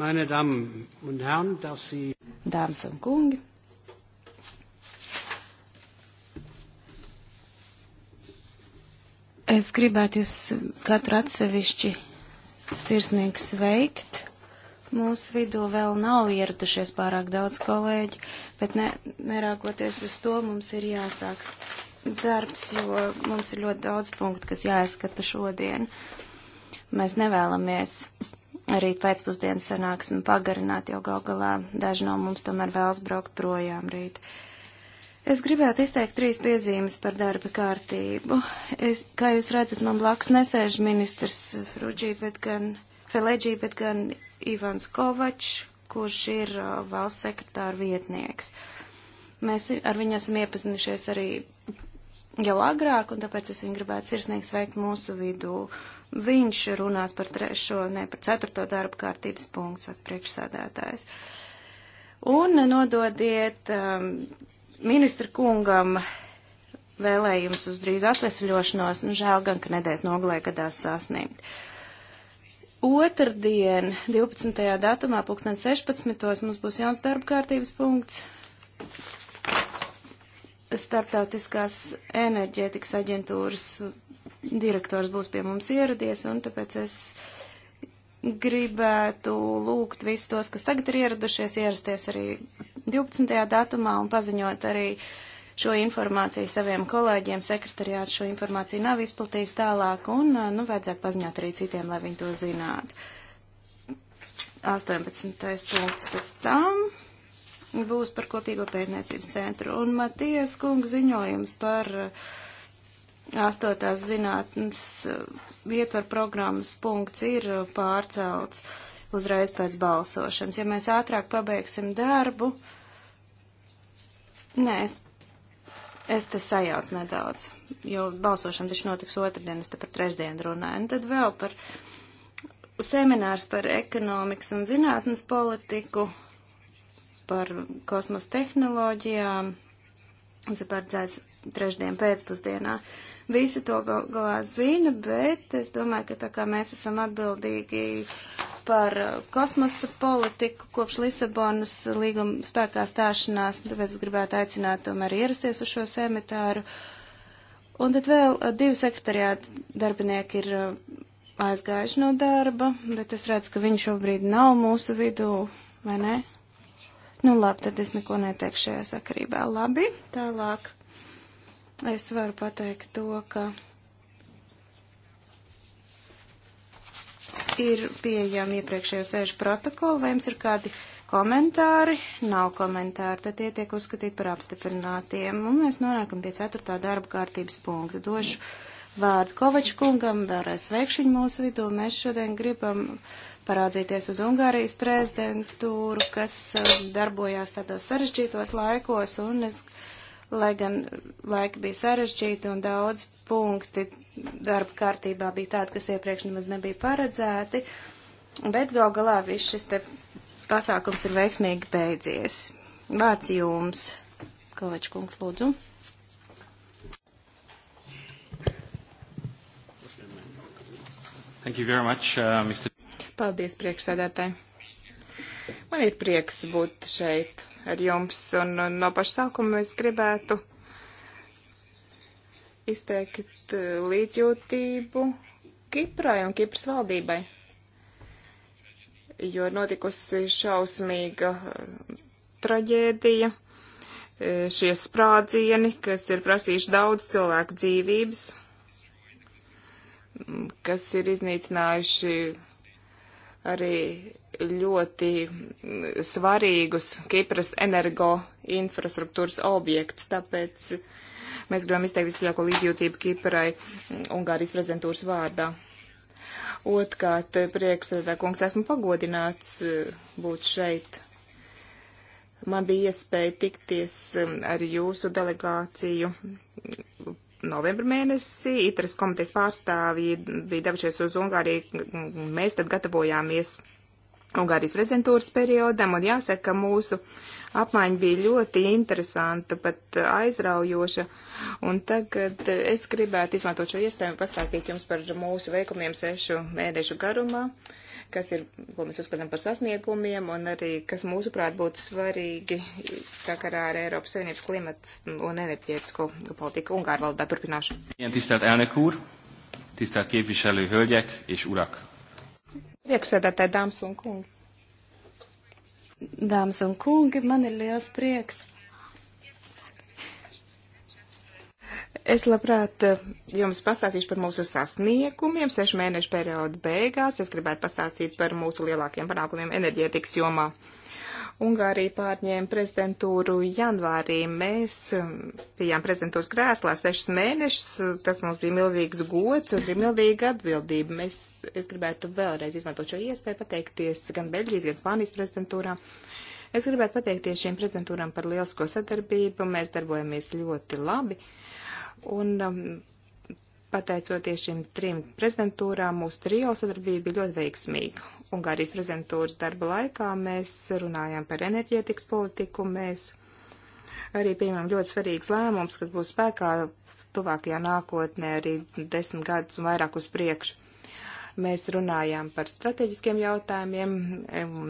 Meine Damen und Herren, darf Sie. Dāmas un kungi. Es gribētu jūs katru atsevišķi sirsnīgi sveikt. Mūsu vidū vēl nav ieradušies pārāk daudz kolēģi, bet ne, neraugoties uz to, mums ir jāsāks darbs, jo mums ir ļoti daudz punktu, kas jāizskata šodien. Mēs nevēlamies arī pēcpusdienas sanāksmi pagarināt, jo gal galā daži no mums tomēr vēlas braukt projām rīt. Es gribētu izteikt trīs piezīmes par darba kārtību. Es, kā jūs redzat, man blakus nesēž ministrs Fruģī, bet gan Feleģī, bet gan Ivans Kovačs, kurš ir uh, valsts sekretāra vietnieks. Mēs ar viņu esam iepazinušies arī jau agrāk, un tāpēc es viņu gribētu sirsnīgi sveikt mūsu vidū. Uh, Viņš runās par trešo, ne par ceturto darba kārtības punktu, saka priekšsādātājs. Un nododiet um, ministra kungam vēlējums uz drīz atvesļošanos, nu žēl gan, ka nedēļas nogalē gadās sasniegt. Otrdien, 12. datumā, 2016. mums būs jauns darba kārtības punkts starptautiskās enerģētikas aģentūras direktors būs pie mums ieradies, un tāpēc es gribētu lūgt visus tos, kas tagad ir ieradušies, ierasties arī 12. datumā un paziņot arī šo informāciju saviem kolēģiem. Sekretariāts šo informāciju nav izplatījis tālāk, un, nu, vajadzētu paziņot arī citiem, lai viņi to zinātu. 18. punkts pēc tam būs par kopīgo pētniecības centru, un Matijas kunga ziņojums par uh, astotās zinātnes eh, ietver programmas punkts ir eh, pārcelts uzreiz pēc balsošanas. Ja mēs ātrāk pabeigsim darbu, nē, es, es te sajauc nedaudz, jo balsošana taču notiks otrdien, es te par trešdienu runāju, un tad vēl par seminārs par ekonomikas un zinātnes politiku, par kosmos tehnoloģijām, un ir paredzēts trešdien pēcpusdienā. Visi to gal galā zina, bet es domāju, ka tā kā mēs esam atbildīgi par uh, kosmosa politiku kopš Lisabonas līguma spēkā stāšanās, un tāpēc es gribētu aicināt tomēr ierasties uz šo semināru. Un tad vēl uh, divi sekretariāti darbinieki ir uh, aizgājuši no darba, bet es redzu, ka viņi šobrīd nav mūsu vidū, vai ne? Nu labi, tad es neko neteikšu šajā sakarībā. Labi, tālāk. Es varu pateikt to, ka ir pieejami iepriekšējo sēžu protokoli, vai jums ir kādi komentāri? Nav komentāri, tad tie tiek uzskatīti par apstiprinātiem. Un mēs nonākam pie ceturtā darba kārtības punkta. Došu vārdu Kovaču kungam, vēlreiz sveikšu viņu mūsu vidū. Mēs šodien gribam parādzīties uz Ungārijas prezidentūru, kas eh, darbojās tādos sarežģītos laikos, un es lai gan laika bija sarežģīta un daudz punkti darba kārtībā bija tādi, kas iepriekš nemaz nebija paredzēti, bet gal galā viss šis te pasākums ir veiksmīgi beidzies. Vārds jums, Kovačkungs, lūdzu. Thank you very much, uh, Mr. Paldies, priekšsēdētāji. Man ir prieks būt šeit ar jums, un no paša sākuma es gribētu izteikt eh, līdzjūtību Kiprai un Kipras valdībai, jo ir notikusi šausmīga eh, traģēdija, eh, šie sprādzieni, kas ir prasījuši daudz cilvēku dzīvības, kas ir iznīcinājuši arī ļoti svarīgus Kipras energo infrastruktūras objektus, tāpēc mēs gribam izteikt vislielāko līdzjūtību Kiprai Ungārijas prezidentūras vārdā. Otkārt, priekšsēdētā kungs, esmu pagodināts eh, būt šeit. Man bija iespēja tikties eh, ar jūsu delegāciju novembra mēnesī. Itras komitejas pārstāvji bija devušies uz Ungāriju. Mēs tad gatavojāmies Ungārijas prezidentūras periodam, un jāsaka, ka mūsu apmaiņa bija ļoti interesanta, pat aizraujoša, un tagad es gribētu izmantot šo iespēju pastāstīt jums par mūsu veikumiem sešu mēnešu garumā, kas ir, ko mēs uzskatām par sasniegumiem, un arī, kas mūsuprāt būtu svarīgi sakarā ar Eiropas Savienības klimats un enerģētisko politiku. Ungāru valodā turpināšu. Tisztelt elnök úr, tisztelt képviselő hölgyek és urak! Priekšsēdētāji, dāmas un kungi. Dāmas un kungi, man ir liels prieks. Es labprāt eh, jums pastāstīšu par mūsu sasniegumiem sešu mēnešu perioda beigās. Es gribētu pastāstīt par mūsu lielākiem panākumiem enerģētikas jomā. Ungārija pārņēma prezidentūru janvārī. Mēs um, bijām prezidentūras krēslā sešas mēnešus. Tas mums bija milzīgs gods un bija milzīga atbildība. Mēs, es gribētu vēlreiz izmantot šo iespēju pateikties gan Beļģijas, gan Spānijas prezidentūrām. Es gribētu pateikties šīm prezidentūrām par lielisko sadarbību. Mēs darbojamies ļoti labi. Un um, Pateicoties šīm trim prezidentūrām, mūsu trio sadarbība bija ļoti veiksmīga. Ungārijas prezidentūras darba laikā mēs runājām par enerģētikas politiku, mēs arī pieņemam ļoti svarīgs lēmums, kas būs spēkā tuvākajā nākotnē arī desmit gadus un vairāk uz priekšu. Mēs runājām par strateģiskiem jautājumiem,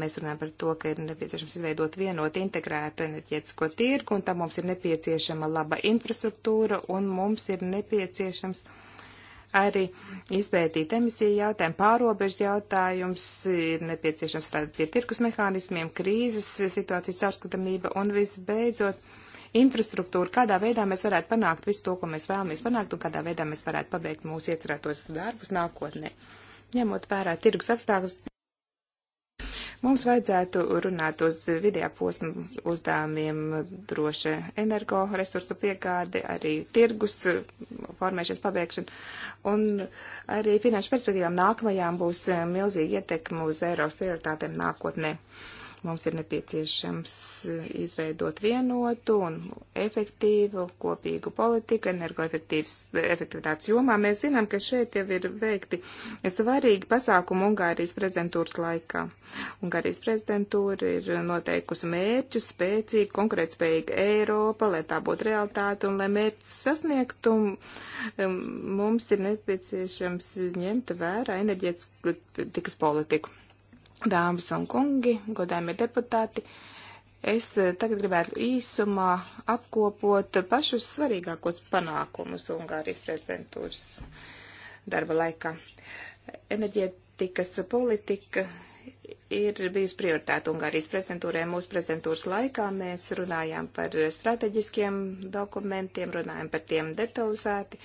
mēs runājām par to, ka ir nepieciešams izveidot vienotu integrētu enerģētisko tirgu, un tam mums ir nepieciešama laba infrastruktūra, un mums ir nepieciešams uh, arī izpētīt emisiju jautājumu, pārobežu jautājums, ir nepieciešams strādāt pie tirkus mehānismiem, krīzes situācijas caurskatamība un visbeidzot infrastruktūra, kādā veidā mēs varētu panākt visu to, ko mēs vēlamies panākt un kādā veidā mēs varētu pabeigt mūsu iecerētos darbus nākotnē. Ņemot vērā tirgus apstākļus, Mums vajadzētu runāt uz vidējā posma uzdevumiem droši energoresursu piegādi, arī tirgus formēšanas pabeigšana, un arī finanšu perspektīvām nākamajām būs milzīgi ietekmi uz Eiropas prioritātēm nākotnē. Uh, Mums ir nepieciešams eh, izveidot vienotu un efektīvu kopīgu politiku energoefektivitātes jomā. Mēs zinām, ka šeit jau ir veikti svarīgi pasākumi Ungārijas prezidentūras laikā. Ungārijas prezidentūra ir noteikusi mērķus spēcīgi, konkurētspējīga Eiropa, lai tā būtu realitāte un lai mērķus sasniegtu. Mums ir nepieciešams ņemt vērā enerģētikas politiku dāmas un kungi, godājumie deputāti, es eh, tagad gribētu īsumā apkopot pašus svarīgākos panākumus Ungārijas prezidentūras darba laikā. Enerģētikas politika ir bijusi prioritāte Ungārijas prezidentūrē. Mūsu prezidentūras laikā mēs runājām par strateģiskiem dokumentiem, runājām par tiem detalizēti,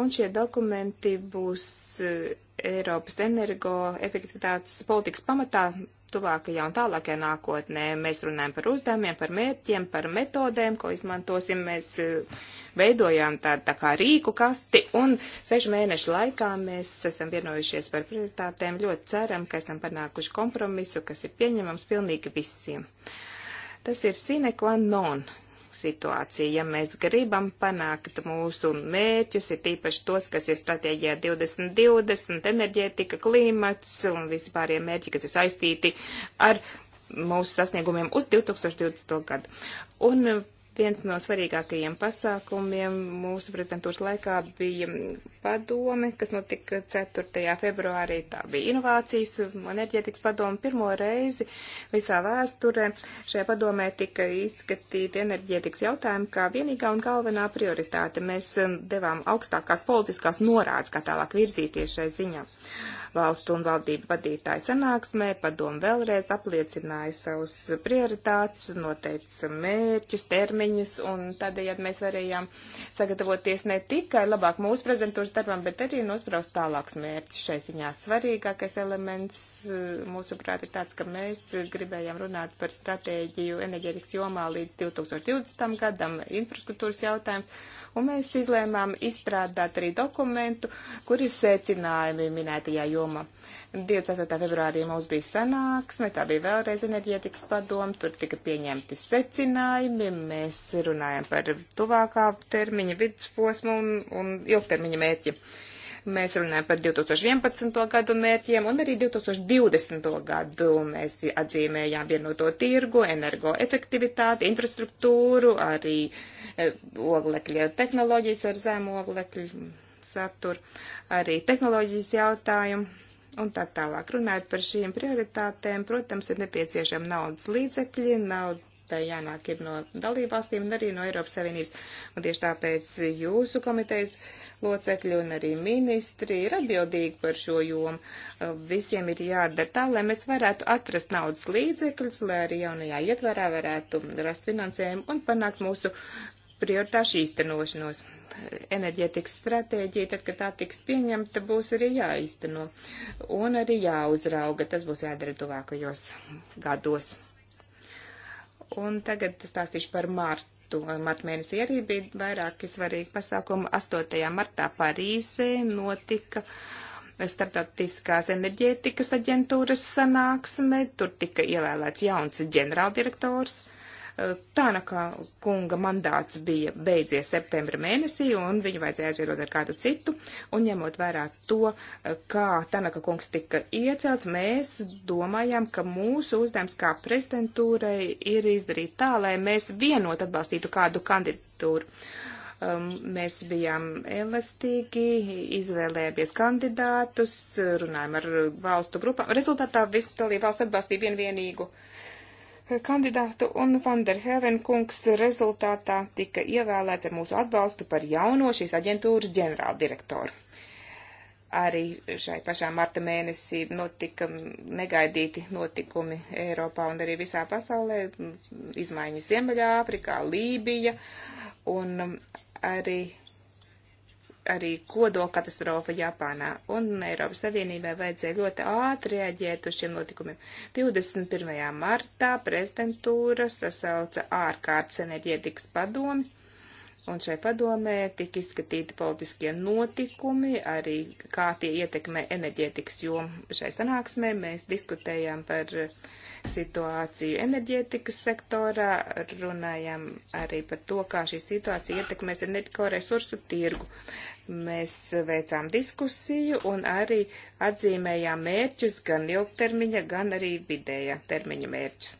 un šie dokumenti būs eh, Eiropas energo efektivitātes politikas pamatā tuvākajā un tālākajā nākotnē. Mēs runājam par uzdevumiem, par mērķiem, par metodēm, ko izmantosim. Mēs eh, veidojām tādu tā kā rīku kasti, un sešu mēnešu laikā mēs esam vienojušies par prioritātēm. Ļoti ceram, ka esam panākuši kompromisu, kas ir pieņemams pilnīgi visiem. Tas ir sine qua non situācija. Ja mēs gribam panākt mūsu mērķus, ir tīpaši tos, kas ir stratēģijā 2020, enerģētika, klimats un vispārie mērķi, kas ir saistīti ar mūsu sasniegumiem uz 2020. gadu. Un Viens no svarīgākajiem pasākumiem mūsu prezidentūras laikā bija padome, kas notika 4. februārī. Tā bija inovācijas enerģētikas padome. Pirmo reizi visā vēsturē šajā padomē tika izskatīti enerģētikas jautājumi kā vienīgā un galvenā prioritāte. Mēs devām augstākās politiskās norādes, kā tālāk virzīties šai ziņā. Uh, valstu un valdību vadītāju sanāksmē padomu vēlreiz apliecināja savus prioritātes, noteica mērķus, termiņus, un tādējādi mēs varējām sagatavoties ne tikai labāk mūsu prezentūras darbam, bet arī nospraust tālākus mērķus. Šai ziņā svarīgākais elements, eh, mūsuprāt, ir tāds, ka mēs gribējām runāt par stratēģiju enerģētikas jomā līdz 2020. gadam, infrastruktūras jautājums, un mēs izlēmām izstrādāt arī dokumentu, kur ir secinājumi minētajā jomā padoma. 24. februārī mums bija sanāksme, tā bija vēlreiz enerģētikas padoma, tur tika pieņemti secinājumi, mēs runājam par tuvākā termiņa vidusposmu un, un ilgtermiņa mērķi. Mēs runājam par 2011. gadu mērķiem un arī 2020. gadu. Mēs atzīmējām vienoto tirgu, energoefektivitāti, infrastruktūru, arī eh, oglekļa tehnoloģijas ar zemu oglekļu satura, arī tehnoloģijas jautājumu un tā tālāk. Runājot par šīm prioritātēm, protams, ir nepieciešama naudas līdzekļi, nauda jānāk ir no dalībvalstīm un arī no Eiropas Savienības. Un tieši tāpēc jūsu komitejas locekļi un arī ministri ir atbildīgi par šo jomu. Uh, visiem ir jādara tā, lai mēs varētu atrast naudas līdzekļus, lai arī jaunajā ietvarā varētu rast finansējumu un panākt mūsu prioritāšu īstenošanos. Enerģētikas stratēģija, tad, kad tā tiks pieņemta, būs arī jāīsteno un arī jāuzrauga. Tas būs jādara tuvākajos gados. Un tagad stāstīšu par martu. Marta mēnesī arī bija vairāki svarīgi pasākumi. 8. martā Parīzē notika. Startautiskās enerģētikas aģentūras sanāksme, tur tika ievēlēts jauns ģenerāldirektors, Tānaka kunga mandāts bija beidzies septembra mēnesī, un viņu vajadzēja aizviedot ar kādu citu, un ņemot vērā to, kā Tānaka kungs tika iecelts, mēs domājām, ka mūsu uzdevums kā prezidentūrai ir izdarīt tā, lai mēs vienot atbalstītu kādu kandidatūru. Um, mēs bijām elastīgi, izvēlējāmies kandidātus, runājām ar valstu grupām. Rezultātā visi dalībvalsts atbalstīja vienvienīgu uh, kandidātu un Vanderheven kungs rezultātā tika ievēlēts ar mūsu atbalstu par jauno šīs aģentūras ģenerāldirektoru. Arī šai pašā marta mēnesī notika negaidīti notikumi Eiropā un arī visā pasaulē, izmaiņas Ziemeļā, Afrikā, Lībija un arī arī kodolkatastrofa Japānā, un Eiropas Savienībai vajadzēja ļoti ātri reaģēt uz šiem notikumiem. 21. martā prezidentūra sasauca ārkārtas enerģētikas padomi, un šai padomē tika izskatīti politiskie notikumi, arī kā tie ietekmē enerģētikas jomu. Šai sanāksmē mēs diskutējām par situāciju enerģētikas sektorā, runājam arī par to, kā šī situācija ietekmēs enerģiko resursu tirgu. Mēs veicām diskusiju un arī atzīmējām mērķus gan ilgtermiņa, gan arī vidējā termiņa mērķus.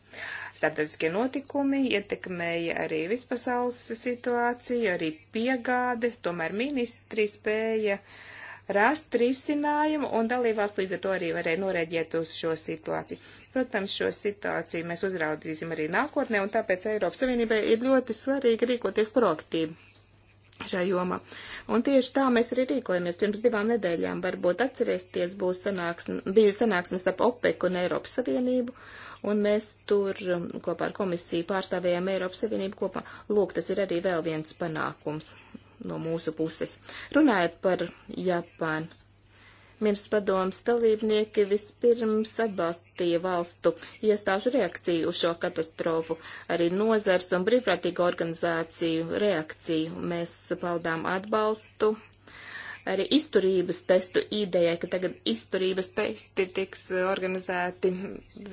Starptautiskie notikumi ietekmēja arī vispasaules situāciju, arī piegādes, tomēr ministri spēja rast risinājumu un dalībās līdz ar to arī varēja norēģiet uz šo situāciju. Protams, šo situāciju mēs uzraudzīsim arī nākotnē un tāpēc Eiropas Savienībai ir ļoti svarīgi rīkoties proaktīvi šajā jomā. Un tieši tā mēs arī rīkojamies. Pirms divām nedēļām varbūt atcerēsties, būs sanāksme, bija sanāksmes ap OPEC un Eiropas Savienību, un mēs tur um, kopā ar komisiju pārstāvējām Eiropas Savienību kopā. Lūk, tas ir arī vēl viens panākums no mūsu puses. Runājot par Japānu. Ministrs padomas dalībnieki vispirms atbalstīja valstu iestāžu reakciju uz šo katastrofu, arī nozars un brīvprātīgo organizāciju reakciju. Mēs paudām atbalstu arī izturības testu idejai, ka tagad izturības testi tiks organizēti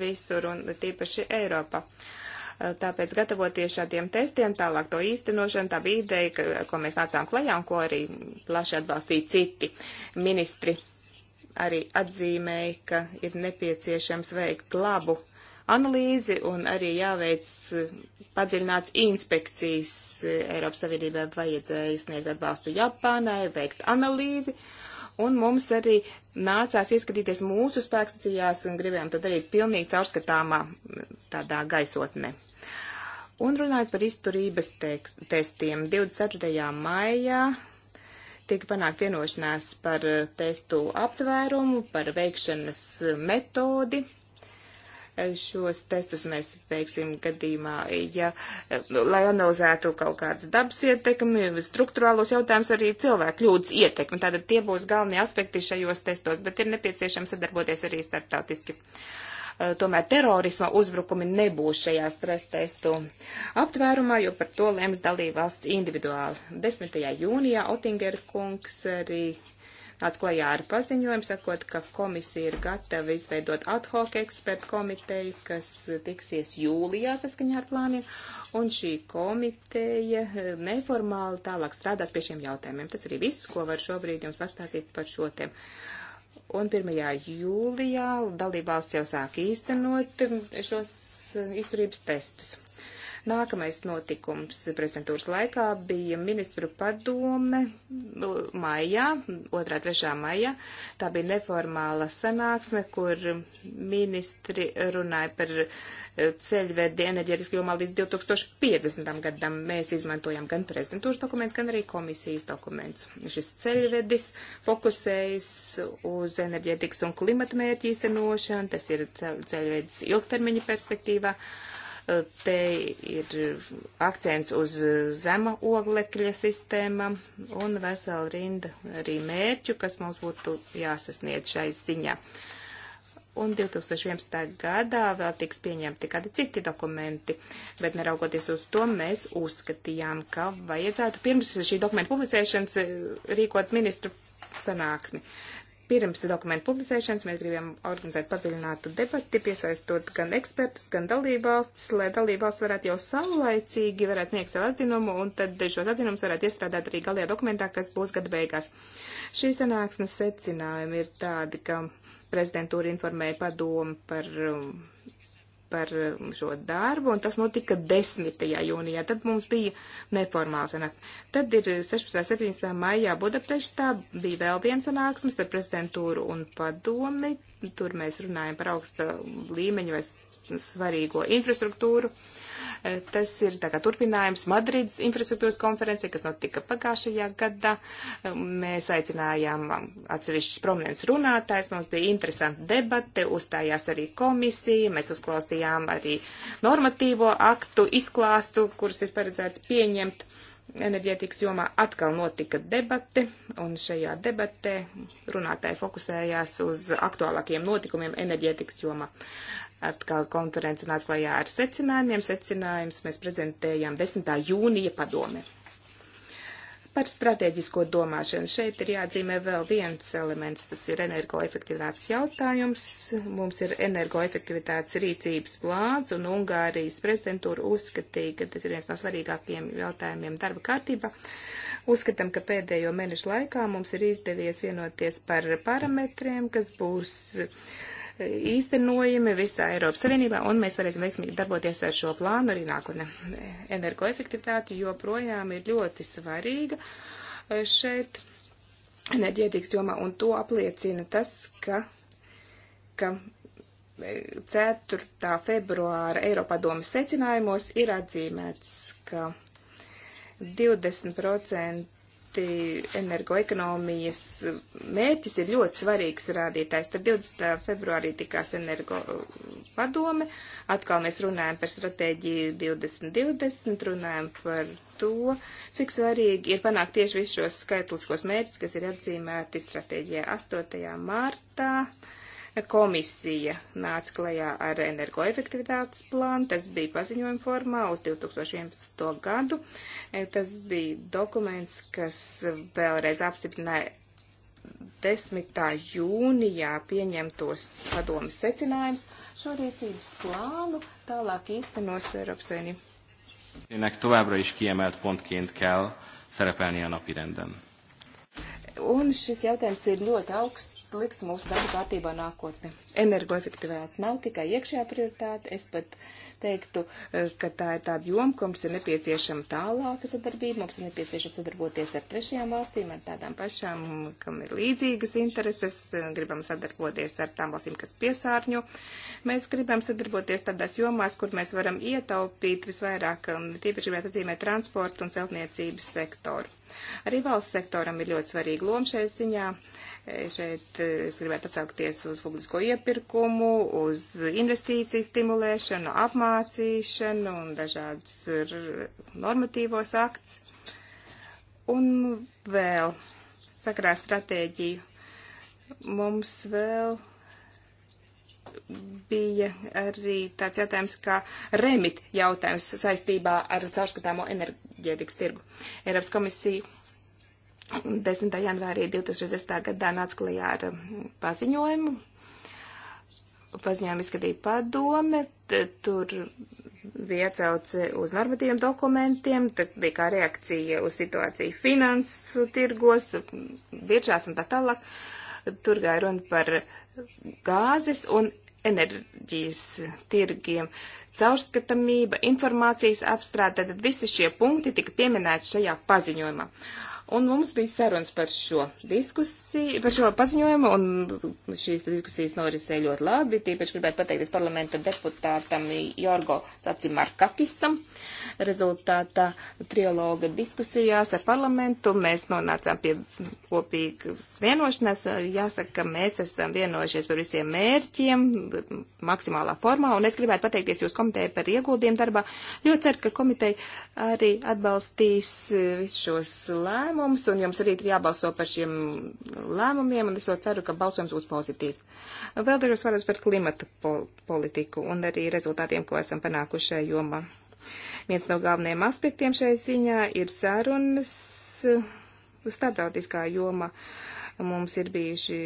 visur un tīpaši Eiropā. Tāpēc gatavoties šādiem testiem, tālāk to īstenošanu, tā bija ideja, ka, ko mēs nācām klajā un ko arī plaši atbalstīja citi ministri arī atzīmēja, ka ir nepieciešams veikt labu analīzi un arī jāveic eh, padziļināts inspekcijas. Eh, Eiropas Savienībai vajadzēja sniegt atbalstu Japānai, veikt analīzi. Un mums arī nācās ieskatīties mūsu spēkstacijās un gribējām to darīt pilnīgi caurskatāmā mm, tādā gaisotnē. Un runājot par izturības tekst, testiem, 24. maijā tika panākt vienošanās par eh, testu aptvērumu, par veikšanas eh, metodi. Eh, šos testus mēs veiksim gadījumā, ja, nu, lai analizētu kaut kādas dabas ietekmi, struktūrālos jautājumus, arī cilvēku kļūdas ietekmi. Tātad tie būs galvenie aspekti šajos testos, bet ir nepieciešams sadarboties arī starptautiski. Uh, Eh, tomēr terorisma uzbrukumi nebūs šajā stresstestu aptvērumā, jo par to lems dalībvalsts individuāli. 10. jūnijā Otinger kungs arī nāca klajā ar paziņojumu, sakot, ka komisija ir gatava izveidot ad hoc ekspertu komiteju, kas tiksies jūlijā saskaņā ar plāniem, un šī komiteja eh, neformāli tālāk strādās pie šiem jautājumiem. Tas arī viss, ko var šobrīd jums pastāstīt par šo tēmu. Un 1. jūlijā dalībvalsts jau sāk īstenot šos eh, izturības testus. Nākamais notikums prezidentūras laikā bija ministru padome nu, maijā, 2.3. maijā. Tā bija neformāla sanāksme, kur ministri runāja par eh, ceļvedi enerģētiski jomā līdz 2050. gadam. Mēs izmantojam gan prezidentūras dokumentus, gan arī komisijas dokumentus. Šis ceļvedis fokusējas uz enerģētikas un klimata mērķi īstenošanu, tas ir ceļvedis ilgtermiņa perspektīvā. Te ir akcents uz zema oglekļa sistēma un vesela rinda arī mērķu, kas mums būtu jāsasniedz šai ziņā un 2011. gadā vēl tiks pieņemti kādi citi dokumenti, bet neraugoties uz to, mēs uzskatījām, ka vajadzētu pirms šī dokumenta publicēšanas rīkot ministru sanāksmi. Pirms dokumentu publicēšanas mēs gribējām organizēt padziļinātu debati, piesaistot gan ekspertus, gan dalībvalstis, lai dalībvalsts varētu jau saulaicīgi varētu sniegt savu atzinumu, un tad šos atzinumus varētu iestrādāt arī galajā dokumentā, kas būs gada beigās. Šī sanāksmes secinājumi ir tādi, ka prezidentūra informēja padomu par um, par um, šo darbu, un tas notika 10. jūnijā. Tad mums bija neformāla sanāksme. Tad ir 16. 17. maijā Budapeštā bija vēl viens sanāksmes ar prezidentūru un padomi. Tur mēs runājam par augsta līmeņa vai svarīgo infrastruktūru. Uh, Tas ir tā kā turpinājums Madrids infrastruktūras konferencē, kas notika pagājušajā gadā. Mēs aicinājām atsevišķus prominents runātājs, mums bija interesanti debate, uzstājās arī komisija, mēs uzklausījām arī normatīvo aktu izklāstu, kurus ir paredzēts pieņemt enerģētikas jomā atkal notika debate, un šajā debatē runātāji fokusējās uz aktuālākiem notikumiem enerģētikas jomā. Atkal konference nāca klajā ar secinājumiem. Secinājums mēs prezentējām 10. jūnija padome. Par strateģisko domāšanu šeit ir jāatzīmē vēl viens elements, tas ir energoefektivitātes jautājums. Mums ir energoefektivitātes rīcības plāns, un Ungārijas prezidentūra uzskatīja, ka tas ir viens no svarīgākajiem jautājumiem darba kārtībā. Uzskatām, ka pēdējo mēnešu laikā mums ir izdevies vienoties par parametriem, kas būs uh, īstenojami visā Eiropas Savienībā, un mēs varēsim veiksmīgi darboties ar šo plānu arī nākotnē. Energoefektivitāte joprojām ir ļoti svarīga eh, šeit enerģētikas jomā, un to apliecina tas, ka, ka 4. Eh, februāra Eiropadomas secinājumos ir atzīmēts, ka 20% proti energoekonomijas mērķis ir ļoti svarīgs rādītājs. Tad 20. februārī tikās energo padome, atkal mēs runājam par stratēģiju 2020, runājam par to, cik svarīgi ir panākt tieši visus šos skaitliskos mērķus, kas ir atzīmēti stratēģijā 8. martā. Uh, Komisija nāca klajā ar energoefektivitātes plānu, tas bija paziņojuma formā uz 2011. gadu. E, tas bija dokuments, kas vēlreiz apstiprināja 10. jūnijā pieņemtos padomas secinājumus. Šo rīcības plānu tālāk īstenos Eiropas Savienība. Ennek továbbra is kiemelt pontként kell szerepelni a napirenden. Un šis jautājums ir ļoti augsts likts mūsu darba kārtībā nākotne. Energoefektivitāte nav tikai iekšējā prioritāte, es pat teiktu, e, ka tā ir tāda joma, ko mums ir nepieciešama tālāka sadarbība, mums ir nepieciešams sadarboties ar trešajām valstīm, ar tādām pašām, kam ir līdzīgas intereses, e, gribam sadarboties ar tām valstīm, kas piesārņo. Mēs gribam sadarboties tādās jomās, kur mēs varam ietaupīt visvairāk, tīpaši gribētu atzīmēt transportu un celtniecības sektoru Arī valsts sektoram ir ļoti svarīga loma šajā ziņā. E, šeit e, es gribētu atsaukties uz publisko iepirkumu, uz investīciju stimulēšanu, apmācīšanu un dažādus normatīvos akts. Un vēl sakrā stratēģiju. Mums vēl bija arī tāds jautājums kā remit jautājums saistībā ar caurskatāmo enerģētikas tirgu. Eiropas komisija 10. janvārī 2010. gadā nāca klajā ar um, paziņojumu. Paziņojumu izskatīja padome, tur bija atsauce uz normatīviem dokumentiem, tas bija kā reakcija uz situāciju finansu tirgos, biržās un tā tālāk. Tur gāja runa par gāzes un enerģijas tirgiem. Caurskatamība, informācijas apstrāde, tad visi šie punkti tika pieminēti šajā paziņojumā. Uh, Un mums bija sarunas par šo diskusiju, par šo paziņojumu, un šīs diskusijas norisēja ļoti labi. Tīpaši gribētu pateikties parlamenta deputātam Jorgo Cacimarkakisam. Rezultātā trialoga diskusijās ar parlamentu mēs nonācām pie kopīgas vienošanās. Jāsaka, ka mēs esam vienojušies par visiem mērķiem maksimālā formā, un es gribētu pateikties jūs komiteju par ieguldījumu darbā. Ļoti ceru, ka komiteja arī atbalstīs visus šos lēmumus lēmumus, un jums arī ir jābalso par šiem lēmumiem, un es ļoti ceru, ka balsojums būs pozitīvs. Vēl dažos vārdos par klimatu pol politiku un arī rezultātiem, ko esam panākuši šajā jomā. Viens no galvenajiem aspektiem šai ziņā ir sarunas starptautiskā joma. Uh, Mums ir bijuši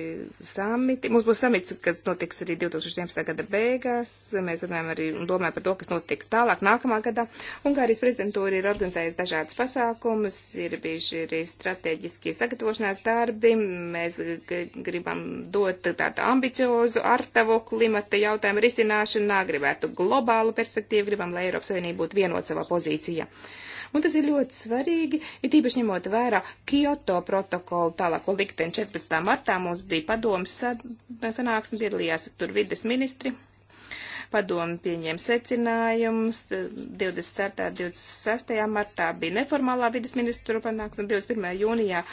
samiti. Mums būs samits, kas notiks arī 2017. gada beigās. Mēs runājam arī un domājam par to, kas notiks tālāk nākamā gadā. Ungārijas prezidentūra ir organizējusi dažādas pasākumus, ir bijuši arī strateģiskie sagatavošanās darbi. Mēs gribam dot tādu ambiciozu artavu klimata jautājumu risināšanā, gribētu globālu perspektīvu, gribam, lai Eiropas Savienība būtu vienot savā pozīcijā. Yeah. Un tas ir ļoti svarīgi, ir tīpaši ņemot vērā Kyoto protokolu tālāko likteni 14. martā mums bija padomas sanāksme, piedalījās tur vides ministri. Padomu pieņēma secinājumus. 24. un 26. martā bija neformālā vidas ministru panāksme, 21. jūnijā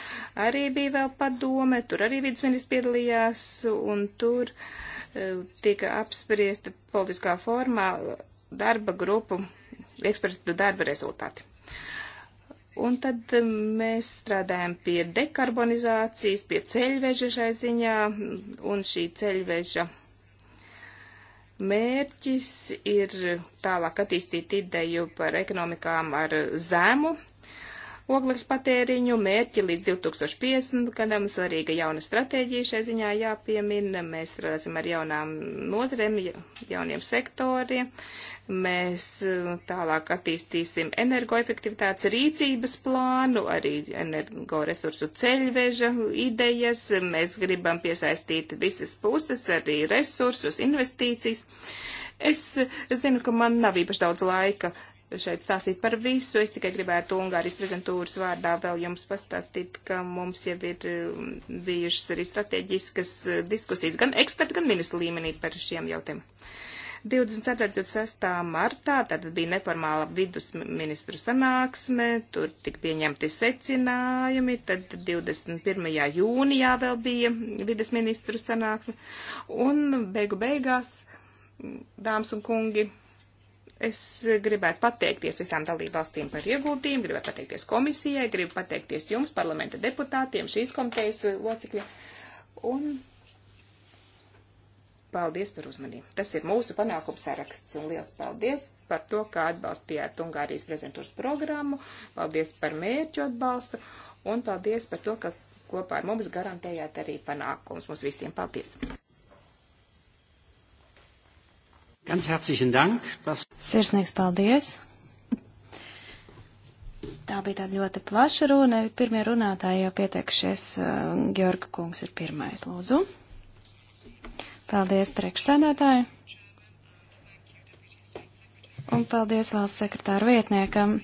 arī bija vēl padome, tur arī vidas ministrs piedalījās, un tur e, tika apspriesta politiskā formā darba grupu ekspertu darba rezultāti. Un tad eh, mēs strādājam pie dekarbonizācijas, pie ceļveža šai ziņā, un šī ceļveža mērķis ir tālāk attīstīt ideju par ekonomikām ar zemu oglekļu patēriņu mērķi līdz 2050 gadam. Svarīga jauna stratēģija šai ziņā jāpiemina. Mēs strādāsim ar jaunām nozarēm, jauniem sektoriem. Mēs uh, tālāk attīstīsim energoefektivitātes rīcības plānu, arī energoresursu ceļveža idejas. Mēs gribam piesaistīt visas puses, arī resursus, investīcijas. Es zinu, ka man nav īpaši daudz laika šeit stāstīt par visu. Es tikai gribētu Ungārijas prezentūras vārdā vēl jums pastāstīt, ka mums jau ir um, bijušas arī strateģiskas uh, diskusijas gan ekspertu, gan ministru līmenī par šiem jautājumiem. 24. un 26. martā tātad bija neformāla vidusministru sanāksme, tur tik pieņemti secinājumi, tad 21. jūnijā vēl bija vidusministru sanāksme, un beigu beigās, dāmas un kungi, Es gribētu pateikties visām dalībvalstīm par ieguldījumu, gribētu pateikties komisijai, gribu pateikties jums, parlamenta deputātiem, šīs komitejas locekļiem. Un paldies par uzmanību. Tas ir mūsu panākums saraksts. Un liels paldies par to, kā atbalstījāt Ungārijas prezentūras programmu. Paldies par mērķu atbalstu. Un paldies par to, ka kopā ar mums garantējāt arī panākums. Mums visiem paldies! Ganz herzlichen Dank. Das... Sirsnīgs paldies. Tā bija tāda ļoti plaša runa. Pirmie runātāji jau pieteikšies. Georga kungs ir pirmais, lūdzu. Paldies, priekšsēdētāji. Un paldies valsts sekretāru vietniekam.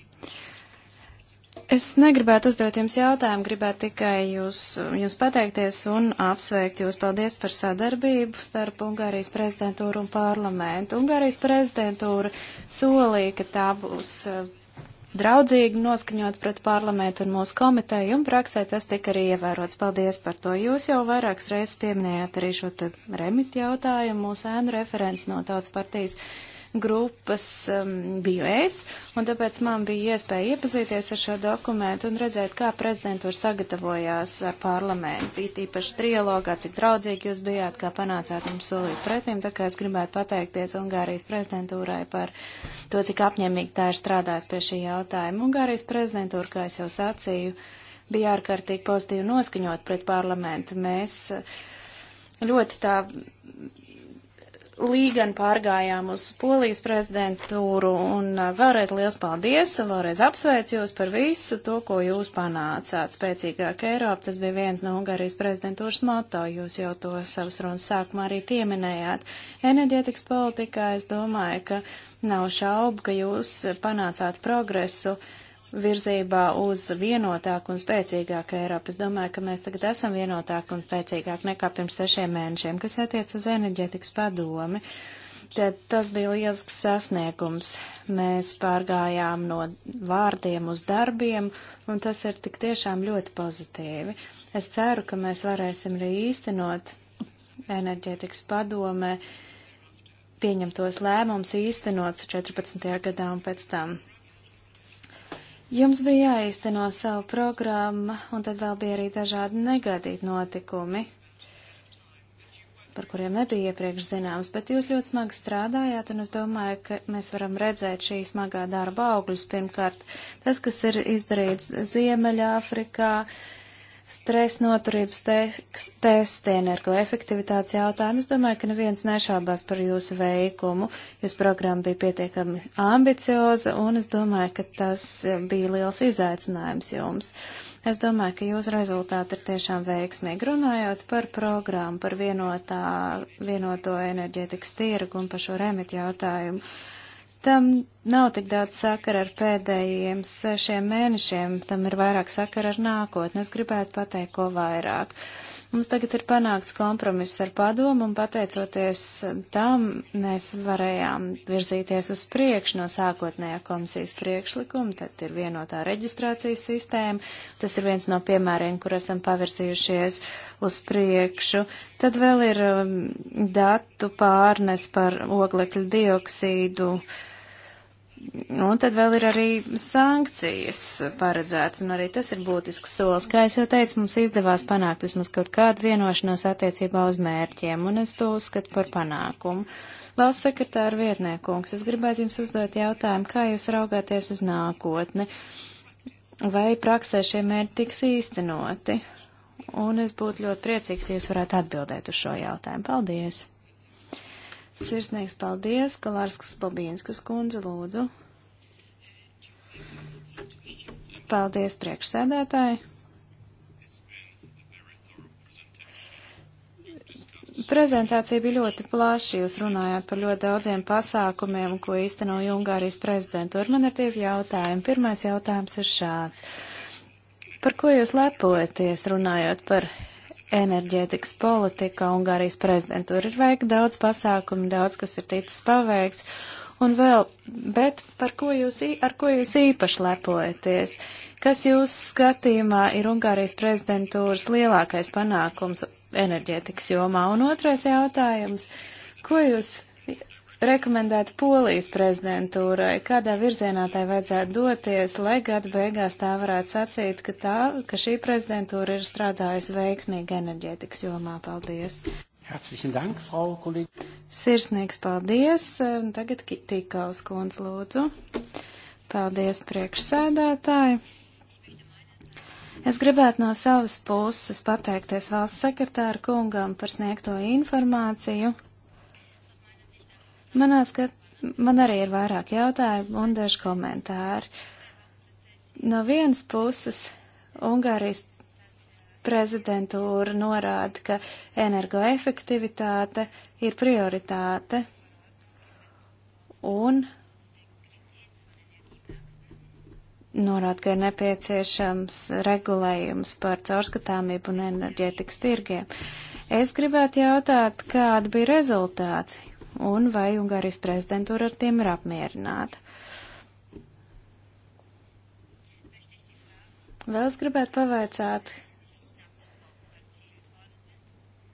Es negribētu uzdot jums jautājumu, gribētu tikai jūs, jūs pateikties un apsveikt jūs. Paldies par sadarbību starp Ungārijas prezidentūru un parlamentu. Ungārijas prezidentūra solīja, ka tā būs eh, draudzīgi noskaņots pret parlamentu un mūsu komiteju, un praksē tas tika arī ievērots. Paldies par to. Jūs jau vairākas reizes pieminējāt arī šo te remit jautājumu, mūsu ēnu referents no tautas partijas. Uh, grupas um, biju es, un tāpēc man bija iespēja iepazīties ar šo dokumentu un redzēt, kā prezidentūra sagatavojās ar parlamentu. Īpaši trilogā, cik draudzīgi jūs bijāt, kā panācāt mums solīt pretim, tā kā es gribētu pateikties Ungārijas prezidentūrai par to, cik apņēmīgi tā ir strādājis pie šī jautājuma. Ungārijas prezidentūra, kā es jau sacīju, bija ārkārtīgi pozitīvi noskaņot pret parlamentu. Mēs uh, ļoti tā līgan pārgājām uz Polijas prezidentūru un uh, vēlreiz liels paldies, vēlreiz apsveicu jūs par visu to, ko jūs panācāt. Spēcīgāk Eiropa, tas bija viens no Ungārijas prezidentūras moto, jūs jau to savas runas sākumā arī pieminējāt. Enerģētikas politikā es domāju, ka nav šaubu, ka jūs panācāt progresu. Uh, virzībā uz vienotāku un spēcīgāku Eiropu. Es domāju, ka mēs tagad esam vienotāki un spēcīgāki nekā pirms sešiem mēnešiem, kas attiec uz enerģetikas padomi. Tad tas bija lielisks sasniegums. Mēs pārgājām no vārdiem uz darbiem, un tas ir tik tiešām ļoti pozitīvi. Es ceru, ka mēs varēsim arī īstenot enerģētikas padomē pieņemtos lēmumus īstenot 14. gadā un pēc tam Jums bija jāīsteno savu programmu, un tad vēl bija arī dažādi negadīti notikumi, par kuriem nebija iepriekš zināms, bet jūs ļoti smagi strādājāt, un es domāju, ka mēs varam redzēt šī smagā darba augļus. Pirmkārt, tas, kas ir izdarīts Ziemeļāfrikā, Afrikā, Stresa noturības testi, energoefektivitātes jautājumi. Es domāju, ka neviens nešaubās par jūsu veikumu. Jūsu programma bija pietiekami ambicioza, un es domāju, ka tas e, bija liels izaicinājums jums. Es domāju, ka jūsu rezultāti ir tiešām veiksmīgi. Runājot par programmu, par vienotā, vienoto enerģētikas tirgu un par šo remit jautājumu, uh, tam nav tik daudz sakara ar pēdējiem sešiem mēnešiem, tam ir vairāk sakara ar nākotni. Es gribētu pateikt, ko vairāk. Mums tagad ir panākts kompromiss ar padomu, un pateicoties tam, mēs varējām virzīties uz priekšu no sākotnējā komisijas priekšlikuma, tad ir vienotā reģistrācijas sistēma, tas ir viens no piemēriem, kur esam pavirzījušies uz priekšu. Tad vēl ir um, datu pārnes par oglekļu dioksīdu. Uh, Un tad vēl ir arī sankcijas paredzētas, un arī tas ir būtisks solis. Kā es jau teicu, mums izdevās panākt vismaz kaut kādu vienošanos attiecībā uz mērķiem, un es to uzskatu par panākumu. Valsts sekretāra vietniekungs, es gribētu jums uzdot jautājumu, kā jūs raugāties uz nākotni? Vai praksē šie mērķi tiks īstenoti? Un es būtu ļoti priecīgs, ja jūs varētu atbildēt uz šo jautājumu. Paldies! Sirsnīgs paldies, Kalārskas Bobīnskas kundze, lūdzu. Paldies, priekšsēdētāji. Prezentācija bija ļoti plaša, jūs runājāt par ļoti daudziem pasākumiem, ko īstenoja Ungārijas prezidentūra. Man ir divi jautājumi. Pirmais jautājums ir šāds. Par ko jūs lepojaties runājot par enerģētikas politika. Ungārijas prezidentūra ir veikta daudz pasākumu, daudz kas ir ticis paveikts. Un vēl, bet par ko jūs, ar ko jūs īpaši lepojaties? Kas jūsu skatījumā ir Ungārijas prezidentūras lielākais panākums enerģētikas jomā? Un otrais jautājums, ko jūs rekomendētu Polijas prezidentūrai, kādā virzienā tai vajadzētu doties, lai gada beigās tā varētu sacīt, ka, tā, ka šī prezidentūra ir strādājusi veiksmīgi enerģētikas jomā. Paldies! Herzlichen Dank, Frau Kollegin. Sirsnīgs paldies. Tagad Tīkaus kundz lūdzu. Paldies priekšsēdētāji. Es gribētu no savas puses pateikties valsts sekretāra kungam par sniegto informāciju Manā skat, man arī ir vairāk jautājumu un daži komentāri. No vienas puses, Ungārijas prezidentūra norāda, ka energoefektivitāte ir prioritāte un norāda, ka ir nepieciešams regulējums par caurskatāmību un enerģētikas tirgiem. Es gribētu jautāt, kāda bija rezultāti un vai Ungārijas prezidentūra ar tiem ir apmierināta. Vēl es gribētu pavaicāt,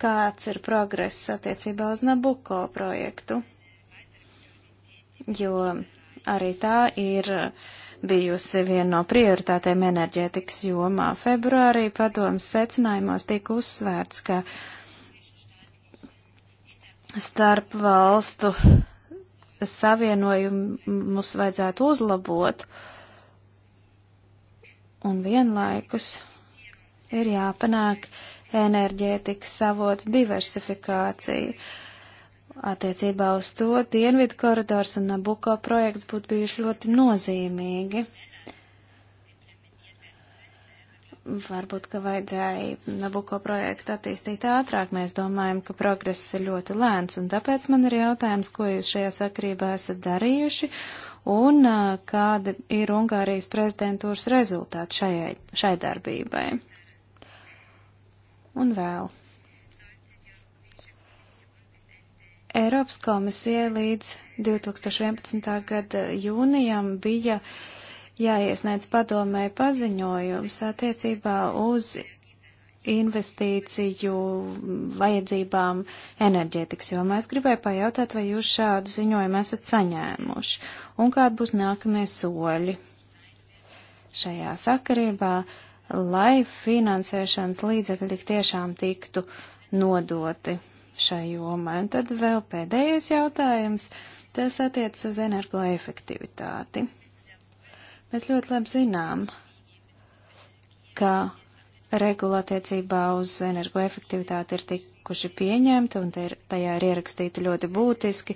kāds ir progress attiecībā uz Nabuko projektu, jo arī tā ir bijusi viena no prioritātēm enerģētikas jomā. Februārī padomas secinājumos tika uzsvērts, ka starp valstu savienojumus vajadzētu uzlabot, un vienlaikus ir jāpanāk enerģētikas avotu diversifikācija. Attiecībā uz to Dienvidu koridors un Nabuko projekts būtu bijuši ļoti nozīmīgi varbūt, ka vajadzēja Nabuko projektu attīstīt ātrāk. Mēs domājam, ka progress ir ļoti lēns, un tāpēc man ir jautājums, ko jūs šajā sakrībā esat darījuši, un kāda ir Ungārijas prezidentūras rezultāti šajai, šai darbībai. Un vēl. Eiropas komisija līdz 2011. gada jūnijam bija uh, jāiesniedz padomē paziņojums attiecībā uz investīciju vajadzībām enerģētikas jomā. Es gribēju pajautāt, vai jūs šādu ziņojumu esat saņēmuši un kādi būs nākamie soļi šajā sakarībā, lai finansēšanas līdzekļi tiešām tiktu nodoti šai jomai. Un tad vēl pēdējais jautājums. Tas attiecas uz energoefektivitāti. Mēs ļoti labi zinām, ka regulātiecībā uz energoefektivitāti ir tikuši pieņemti un ir, tajā ir ierakstīti ļoti būtiski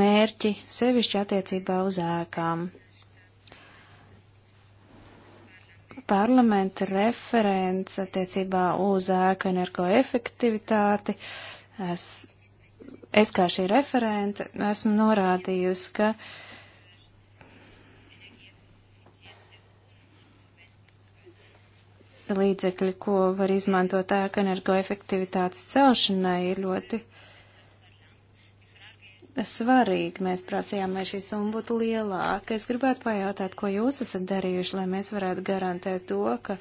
mērķi, sevišķi attiecībā uz ēkām. Parlamenta referents attiecībā uz ēku energoefektivitāti. Es, es kā šī referente esmu norādījusi, ka uh, līdzekļi, ko var izmantot ēka energoefektivitātes celšanai, ir ļoti svarīgi. Mēs prasījām, lai šī summa būtu lielāka. Es gribētu pajautāt, ko jūs esat darījuši, lai mēs varētu garantēt to, ka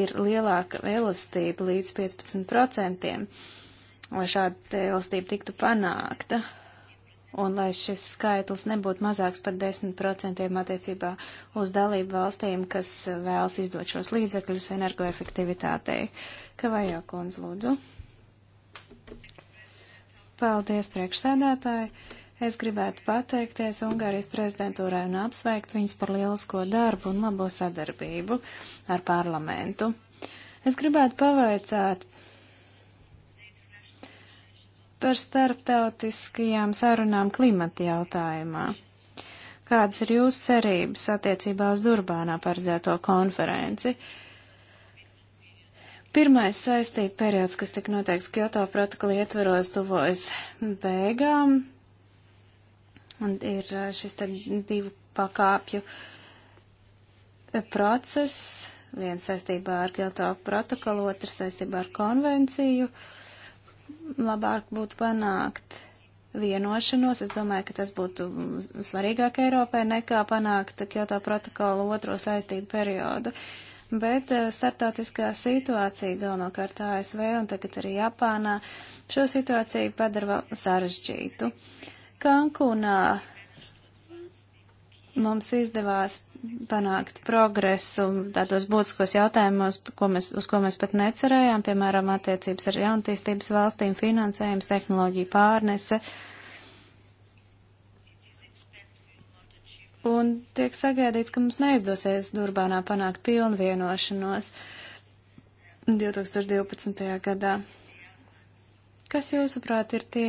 ir lielāka elastība līdz 15%, lai šāda elastība tiktu panākta un lai šis skaitlis nebūtu mazāks par 10% attiecībā uz dalību valstīm, kas vēlas izdot šos līdzekļus energoefektivitātei. Kavajā kundz lūdzu. Paldies, priekšsēdētāji. Es gribētu pateikties Ungārijas prezidentūrai un apsveikt viņus par lielisko darbu un labo sadarbību ar parlamentu. Es gribētu pavaicāt par starptautiskajām sarunām klimata jautājumā. Kādas ir jūsu cerības attiecībā uz Durbānā paredzēto konferenci? Pirmais saistība periods, kas tika noteikts Kyoto protokoli ietveros, tuvojas beigām. Un ir uh, šis tad divu pakāpju process, viens saistībā ar Kyoto protokolu, otrs saistībā ar konvenciju. Uh, labāk būtu panākt vienošanos. Es domāju, ka tas būtu svarīgāk Eiropai nekā panākt Kyoto protokola otro saistību periodu. Bet eh, starptautiskā situācija, galvenokārt ASV un tagad arī Japānā, šo situāciju padara sarežģītu. Kankūnā Mums izdevās panākt progresu tādos būtiskos jautājumos, ko mēs, uz ko mēs pat necerējām, piemēram, attiecības ar jaunatīstības valstīm, finansējums, tehnoloģija pārnese. Un tiek sagaidīts, ka mums neizdosies Durbānā panākt pilnu vienošanos 2012. gadā. Kas jūsuprāt ir tie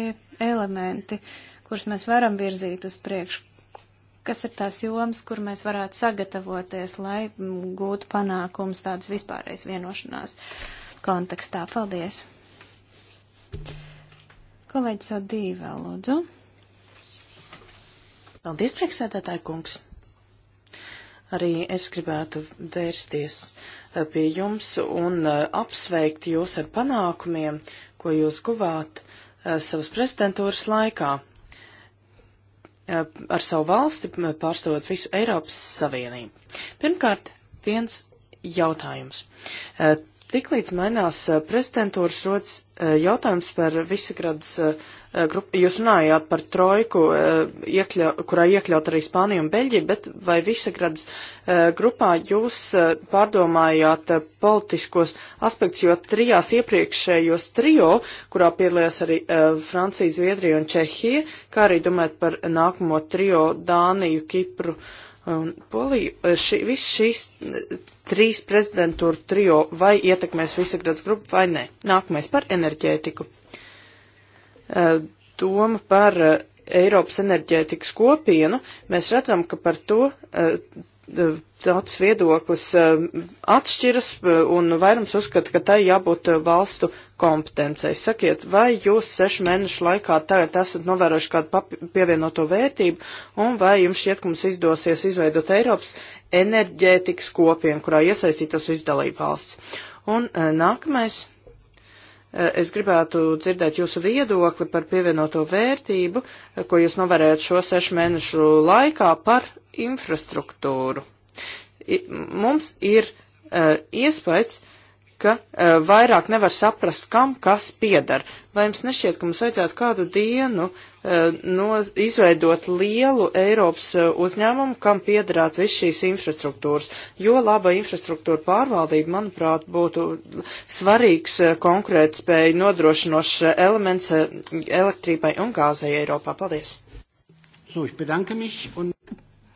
elementi, kurus mēs varam virzīt uz priekšu? kas ir tās jomas, kur mēs varētu sagatavoties, lai gūtu panākums tādas vispārreiz vienošanās kontekstā. Paldies! Kolēģis Odī vēl lūdzu. Paldies, priekšsēdētāji kungs! Arī es gribētu vērsties eh, pie jums un eh, apsveikt jūs ar panākumiem, ko jūs guvāt eh, savas prezidentūras laikā. Eh, ar savu valsti, pārstāvot visu Eiropas Savienību. Pirmkārt, viens jautājums. Eh, Tiklīdz mainās eh, prezidentūras rodas eh, jautājums par visagradas eh, grupu, jūs runājāt par trojku, iekļa, kurā iekļaut arī Spāniju un Beļģiju, bet vai visagradas grupā jūs pārdomājāt politiskos aspektus, jo trijās iepriekšējos trijo, kurā piedalījās arī Francija, Zviedrija un Čehija, kā arī domājat par nākamo trijo Dāniju, Kipru Un Polija, ši, viss šīs trīs prezidentūra trio vai ietekmēs visagrads grupu vai nē. Nākamais par enerģētiku. Doma par Eiropas enerģētikas kopienu. Mēs redzam, ka par to tāds viedoklis eh, atšķiras eh, un vairums uzskata, ka tai jābūt eh, valstu kompetencei. Sakiet, vai jūs sešu mēnešu laikā tagad esat novērojuši kādu pievienoto vērtību un vai jums šķiet, ka mums izdosies izveidot Eiropas enerģētikas kopienu, kurā iesaistītos izdalība valsts? Un nākamais. Es gribētu dzirdēt jūsu viedokli par pievienoto vērtību, ko jūs novērējat šo sešu mēnešu laikā par infrastruktūru Mums ir uh, iespējas, ka uh, vairāk nevar saprast, kam kas piedara. Vai jums nešķiet, ka mums vajadzētu kādu dienu uh, no, izveidot lielu Eiropas uh, uzņēmumu, kam piederētu viss šīs infrastruktūras? Jo laba infrastruktūra pārvaldība, manuprāt, būtu svarīgs uh, konkurētspēju nodrošinošs uh, elements uh, elektrībai un gāzai Eiropā. Paldies! So, ich bedanke mich und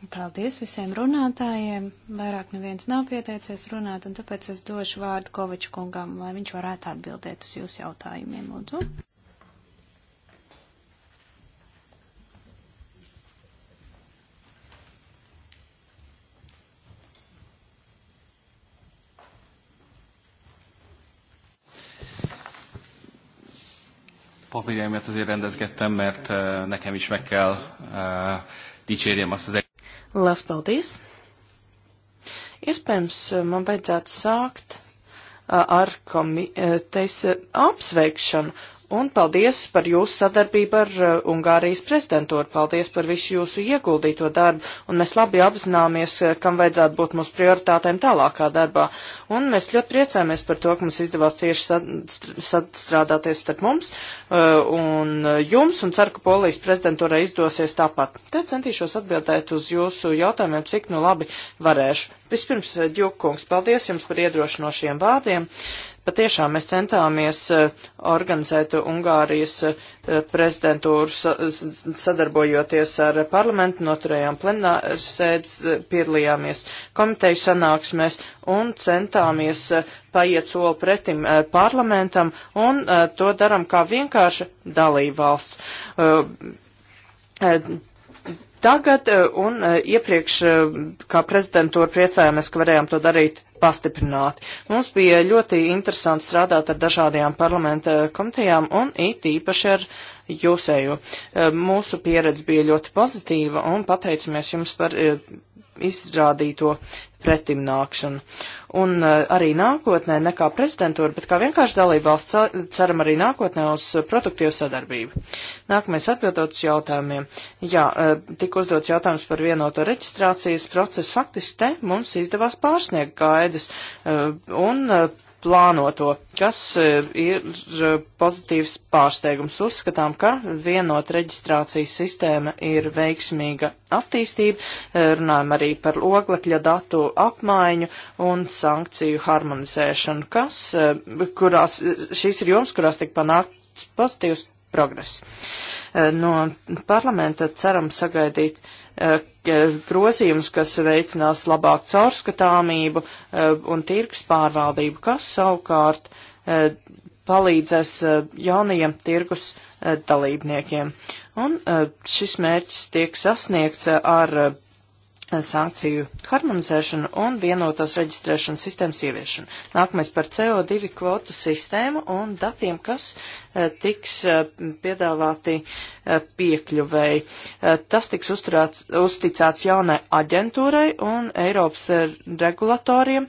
Paldies visiem runātājiem. Vairāk neviens nav pieteicies runāt, un tāpēc es došu vārdu Kovaču kungam, lai viņš varētu atbildēt uz jūsu jautājumiem, lūdzu. Papírjaimat azért rendezgettem, mert uh, nekem is meg kell uh, dicsérjem azt az Lielas paldies! Iespējams, man vajadzētu sākt ar komitejas apsveikšanu un paldies par jūsu sadarbību ar uh, Ungārijas prezidentūru. Paldies par visu jūsu ieguldīto darbu, un mēs labi apzināmies, uh, kam vajadzētu būt mūsu prioritātēm tālākā darbā. Un mēs ļoti priecājamies par to, ka mums izdevās cieši sastrādāties starp mums uh, un uh, jums, un ceru, ka Polijas prezidentūrai izdosies tāpat. Tad centīšos atbildēt uz jūsu jautājumiem, cik nu labi varēšu. Vispirms, uh, Djukungs, paldies jums par iedrošinošiem vārdiem. Patiešām mēs centāmies eh, organizēt Ungārijas eh, prezidentūru sadarbojoties ar parlamentu, noturējām plenāras sēdes, eh, piedalījāmies komiteju sanāksmēs un centāmies paiet soli pretim parlamentam un to daram kā vienkārši dalībvalsts tagad, eh, un eh, iepriekš eh, kā prezidentūra priecājāmies, ka varējām to darīt pastiprināti. Mums bija ļoti interesanti strādāt ar dažādajām parlamenta komitejām un it īpaši ar jūsēju. Mūsu pieredze bija ļoti pozitīva un pateicamies jums par izrādīto pretim nākšanu. Un uh, arī nākotnē, ne kā prezidentūra, bet kā vienkārši dalība valsts, ceram arī nākotnē uz produktīvu sadarbību. Nākamais atbildot uz jautājumiem. Jā, uh, tik uzdots jautājums par vienoto reģistrācijas procesu. Faktiski te mums izdevās pārsniegt gaidas uh, un plānoto, kas e, ir e, pozitīvs pārsteigums. Uzskatām, ka vienot reģistrācijas sistēma ir veiksmīga attīstība, e, runājam arī par oglekļa datu apmaiņu un sankciju harmonizēšanu, kas, kurās, šīs ir joms, kurās tik panākts pozitīvs progress. Eh, no parlamenta ceram sagaidīt eh, grozījumus, kas veicinās labāku caurskatāmību eh, un tirgus pārvaldību, kas savukārt palīdzēs jaunajiem tirgus dalībniekiem. Un šis mērķis tiek sasniegts ar sankciju harmonizēšanu un vienotās reģistrēšanas sistēmas ieviešanu. Nākamais par CO2 kvotu sistēmu un datiem, kas eh, tiks eh, piedāvāti eh, piekļuvēji. Tas tiks uzturāts, uzticēts jaunai aģentūrai un Eiropas regulatoriem,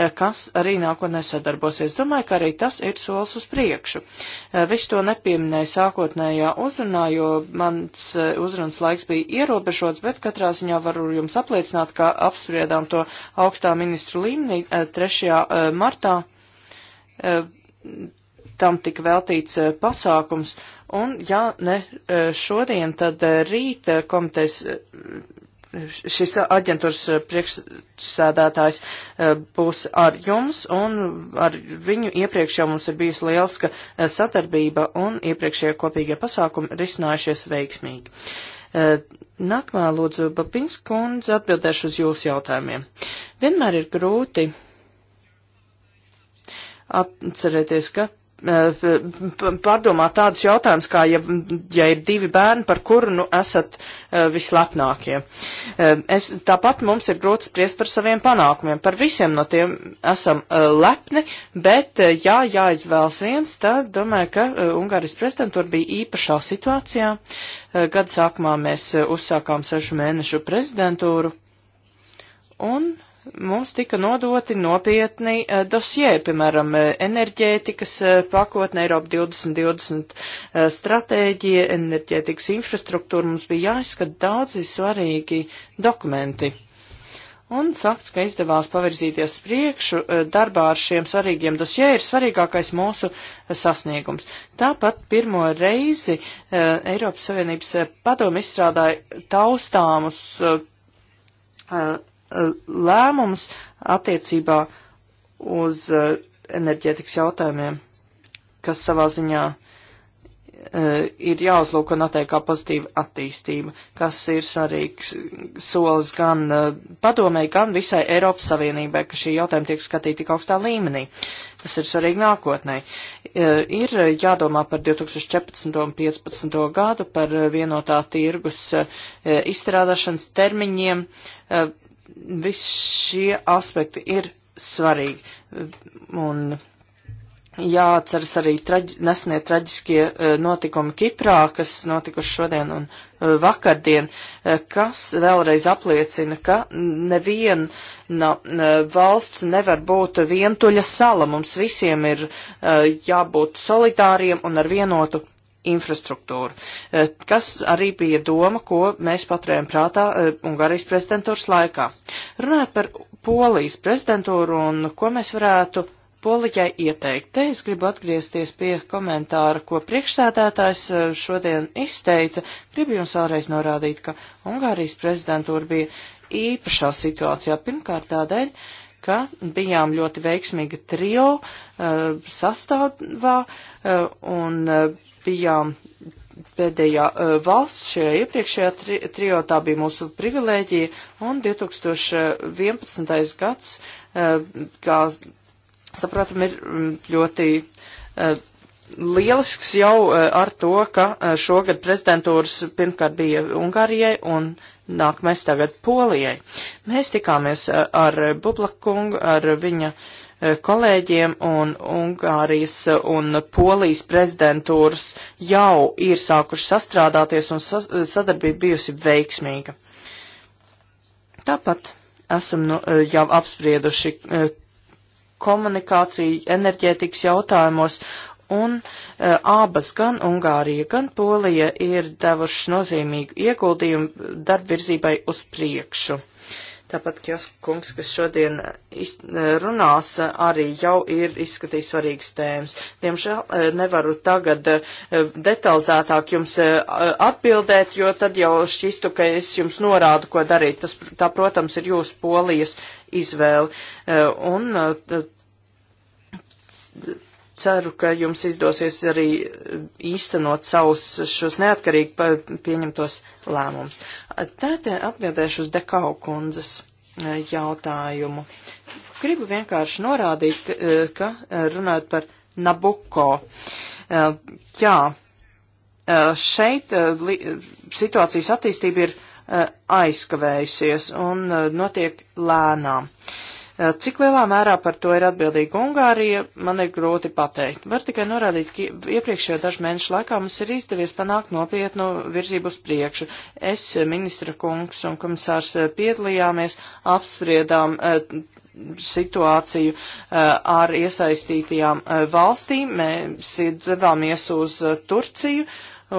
Eh, kas arī nākotnē sadarbosies. Domāju, ka arī tas ir solis uz priekšu. Eh, visu to nepieminēju sākotnējā uzrunā, jo mans eh, uzrunas laiks bija ierobežots, bet katrā ziņā varu jums apliecināt, ka apspriedām to augstā ministru līmenī 3. martā tam tika veltīts pasākums. Un, ja ne šodien, tad rīt komitejas šis aģentūras eh, priekšsēdētājs eh, būs ar jums, un ar viņu iepriekš jau mums ir bijusi lielska eh, sadarbība, un iepriekšējie kopīgie pasākumi ir izcinājušies veiksmīgi. Nākamā lūdzu, Babins kundze, atbildēšu uz jūsu jautājumiem. Vienmēr ir grūti atcerēties, ka pārdomāt tādus jautājumus, kā ja, ja ir divi bērni, par kuru nu esat eh, vislepnākie. Eh, es, tāpat mums ir grūti spriest par saviem panākumiem. Par visiem no tiem esam eh, lepni, bet jā, jāizvēlas viens, tad domāju, ka Ungārijas prezidentūra bija īpašā situācijā. Gada sākumā mēs uzsākām sešu mēnešu prezidentūru. Un mums tika nodoti nopietni e, dosie, piemēram, e, enerģētikas e, pakotne Eiropa 2020 stratēģija, enerģētikas infrastruktūra. Mums bija jāizskat daudzi svarīgi dokumenti. Un fakts, ka izdevās pavirzīties priekšu darbā ar šiem svarīgiem dosjē, ir svarīgākais mūsu sasniegums. Tāpat pirmo reizi Eiropas Savienības padomu izstrādāja taustāmus lēmumus attiecībā uz uh, enerģētikas jautājumiem, kas savā ziņā uh, ir jāuzlūko noteikti kā pozitīva attīstība, kas ir svarīgs solis gan uh, padomē, gan visai Eiropas Savienībai, ka šī jautājuma tiek skatīta tik augstā līmenī. Tas ir svarīgi nākotnē. Ir jādomā par 2014. un 2015. gadu, par vienotā tirgus izstrādāšanas termiņiem, Viss šie aspekti ir svarīgi. Un jāatceras arī traģi, nesenie traģiskie e, notikumi Kiprā, kas notikuši šodien un e, vakardien, e, kas vēlreiz apliecina, ka neviena valsts nevar būt vientuļa sala. Mums visiem ir jābūt solidāriem un ar vienotu infrastruktūru, eh, kas arī bija doma, ko mēs paturējām prātā eh, Ungārijas prezidentūras laikā. Runājot par Polijas prezidentūru un ko mēs varētu Polijai ieteikt, te es gribu atgriezties pie komentāra, ko priekšsēdētājs eh, šodien izteica. Gribu jums vēlreiz norādīt, ka Ungārijas prezidentūra bija īpašā situācijā pirmkārt tādēļ, ka bijām ļoti veiksmīga trio uh, sastāvā uh, un uh, bijām pēdējā uh, valsts šajā iepriekšējā tri trijotā, tā bija mūsu privilēģija, un 2011. gads, uh, kā saprotam, ir ļoti uh, lielisks jau uh, ar to, ka uh, šogad prezidentūras pirmkārt bija Ungārijai un nākamais tagad Polijai. Mēs tikāmies uh, ar Bublakungu, ar viņa uh, Eh, kolēģiem un Ungārijas un Polijas prezidentūras jau ir sākuši sastrādāties un sa sadarbība bijusi veiksmīga. Tāpat esam nu, eh, jau apsprieduši eh, komunikāciju enerģētikas jautājumos un e, abas, gan Ungārija, gan Polija, ir devušas nozīmīgu ieguldījumu darbvirzībai uz priekšu. Tāpat Kjaskungs, kas šodien e, runās, e, arī jau ir izskatījis svarīgas tēmas. Diemžēl e, nevaru tagad detalizētāk jums atbildēt, jo tad jau šķistu, ka es jums norādu, ko darīt. Tas, tā, protams, ir jūsu polijas izvēle. Un ceru, ka jums izdosies arī īstenot savus šos neatkarīgi pieņemtos lēmumus. Tētē atbildēšu uz Dekau kundzes e, jautājumu. Gribu vienkārši norādīt, ka e, e, runājot par Nabuko. Jā, šeit situācijas attīstība ir aizkavējusies un notiek lēnām. Uh, Eh, cik lielā mērā par to ir atbildīga Ungārija, man ir grūti pateikt. Var tikai norādīt, ka iepriekšējo dažu mēnešu laikā mums ir izdevies panākt nopietnu virzību uz priekšu. Es, eh, ministra kungs un komisārs eh, piedalījāmies, apspriedām situāciju ar iesaistītajām valstīm. Mēs devāmies uz Turciju,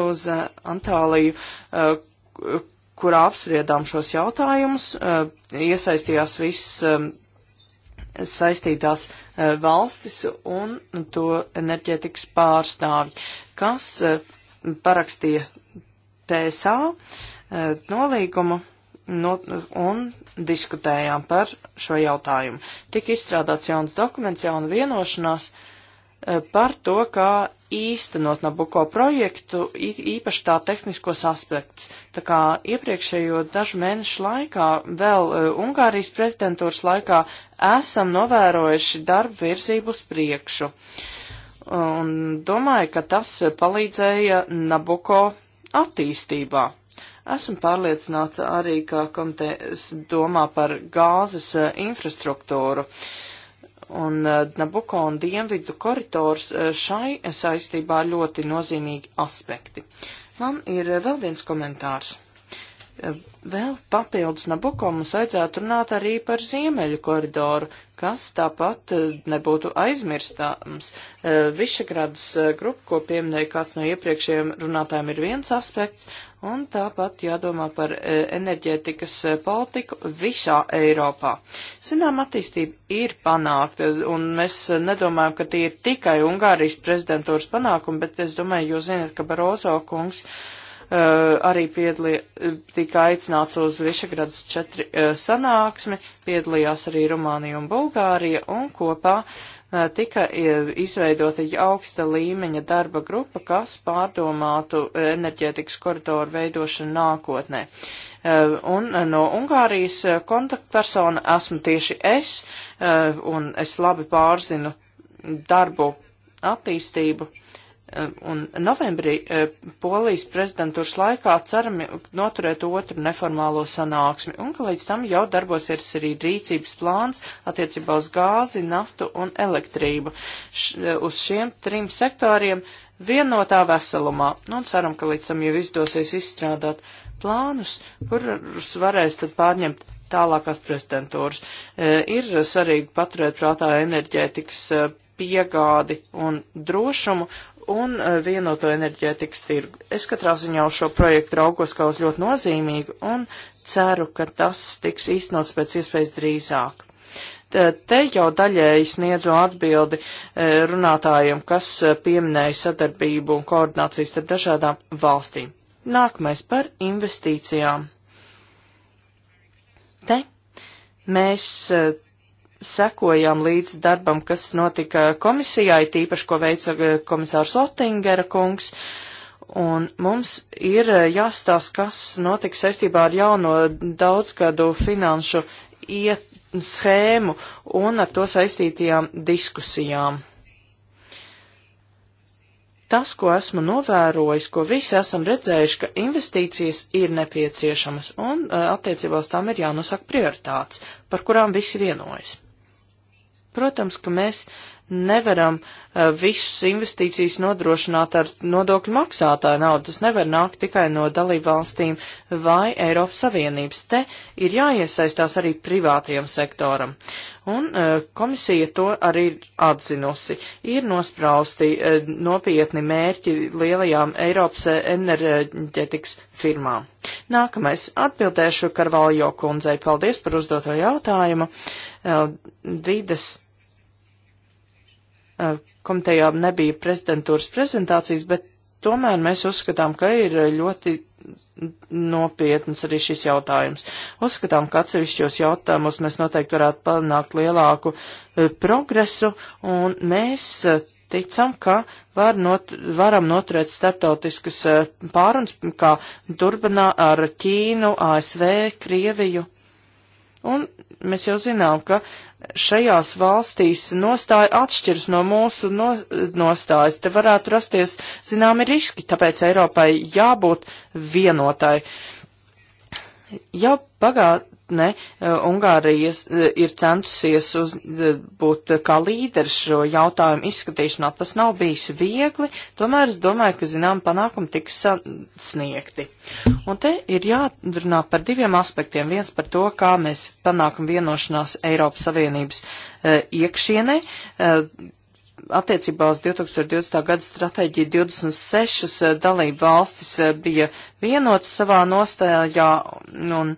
uz Antāliju, kurā apspriedām šos jautājumus. Iesaistījās viss saistītās e, valstis un to enerģētikas pārstāvji, kas e, parakstīja TSA e, nolīgumu no, un diskutējām par šo jautājumu. Tik izstrādāts jauns dokuments, jauna vienošanās par to, kā īstenot Nabuko projektu, īpaši tā tehniskos aspektus. Tā kā iepriekšējo dažu mēnešu laikā, vēl Ungārijas prezidentūras laikā, esam novērojuši darbu virzību uz priekšu. Un domāju, ka tas palīdzēja Nabuko attīstībā. Esmu pārliecināts arī, ka komitejas domā par gāzes e, infrastruktūru. Un e, Nabuko un Dienvidu koridors e, šai saistībā ļoti nozīmīgi aspekti. Man ir vēl viens komentārs. Vēl papildus Nabuko mums vajadzētu runāt arī par ziemeļu koridoru, kas tāpat eh, nebūtu aizmirstāms. Eh, Višegradas eh, grupa, ko pieminēja kāds no iepriekšējiem runātājiem, ir viens aspekts, un tāpat jādomā par enerģētikas politiku visā Eiropā. Zinām, attīstība ir panākta, un mēs nedomājam, ka tie ir tikai Ungārijas prezidentūras panākumi, bet es domāju, jūs zināt, ka Barozo kungs. Uh, Eh, arī piedalījās, tika aicināts uz Višagradas četri eh, sanāksmi, piedalījās arī Rumānija un Bulgārija, un kopā eh, tika izveidota augsta līmeņa darba grupa, kas pārdomātu enerģētikas koridoru veidošanu nākotnē. Un no Ungārijas kontaktpersona esmu tieši es, un es labi pārzinu darbu attīstību Eh, un novembrī eh, Polijas prezidentūras laikā cerami noturēt otru neformālo sanāksmi, un ka līdz tam jau darbosies arī rīcības plāns attiecībā uz gāzi, naftu un elektrību. Š eh, uz šiem trim sektoriem vienotā veselumā, nu, un ceram, ka līdz tam jau izdosies izstrādāt plānus, kurus varēs tad pārņemt tālākās prezidentūras. E, ir svarīgi paturēt prātā enerģētikas e, piegādi un drošumu, un eh, vienoto enerģētikas tirgu. Es katrā ziņā uz šo projektu raugos kā uz ļoti nozīmīgu un ceru, ka tas tiks īstenots pēc iespējas drīzāk. Te jau daļēji sniedzu atbildi eh, runātājiem, kas eh, pieminēja sadarbību un koordinācijas ar dažādām valstīm. Nākamais par investīcijām. Te mēs sekojām līdz darbam, kas notika komisijai, tīpaši, ko veica eh, komisārs Otingera kungs. Un mums ir eh, jāstāsta, kas notiks saistībā ar jauno daudzgadu finanšu iet schēmu un ar to saistītajām diskusijām. Tas, ko esmu novērojis, ko visi esam redzējuši, ka investīcijas ir nepieciešamas un eh, attiecībās tām ir jānosaka prioritātes, par kurām visi vienojas. Protams, ka mēs nevaram eh, visus investīcijas nodrošināt ar nodokļu maksātāju naudu. Tas nevar nākt tikai no dalību valstīm vai Eiropas Savienības. Te ir jāiesaistās arī privātajam sektoram. Un eh, komisija to arī ir atzinusi. Ir nosprausti eh, nopietni mērķi lielajām Eiropas enerģetikas firmām. Nākamais atbildēšu Karvaljo kundzei. Paldies par uzdoto jautājumu. Vides komitejām nebija prezidentūras prezentācijas, bet tomēr mēs uzskatām, ka ir ļoti nopietnas arī šis jautājums. Uzskatām, ka atsevišķos jautājumus mēs noteikti varētu panākt lielāku progresu, un mēs ticam, ka var not, varam noturēt starptautiskas pārunas, kā Durbanā ar Ķīnu, ASV, Krieviju. Un mēs jau zinām, ka šajās valstīs nostāja atšķiras no mūsu no, nostājas. Te varētu rasties zināmi riski, tāpēc Eiropai jābūt vienotai. Jau pagātnē nākotne e, Ungārijas e, ir centusies uz, e, būt kā līderis šo jautājumu izskatīšanā. Tas nav bijis viegli, tomēr es domāju, ka zinām panākumi tiks sniegti. Un te ir jārunā par diviem aspektiem. Viens par to, kā mēs panākam vienošanās Eiropas Savienības iekšienē attiecībā uz 2020. gada stratēģiju 26 dalību valstis bija vienotas savā nostājā un uh,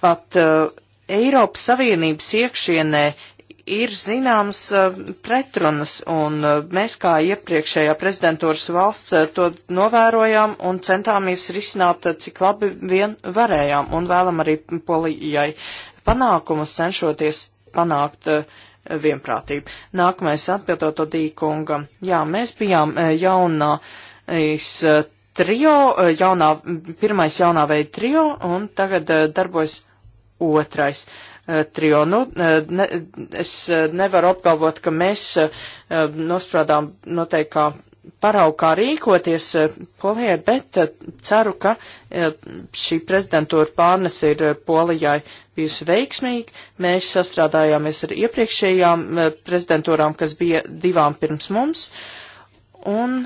pat uh, Eiropas Savienības iekšienē ir zināmas uh, pretrunas, un uh, mēs kā iepriekšējā prezidentūras valsts uh, to novērojām un centāmies risināt, cik labi vien varējām, un vēlam arī polijai panākumus cenšoties panākt vienprātību. Nākamais atbildot to dīkungam. Jā, mēs bijām jaunā es, trio, jaunā, pirmais jaunā veida trio, un tagad darbojas otrais eh, trio. Nu, eh, ne, es eh, nevaru apgalvot, ka mēs nosprādām noteikti kā paraugu, kā rīkoties Polijai, bet ceru, ka šī prezidentūra pārnes ir Polijai bijusi veiksmīga. Mēs sastrādājāmies ar iepriekšējām prezidentūrām, kas bija divām pirms mums, un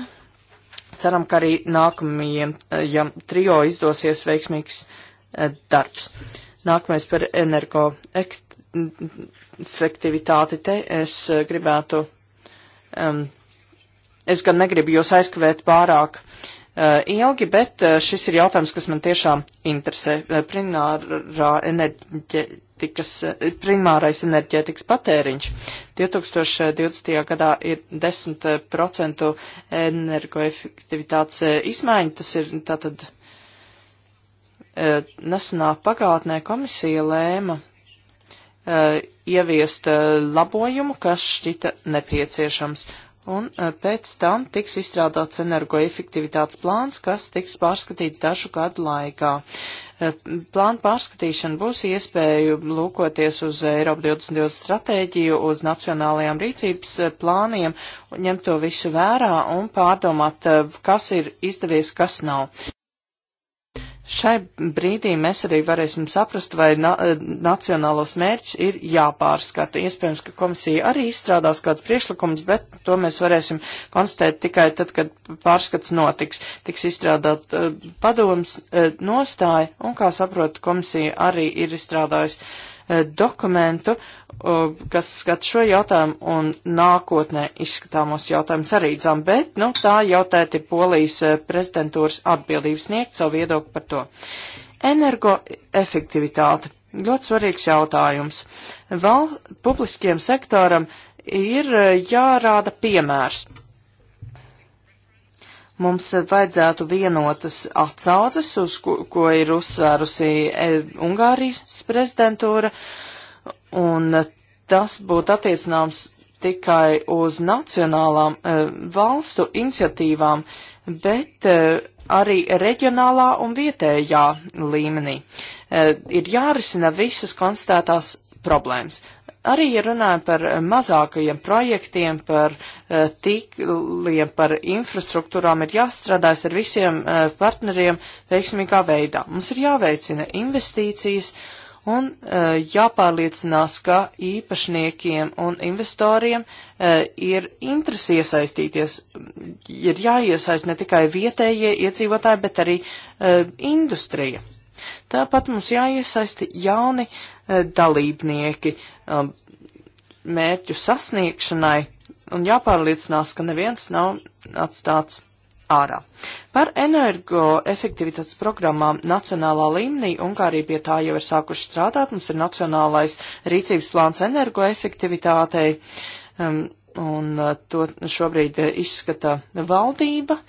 ceram, ka arī nākamajiem ja trijo izdosies veiksmīgs darbs. Nākamais par energo efektivitāti te es gribētu, um, es gan negribu jūs aizkavēt pārāk uh, ilgi, bet uh, šis ir jautājums, kas man tiešām interesē. Uh, primārā enerģetikas, uh, primārais enerģetikas patēriņš 2020. gadā ir 10% uh, energoefektivitātes izmaiņa, tas ir tātad. Uh, Eh, nesenā pagātnē komisija lēma eh, ieviest eh, labojumu, kas šķita nepieciešams. Un pēc tam tiks izstrādāts energoefektivitātes plāns, kas tiks pārskatīts dažu gadu laikā. Plāna pārskatīšana būs iespēju lūkoties uz Eiropa 2020 stratēģiju, uz nacionālajām rīcības plāniem, ņemt to visu vērā un pārdomāt, kas ir izdevies, kas nav. Šai brīdī mēs arī varēsim saprast, vai na eh, nacionālos mērķus ir jāpārskata. Iespējams, ka komisija arī izstrādās kāds priekšlikums, bet to mēs varēsim konstatēt tikai tad, kad pārskats notiks. Tiks izstrādāt uh, padoms uh, nostāja, un, kā saprotu, komisija arī ir izstrādājusi uh, Eh, dokumentu, eh, kas skat šo jautājumu un nākotnē izskatāmos jautājumus arī dzām, bet, nu, tā jautājot ir polijas eh, prezidentūras atbildības sniegt savu viedokli par to. Energoefektivitāte. Ļoti svarīgs jautājums. Val publiskiem sektoram ir jārāda piemērs mums vajadzētu vienotas atsauces, uz ko, ko ir uzsvērusi e, Ungārijas prezidentūra, un tas būtu attiecināms tikai uz nacionālām e, valstu iniciatīvām, bet e, arī reģionālā un vietējā līmenī. Ir jārisina visas konstatētās problēmas. Arī runājam par eh, mazākajiem projektiem, par eh, tīkliem, par infrastruktūrām, ir jāstrādājas ar visiem eh, partneriem veiksmīgā veidā. Mums ir jāveicina investīcijas un jāpārliecinās, ka īpašniekiem un investoriem ir interesi iesaistīties. Ir jāiesaist ne tikai vietējie iedzīvotāji, bet arī industrija. Tāpat mums jāiesaista jauni dalībnieki, um, mērķu sasniegšanai un jāpārliecinās, ka neviens nav atstāts ārā. Par energoefektivitātes programmām nacionālā līmenī Ungārija pie tā jau ir sākuši strādāt. Mums ir nacionālais rīcības plāns energoefektivitātei, um, un uh, to šobrīd uh, izskata valdība.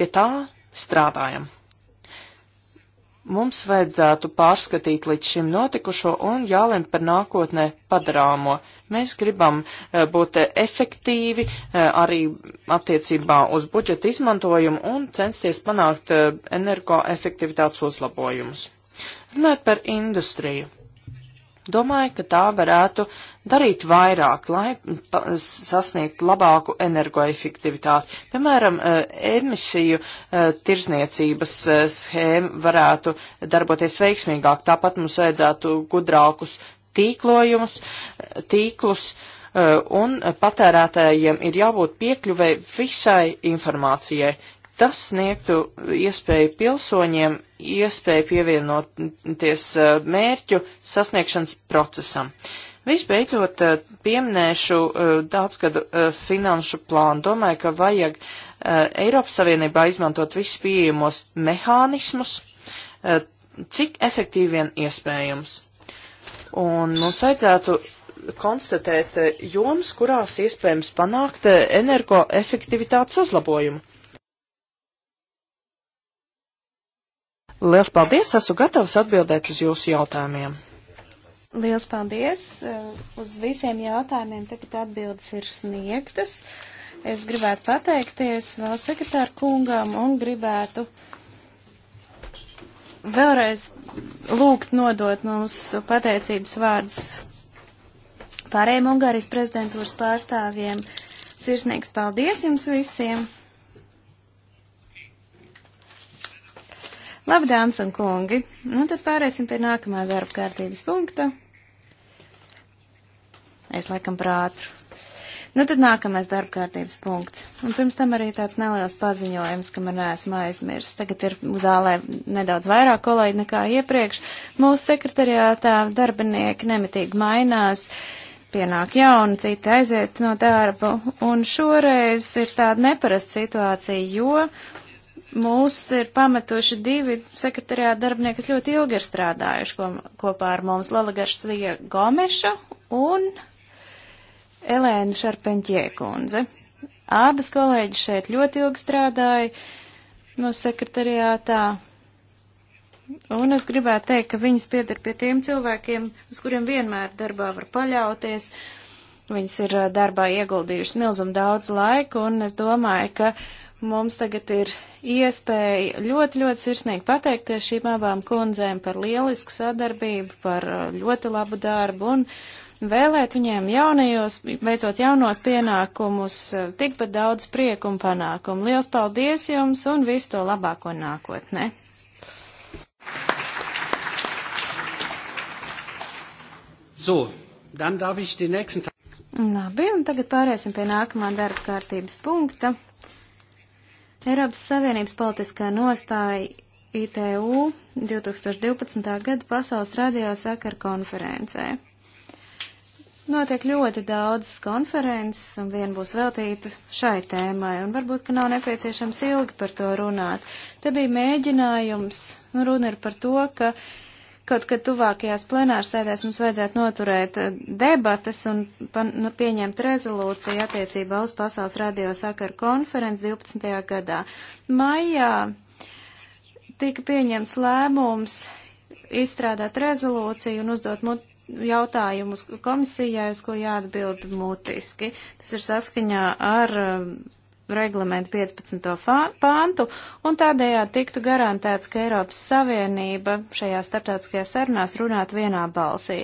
Pie tā strādājam. Mums vajadzētu pārskatīt līdz šim notikušo un jālem par nākotnē padarāmo. Mēs gribam eh, būt eh, efektīvi eh, arī attiecībā uz budžeta izmantojumu un censties panākt energoefektivitātes uzlabojumus. Runājot par industriju. Domāju, ka tā varētu uh, darīt vairāk, lai sasniegtu labāku energoefektivitāti. Piemēram, e, emisiju e, tirzniecības e, schēma varētu darboties veiksmīgāk. Tāpat mums vajadzētu gudrākus tīklojumus, tīklus, un patērētājiem ir jābūt piekļuvai visai informācijai. Tas sniegtu iespēju pilsoņiem, iespēju pievienoties mērķu sasniegšanas procesam. Uh, Visbeidzot, eh, pieminēšu eh, daudzgadu eh, finanšu plānu. Domāju, ka vajag Eiropas Savienībā izmantot visus pieejamos mehānismus, cik efektīvi vien iespējams. Un mums vajadzētu konstatēt jomas, kurās iespējams panākt energoefektivitātes uzlabojumu. Liels paldies, esmu gatavs atbildēt uz jūsu jautājumiem. Liels paldies! Eh, uz visiem jautājumiem tagad atbildes ir sniegtas. Es gribētu pateikties vēl sekretāru kungam un gribētu vēlreiz lūgt nodot mums pateicības vārdus pārējiem Ungārijas prezidentūras pārstāvjiem. Sirsnīgs paldies jums visiem! Labi, dāmas un kungi, nu tad pārēsim pie nākamā darba kārtības punkta. Es laikam prātru. Nu tad nākamais darba kārtības punkts. Un pirms tam arī tāds neliels paziņojums, ka man neesmu aizmirst. Tagad ir zālē nedaudz vairāk kolēģi nekā iepriekš. Mūsu sekretariātā darbinieki nemitīgi mainās. Pienāk jauni, citi aiziet no darba. Un šoreiz ir tāda neparasta situācija, jo Mūs ir pametuši divi sekretariā darbinieki, kas ļoti ilgi ir strādājuši ko, kopā ar mums - Lala Garšvija Gomeša un Elēna Šarpenķie kundze. Abas kolēģi šeit ļoti ilgi strādāja no sekretariātā. Un es gribētu teikt, ka viņas pieder pie tiem cilvēkiem, uz kuriem vienmēr darbā var paļauties. Viņas ir darbā ieguldījušas milzumu daudz laiku, un es domāju, ka Mums tagad ir iespēja ļoti, ļoti sirsnīgi pateikties šīm abām kundzēm par lielisku sadarbību, par uh, ļoti labu darbu un vēlēt viņiem jaunajos, veicot jaunos pienākumus, uh, tikpat daudz prieku un panākumu. Liels paldies jums un visu to labāko nākotnē! So, dann darf ich den nächsten Tag. Labi, un tagad pāriesim pie nākamā darba kārtības punkta. Eiropas Savienības politiskā nostāja ITU 2012. gada pasaules radiosakaru konferencē. Notiek ļoti daudzas konferences, un viena būs veltīta šai tēmai, un varbūt, ka nav nepieciešams ilgi par to runāt. Te bija mēģinājums, nu runa ir par to, ka uh, kaut kad tuvākajās plenārsēdēs mums vajadzētu noturēt eh, debatas un pan, nu, pieņemt rezolūciju attiecībā uz pasaules radio sakaru konferences 12. gadā. Maijā tika pieņemts lēmums izstrādāt rezolūciju un uzdot mut, jautājumus komisijai, uz ko jāatbild mutiski. Tas ir saskaņā ar eh, reglamentu 15. pāntu, un tādējādi tiktu garantēts, ka Eiropas Savienība šajā starptautiskajā sarunās runāt vienā balsī.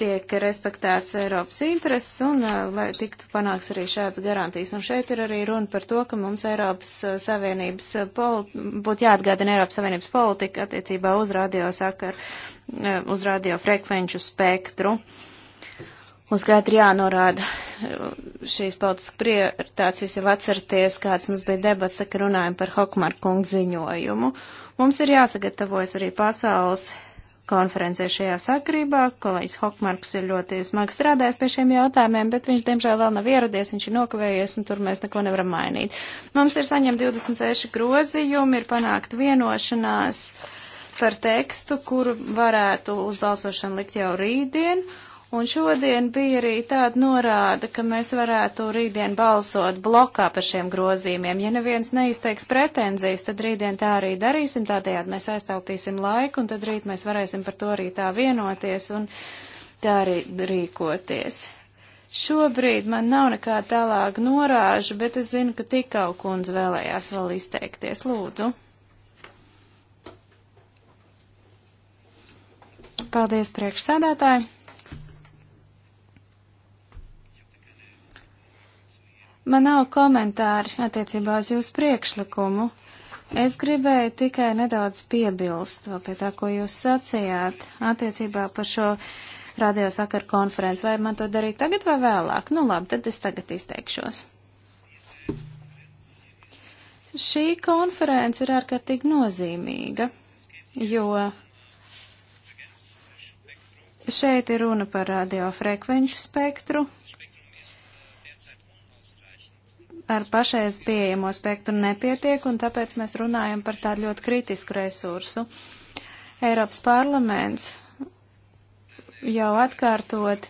Tiek respektēts Eiropas intereses, un uh, lai tiktu panāks arī šāds garantijas. Un šeit ir arī runa par to, ka mums Eiropas uh, Savienības uh, būtu jāatgādina Eiropas Savienības politika attiecībā uz radio sakaru, uz radio frekvenču spektru. Uh, Mums skaidri jānorāda šīs politiskas prioritātes, jūs jau atceraties, kāds mums bija debats, kad runājam par Hokmarkungu ziņojumu. Mums ir jāsagatavojas arī pasaules konferencē šajā sakrībā. Kolēģis Hokmarks ir ļoti smagi strādājis pie šiem jautājumiem, bet viņš, diemžēl, vēl nav ieradies, viņš ir nokavējies, un tur mēs neko nevaram mainīt. Mums ir saņemt 26 grozījumi, ir panākt vienošanās par tekstu, kuru varētu uz balsošanu likt jau rītdien Un šodien bija arī tāda norāda, ka mēs varētu rītdien balsot blokā par šiem grozījumiem. Ja neviens neizteiks pretenzijas, tad rītdien tā arī darīsim, tādējādi mēs aiztaupīsim laiku, un tad rīt mēs varēsim par to arī tā vienoties un tā arī rīkoties. Šobrīd man nav nekā tālāk norāžu, bet es zinu, ka tikau kundze vēlējās vēl izteikties. Lūdzu. Paldies, priekšsēdētāji! Man nav komentāri attiecībā uz jūsu priekšlikumu. Es gribēju tikai nedaudz piebilst vēl pie tā, ko jūs sacījāt attiecībā par šo radiosakaru konferenci. Vai man to darīt tagad vai vēlāk? Nu labi, tad es tagad izteikšos. Šī konference ir ārkārtīgi nozīmīga, jo šeit ir runa par radiofrekvenču spektru, ar pašreiz pieejamo spektru nepietiek, un tāpēc mēs runājam par tādu ļoti kritisku resursu. Eiropas parlaments jau atkārtot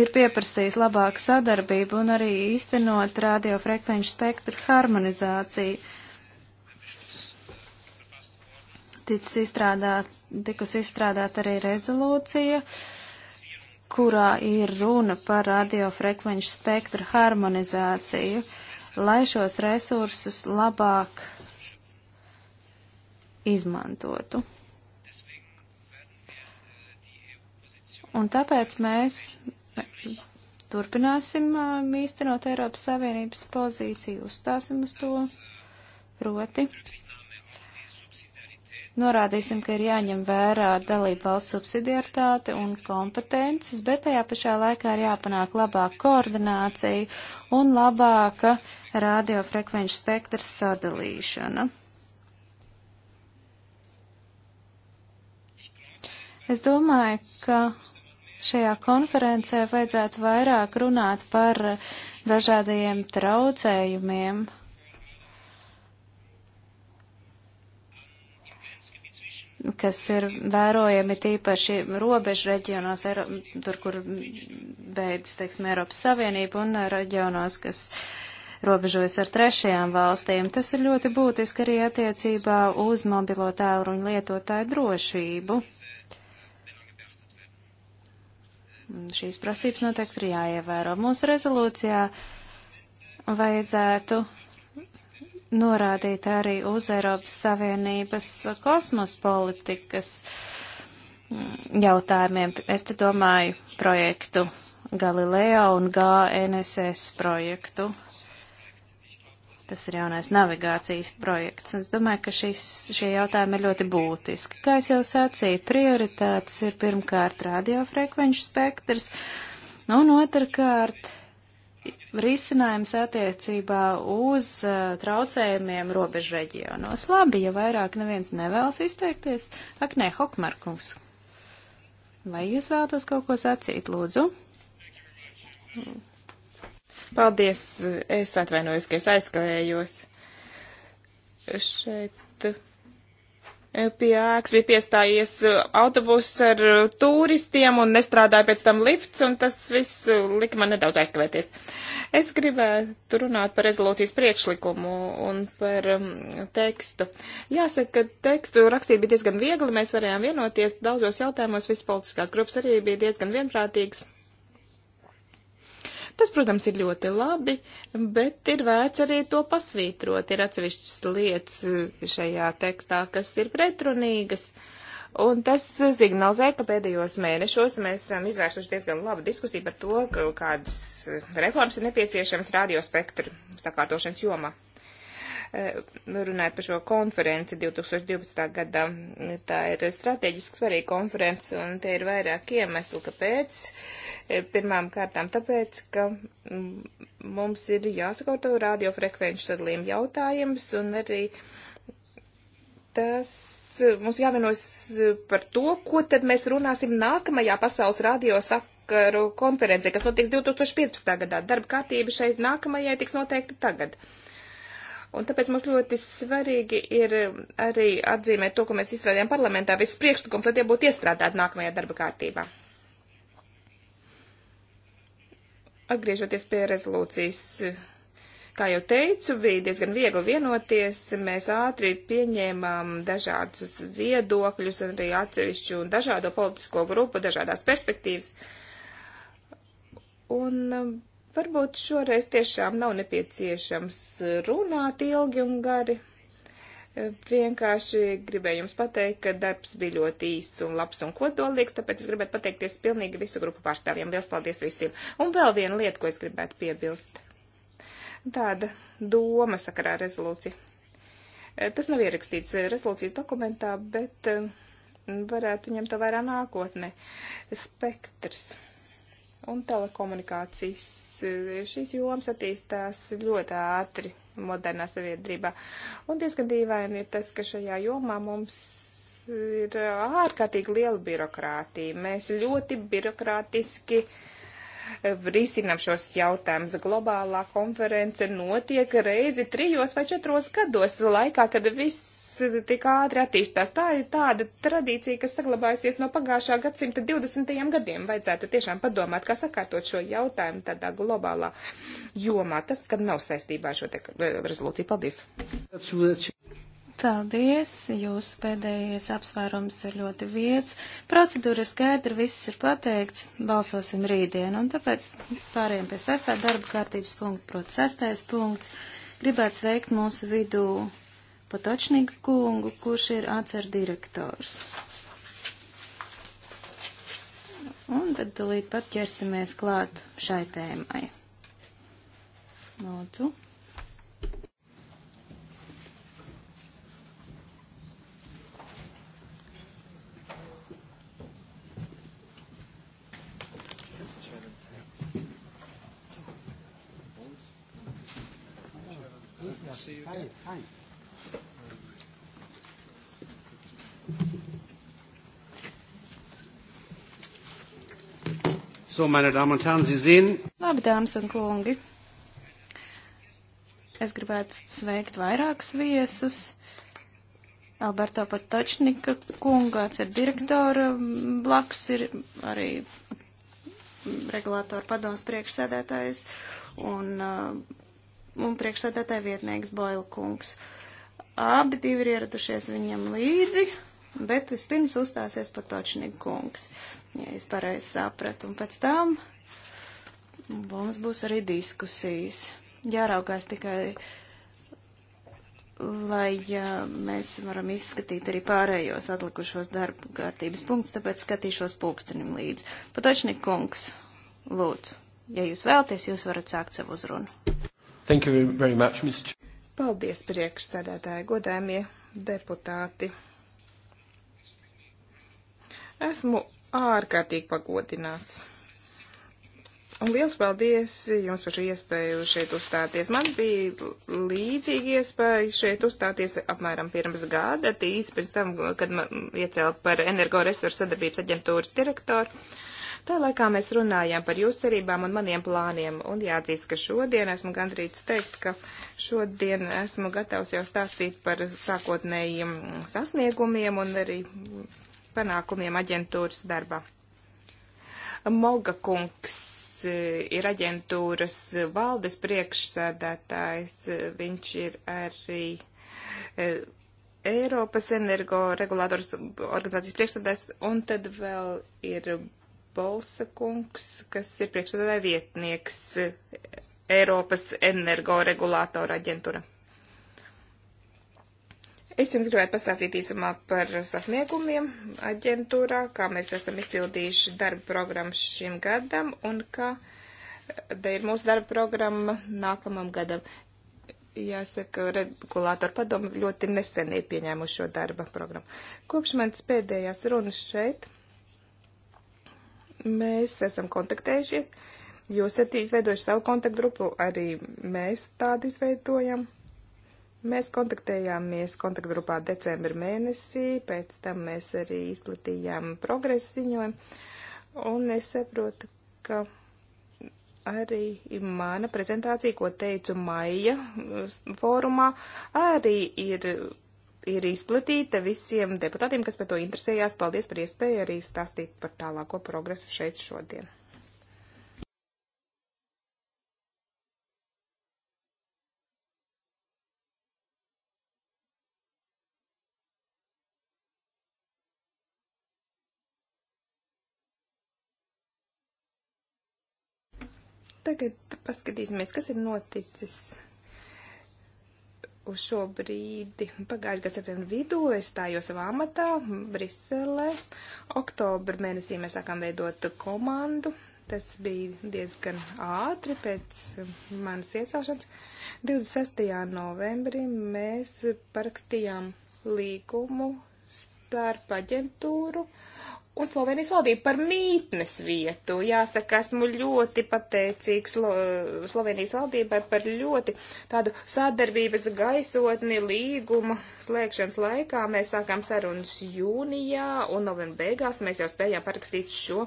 ir pieprasījis labāku sadarbību un arī īstenot radiofrekvenču spektru harmonizāciju. Ticis izstrādāt, tikus izstrādāt arī rezolūcija, uh, kurā ir runa par radiofrekvenču spektra harmonizāciju, lai šos resursus labāk izmantotu. Un tāpēc mēs turpināsim um, īstenot Eiropas Savienības pozīciju, uzstāsim uz to proti norādīsim, ka ir jāņem vērā dalību valsts subsidiartāte un kompetences, bet tajā pašā laikā ir jāpanāk labāka koordinācija un labāka radiofrekvenču spektra sadalīšana. Es domāju, ka šajā konferencē vajadzētu vairāk runāt par dažādajiem traucējumiem kas ir vērojami tīpaši robežu reģionos, tur, kur beidzas, teiksim, Eiropas Savienība un uh, reģionos, kas robežojas ar trešajām valstīm. Tas ir ļoti būtiski arī attiecībā uz mobilo tēlruņu lietotāju drošību. Šīs prasības noteikti ir jāievēro. Mūsu rezolūcijā vajadzētu norādīt arī uz Eiropas Savienības kosmospolitikas mm, jautājumiem. Es te domāju projektu Galileo un GNSS projektu. Tas ir jaunais navigācijas projekts. Es domāju, ka šis, šie jautājumi ir ļoti būtiski. Kā es jau sacīju, prioritātes ir pirmkārt radiofrekvenču spektrs, un otrkārt risinājums attiecībā uz uh, traucējumiem robežu reģionos. Labi, ja vairāk neviens nevēlas izteikties. Ak, nē, Hokmarkungs. Vai jūs vēlaties kaut ko sacīt, lūdzu? Paldies, es atvainojos, ka es aizkavējos. Šeit Eh, pie ēkas bija piestājies eh, autobuss ar eh, turistiem un nestrādāja pēc tam lifts, un tas viss lika man nedaudz aizkavēties. Es gribētu runāt par rezolūcijas priekšlikumu un par um, tekstu. Jāsaka, ka tekstu rakstīt bija diezgan viegli, mēs varējām vienoties daudzos jautājumos, visas politiskās grupas arī bija diezgan vienprātīgas. Tas, protams, ir ļoti labi, bet ir vērts arī to pasvītrot. Ir atsevišķas lietas šajā tekstā, kas ir pretrunīgas. Un tas signalizē, ka pēdējos mēnešos mēs esam izvērsuši diezgan labu diskusiju par to, kādas reformas ir nepieciešamas radiospektru sakārtošanas jomā. Eh, runājot par šo konferenci 2012. gadā. Tā ir strateģiski svarīga konference, un te ir vairāk iemeslu, kāpēc. Eh, pirmām kārtām tāpēc, ka mm, mums ir jāsakārto radiofrekvenču sadalījuma jautājums, un arī tas eh, mums jāvienos par to, ko tad mēs runāsim nākamajā pasaules radio sakaru konferencē, kas notiks 2015. gadā. Darba kārtība šeit nākamajai tiks noteikta tagad. Uh, Un tāpēc mums ļoti svarīgi ir um, arī atzīmēt to, ko mēs izstrādājam parlamentā, visus priekšlikums, lai tie būtu iestrādāti nākamajā darba kārtībā. Atgriežoties pie rezolūcijas, kā jau teicu, bija diezgan viegli vienoties. Mēs ātri pieņēmām dažādus viedokļus, arī atsevišķu un dažādo politisko grupu, dažādās perspektīvas. Un um, Varbūt šoreiz tiešām nav nepieciešams runāt ilgi un gari. E, Vienkārši gribēju jums pateikt, ka darbs bija ļoti īss un labs un kodolīgs, tāpēc es gribētu pateikties pilnīgi visu grupu pārstāvjiem. Lielas paldies visiem! Un vēl viena lieta, ko es gribētu piebilst. Tāda doma sakarā rezolūcija. E, Tas nav ierakstīts rezolūcijas dokumentā, bet e, varētu ņemt vērā nākotne. Spektrs un telekomunikācijas. Šīs jomas attīstās ļoti ātri modernā sabiedrībā. Un diezgan dīvaini ir tas, ka šajā jomā mums ir ārkārtīgi liela birokrātija. Mēs ļoti birokrātiski eh, risinām šos jautājumus. Globālā konference notiek reizi trijos vai četros gados laikā, kad viss tik ātri attīstās. Tā ir tāda tradīcija, kas saglabājusies no pagājušā gadsimta 20. gadiem. Vajadzētu tiešām padomāt, kā sakārtot šo jautājumu tādā globālā jomā. Tas, kad nav saistībā ar šo te eh, rezolūciju. Paldies! Paldies! Jūsu pēdējais apsvērums ir ļoti vietas. Procedūra skaidra, viss ir pateikts. Balsosim rītdien. Un tāpēc pāriem pie sestā darba kārtības punkta, proti sestais punkts. Gribētu sveikt mūsu vidū Potočniku kungu, kurš ir atcer direktors. Un tad tulīt pat ķersimies klāt šai tēmai. Lūdzu. Fine, fine. So, meine Damen und Herren, Sie sehen. Labi, dāmas un kungi. Es gribētu sveikt vairākus viesus. Alberto Patočnika kungāts ir direktora, blakus ir arī regulātora padoms priekšsēdētājs un, uh, un priekšsēdētāja vietnieks Boila kungs. Abi divi ir ieradušies viņam līdzi bet vispirms uzstāsies Patočnika kungs, ja es pareizi sapratu, un pēc tam mums būs arī diskusijas. Jāraugās tikai, lai ja, mēs varam izskatīt arī pārējos atlikušos darba kārtības punktus, tāpēc skatīšos pulkstenim līdzi. Patočnika kungs, lūdzu, ja jūs vēlties, jūs varat sākt savu uzrunu. Thank you very much, Mr. Paldies, priekšsēdētāji, godējumie deputāti. Esmu ārkārtīgi pagodināts. Un liels paldies jums par šo iespēju šeit uzstāties. Man bija līdzīga iespēja šeit uzstāties apmēram pirms gada, īsi pirms tam, kad man iecēla par energoresursu sadarbības aģentūras direktoru. Tā laikā mēs runājām par jūsu cerībām un maniem plāniem, un jāatzīst, ka šodien esmu gandrīz teikt, ka šodien esmu gatavs jau stāstīt par sākotnējiem sasniegumiem un arī panākumiem aģentūras darbā. Molga kungs eh, ir aģentūras valdes priekšsēdētājs, viņš ir arī eh, Eiropas energo regulātors organizācijas priekšsēdētājs, un tad vēl ir Bolsa kungs, kas ir priekšsēdētāja vietnieks eh, Eiropas energo regulātora aģentūra. Es jums gribētu pastāstīt īsumā par sasniegumiem aģentūrā, kā mēs esam izpildījuši darba programmu šim gadam un kā te ir mūsu darba programma nākamam gadam. Jāsaka, regulātori padomu ļoti nesen ir pieņēmuši šo darba programmu. Kopš manas pēdējās runas šeit mēs esam kontaktējušies. Jūs esat izveidojuši savu kontaktgrupu, arī mēs tādu izveidojam. Mēs kontaktējāmies kontaktgrupā decembra mēnesī, pēc tam mēs arī izplatījām progresu ziņojumu, un es saprotu, ka arī mana prezentācija, ko teicu maija fórumā, arī ir, ir izplatīta visiem deputātiem, kas par to interesējās. Paldies par iespēju arī stāstīt par tālāko progresu šeit šodien. tagad paskatīsimies, kas ir noticis uz šo brīdi. Pagājušajā gadā septembra vidū es stājos savā amatā Briselē. Oktobra mēnesī mēs sākām veidot komandu. Tas bija diezgan ātri pēc manas iesaušanas. 26. novembrī mēs parakstījām līgumu starp aģentūru un Slovenijas valdību par mītnes vietu. Jāsaka, esmu ļoti pateicīgs Slo Slovenijas valdībai par ļoti tādu sadarbības gaisotni līguma slēgšanas laikā. Mēs sākām sarunas jūnijā un novembra beigās mēs jau spējām parakstīt šo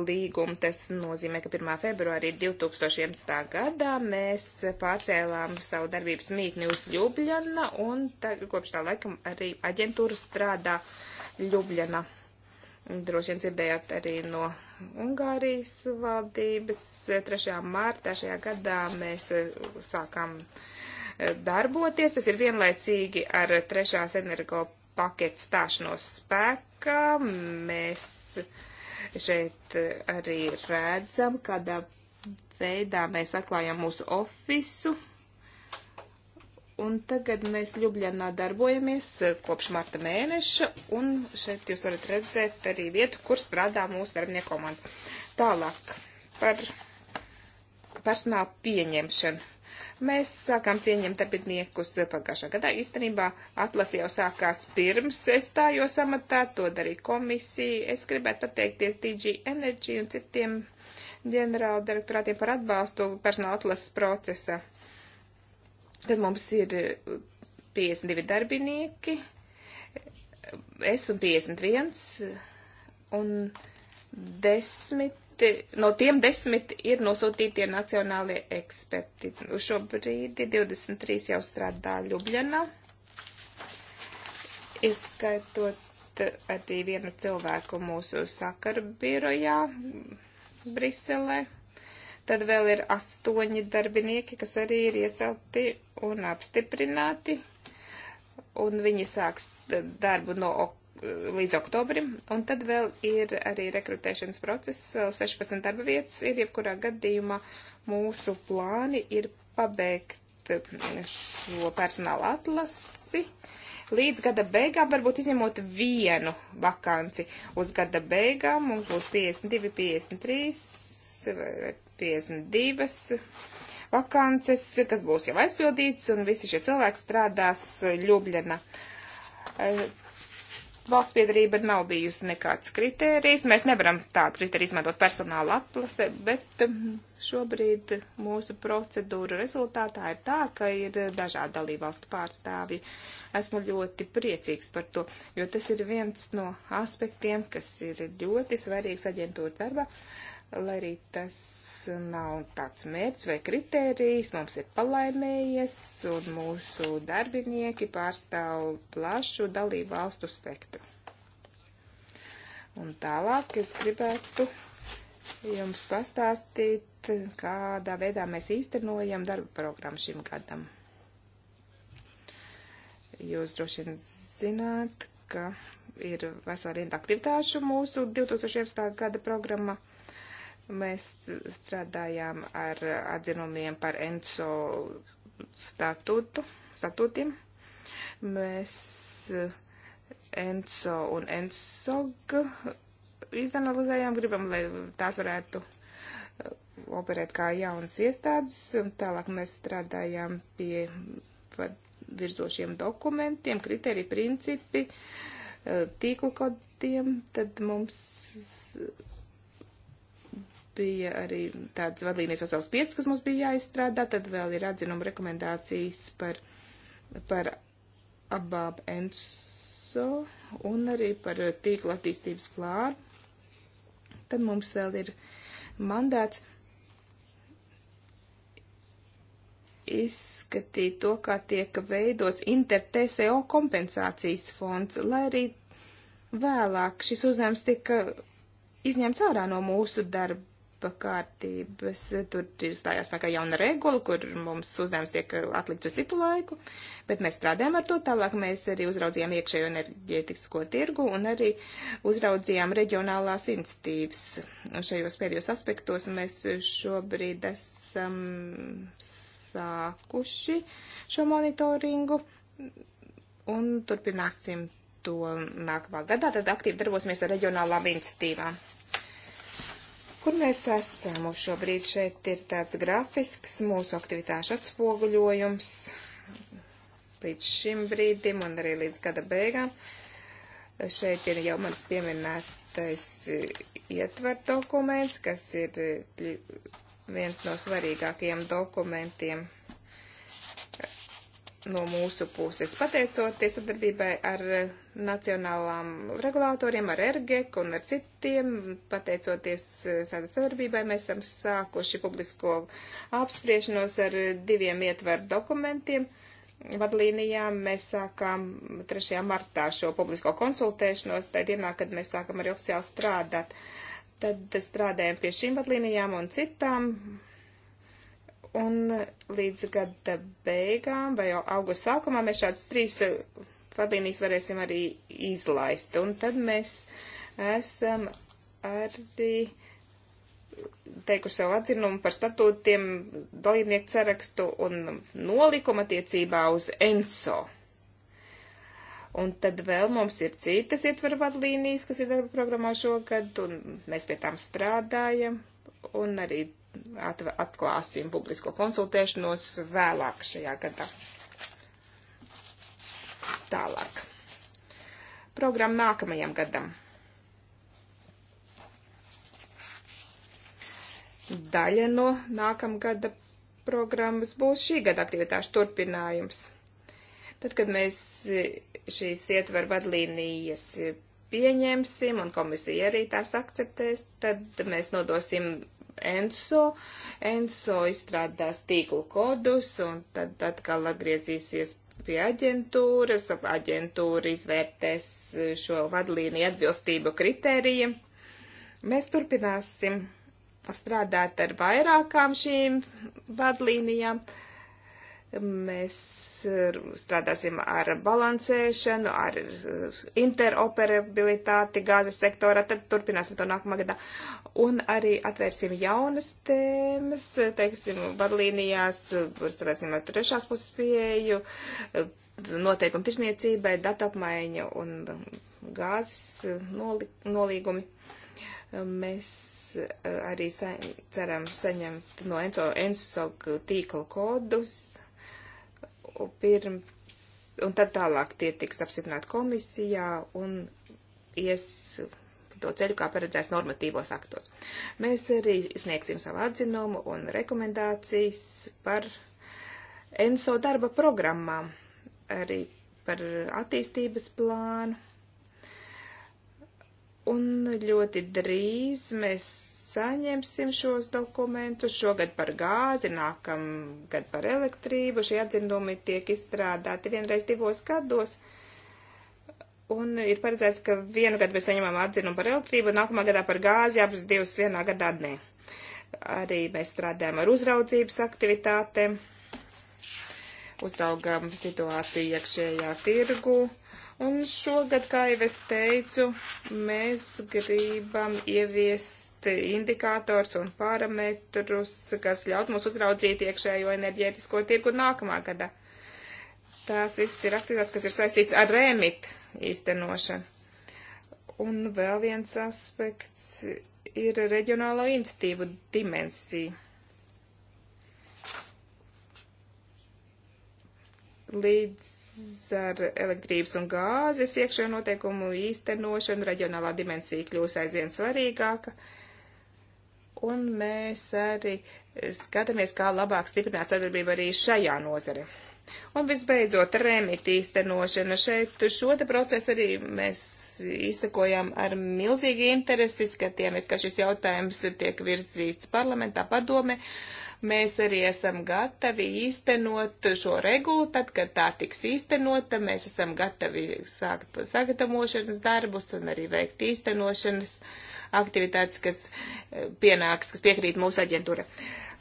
līgumu. Tas nozīmē, ka 1. februārī 2011. gadā mēs pārcēlām savu darbības mītni uz Ljubljana un tā, kopš tā laika arī aģentūra strādā Ljubljana. Droši vien dzirdējāt arī no Ungārijas valdības. 3. mārtā šajā gadā mēs eh, sākām eh, darboties. Tas ir vienlaicīgi ar trešās energo paketes stāšanos spēkā. Mēs šeit eh, arī redzam, kādā veidā mēs atklājam mūsu ofisu Un tagad mēs Ljubljanā darbojamies e, kopš marta mēneša, un šeit jūs varat redzēt arī vietu, kur strādā mūsu darbinieku komanda. Tālāk par personāla pieņemšanu. Mēs sākām pieņemt darbiniekus pagājušā gadā. Īstenībā atlase jau sākās pirms es stājos amatā, to darīja komisija. Es gribētu pateikties DG Energy un citiem ģenerāla direktorātiem par atbalstu personāla atlases procesa Tad mums ir 52 eh, darbinieki, es un 51, un desmit no tiem desmit ir nosūtītie nacionālie eksperti. Šobrīd 23 jau strādā Ljubļana, izskaitot arī vienu cilvēku mūsu sakarbirojā Briselē. Tad vēl ir astoņi darbinieki, kas arī ir iecelti un apstiprināti, un viņi sāks darbu no līdz oktobrim, un tad vēl ir arī rekrutēšanas process, 16 darba vietas ir, jebkurā gadījumā mūsu plāni ir pabeigt mm, šo personāla atlasi līdz gada beigām, varbūt izņemot vienu vakanci. Uz gada beigām mums būs 52, 53 vai 52 vakances, kas būs jau aizpildīts, un visi šie cilvēki strādās Ljubļana. Eh, Valsts piedarība nav bijusi nekāds kritērijs. Mēs nevaram tādu kritēriju izmantot personāla aplase, bet eh, šobrīd mūsu procedūra rezultātā ir tā, ka ir dažādi dalībvalstu pārstāvji. Esmu ļoti priecīgs par to, jo tas ir viens no aspektiem, kas ir ļoti svarīgs aģentūra darbā. Uh, lai arī tas nav tāds mērķis vai kritērijs, mums ir palaimējies, un mūsu darbinieki pārstāv plašu dalību valstu spektru. Un tālāk es gribētu jums pastāstīt, kādā veidā mēs īstenojam darba programmu šim gadam. Jūs droši vien zināt, ka ir vesela rinda aktivitāšu mūsu 2011. gada programma Mēs strādājām ar atzinumiem par ENSO statūtu, statūtiem. Mēs ENSO un ENSOG izanalizējām, gribam, lai tās varētu uh, operēt kā jaunas iestādes. Tālāk mēs strādājām pie virzošiem dokumentiem, kriteriju principi, uh, tīklu kodiem. Tad mums bija arī tādas vadlīnijas vesels piecas, kas mums bija jāizstrādā, tad vēl ir atzinuma rekomendācijas par, par abāb enso un arī par tīkla attīstības plānu. Tad mums vēl ir mandāts izskatīt to, kā tiek veidots inter-TSO kompensācijas fonds, lai arī vēlāk šis uzdevums tika izņemts ārā no mūsu darba darba kārtības. Tur ir stājās spēkā jauna regula, kur mums uzdevums tiek atlikts uz citu laiku, bet mēs strādājam ar to. Tālāk mēs arī uzraudzījām iekšējo enerģētisko tirgu un arī uzraudzījām reģionālās institīvas. Un šajos pēdējos aspektos mēs šobrīd esam sākuši šo monitoringu un turpināsim to nākamā gadā. Tad aktīvi darbosimies ar reģionālām institīvām. Kur mēs esam? Mums šobrīd šeit ir tāds grafisks mūsu aktivitāšu atspoguļojums līdz šim brīdim un arī līdz gada beigām. Šeit ir jau mans pieminētais ietver dokuments, kas ir viens no svarīgākajiem dokumentiem no mūsu puses. Pateicoties sadarbībai ar nacionālām regulātoriem, ar ERGEK un ar citiem, pateicoties eh, sadarbībai, mēs esam sākuši publisko apspriešanos ar diviem ietveru dokumentiem. Vadlīnijām mēs sākām 3. martā šo publisko konsultēšanos, tajā dienā, kad mēs sākam arī oficiāli strādāt. Tad strādājam pie šīm vadlīnijām un citām Un līdz gada beigām vai augusta sākumā mēs šādas trīs eh, vadlīnijas varēsim arī izlaist. Un tad mēs esam arī teikuši savu atzinumu par statūtiem, dalībnieku sarakstu un nolikumu attiecībā uz ENSO. Un tad vēl mums ir citas ietveru vadlīnijas, kas ir darba programmā šogad, un mēs pie tām strādājam, un arī atklāsim publisko konsultēšanos vēlāk šajā gadā. Tālāk. Programma nākamajam gadam. Daļa no nākamgada programmas būs šī gada aktivitāšu turpinājums. Tad, kad mēs šīs ietveru vadlīnijas pieņemsim un komisija arī tās akceptēs, tad mēs nodosim ENSO. ENSO izstrādās tīklu kodus un tad atkal atgriezīsies pie aģentūras. Aģentūra izvērtēs šo vadlīniju atbilstību kritērijiem. Mēs turpināsim strādāt ar vairākām šīm vadlīnijām. Uh, Mēs strādāsim ar balansēšanu, ar interoperabilitāti gāzes sektorā, tad turpināsim to nākamā gadā. Un arī atvērsim jaunas tēmas, teiksim, vadlīnijās, strādāsim ar trešās puses pieeju, noteikumu tirsniecībai, datu apmaiņu un gāzes noli, nolīgumi. Mēs arī sa ceram saņemt no ENSOG tīkla kodus un pirms, un tad tālāk tie tiks apstiprināti komisijā un ies to ceļu, kā paredzēts normatīvos aktos. Mēs arī sniegsim savu atzinumu un rekomendācijas par ENSO darba programmām, arī par attīstības plānu. Un ļoti drīz mēs saņemsim šos dokumentus šogad par gāzi, nākamgad par elektrību. Šie atzinumi tiek izstrādāti vienreiz divos gados. Un ir paredzēts, ka vienu gadu mēs saņemam atzinumu par elektrību, nākamā gadā par gāzi, abas divas vienā gadā nē. Arī mēs strādājam ar uzraudzības aktivitātēm, uzraugām situāciju iekšējā tirgu. Un šogad, kā jau es teicu, mēs gribam ieviest indikātors un parametrus, kas ļaut mums uzraudzīt iekšējo enerģētisko tirgu nākamā gadā. Tās viss ir aktivitātes, kas ir saistīts ar rēmit īstenošanu. Un vēl viens aspekts ir reģionālo iniciatīvu dimensija. Līdz ar elektrības un gāzes iekšējo noteikumu īstenošanu reģionālā dimensija kļūs aizvien svarīgāka. Uh, Un mēs arī skatāmies, kā labāk stiprināt sadarbību arī šajā nozare. Un visbeidzot, remita īstenošana. Šeit šo te procesu arī mēs izsakojām ar milzīgi interesi, skatījāmies, ka šis jautājums tiek virzīts parlamentā padome. Uh, Mēs arī esam gatavi īstenot šo regulu, tad, kad tā tiks īstenota, mēs esam gatavi sākt sagatavošanas darbus un arī veikt īstenošanas aktivitātes, kas eh, pienāks, kas piekrīt mūsu aģentūra.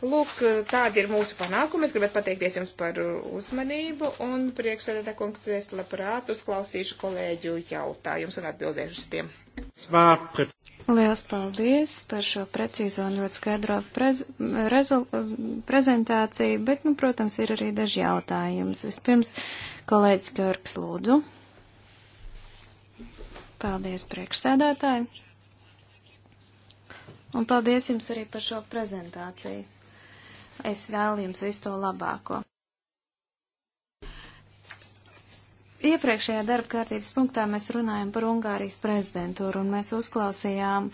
Lūk, tādi ir mūsu panākumi. Es gribētu pateikties jums par uzmanību un priekšsēdētā kungs, es labprāt uzklausīšu kolēģu jautājumus un atbildēšu uz tiem. Liels paldies par šo precīzo un ļoti skaidro prez, rezu, prezentāciju, bet, nu, protams, ir arī daži jautājums. Vispirms, kolēģis Görgs lūdzu. Paldies, priekšsēdētāji. Un paldies jums arī par šo prezentāciju. Es vēlu jums visu to labāko. Iepriekšējā darba kārtības punktā mēs runājam par Ungārijas prezidentūru, un mēs uzklausījām,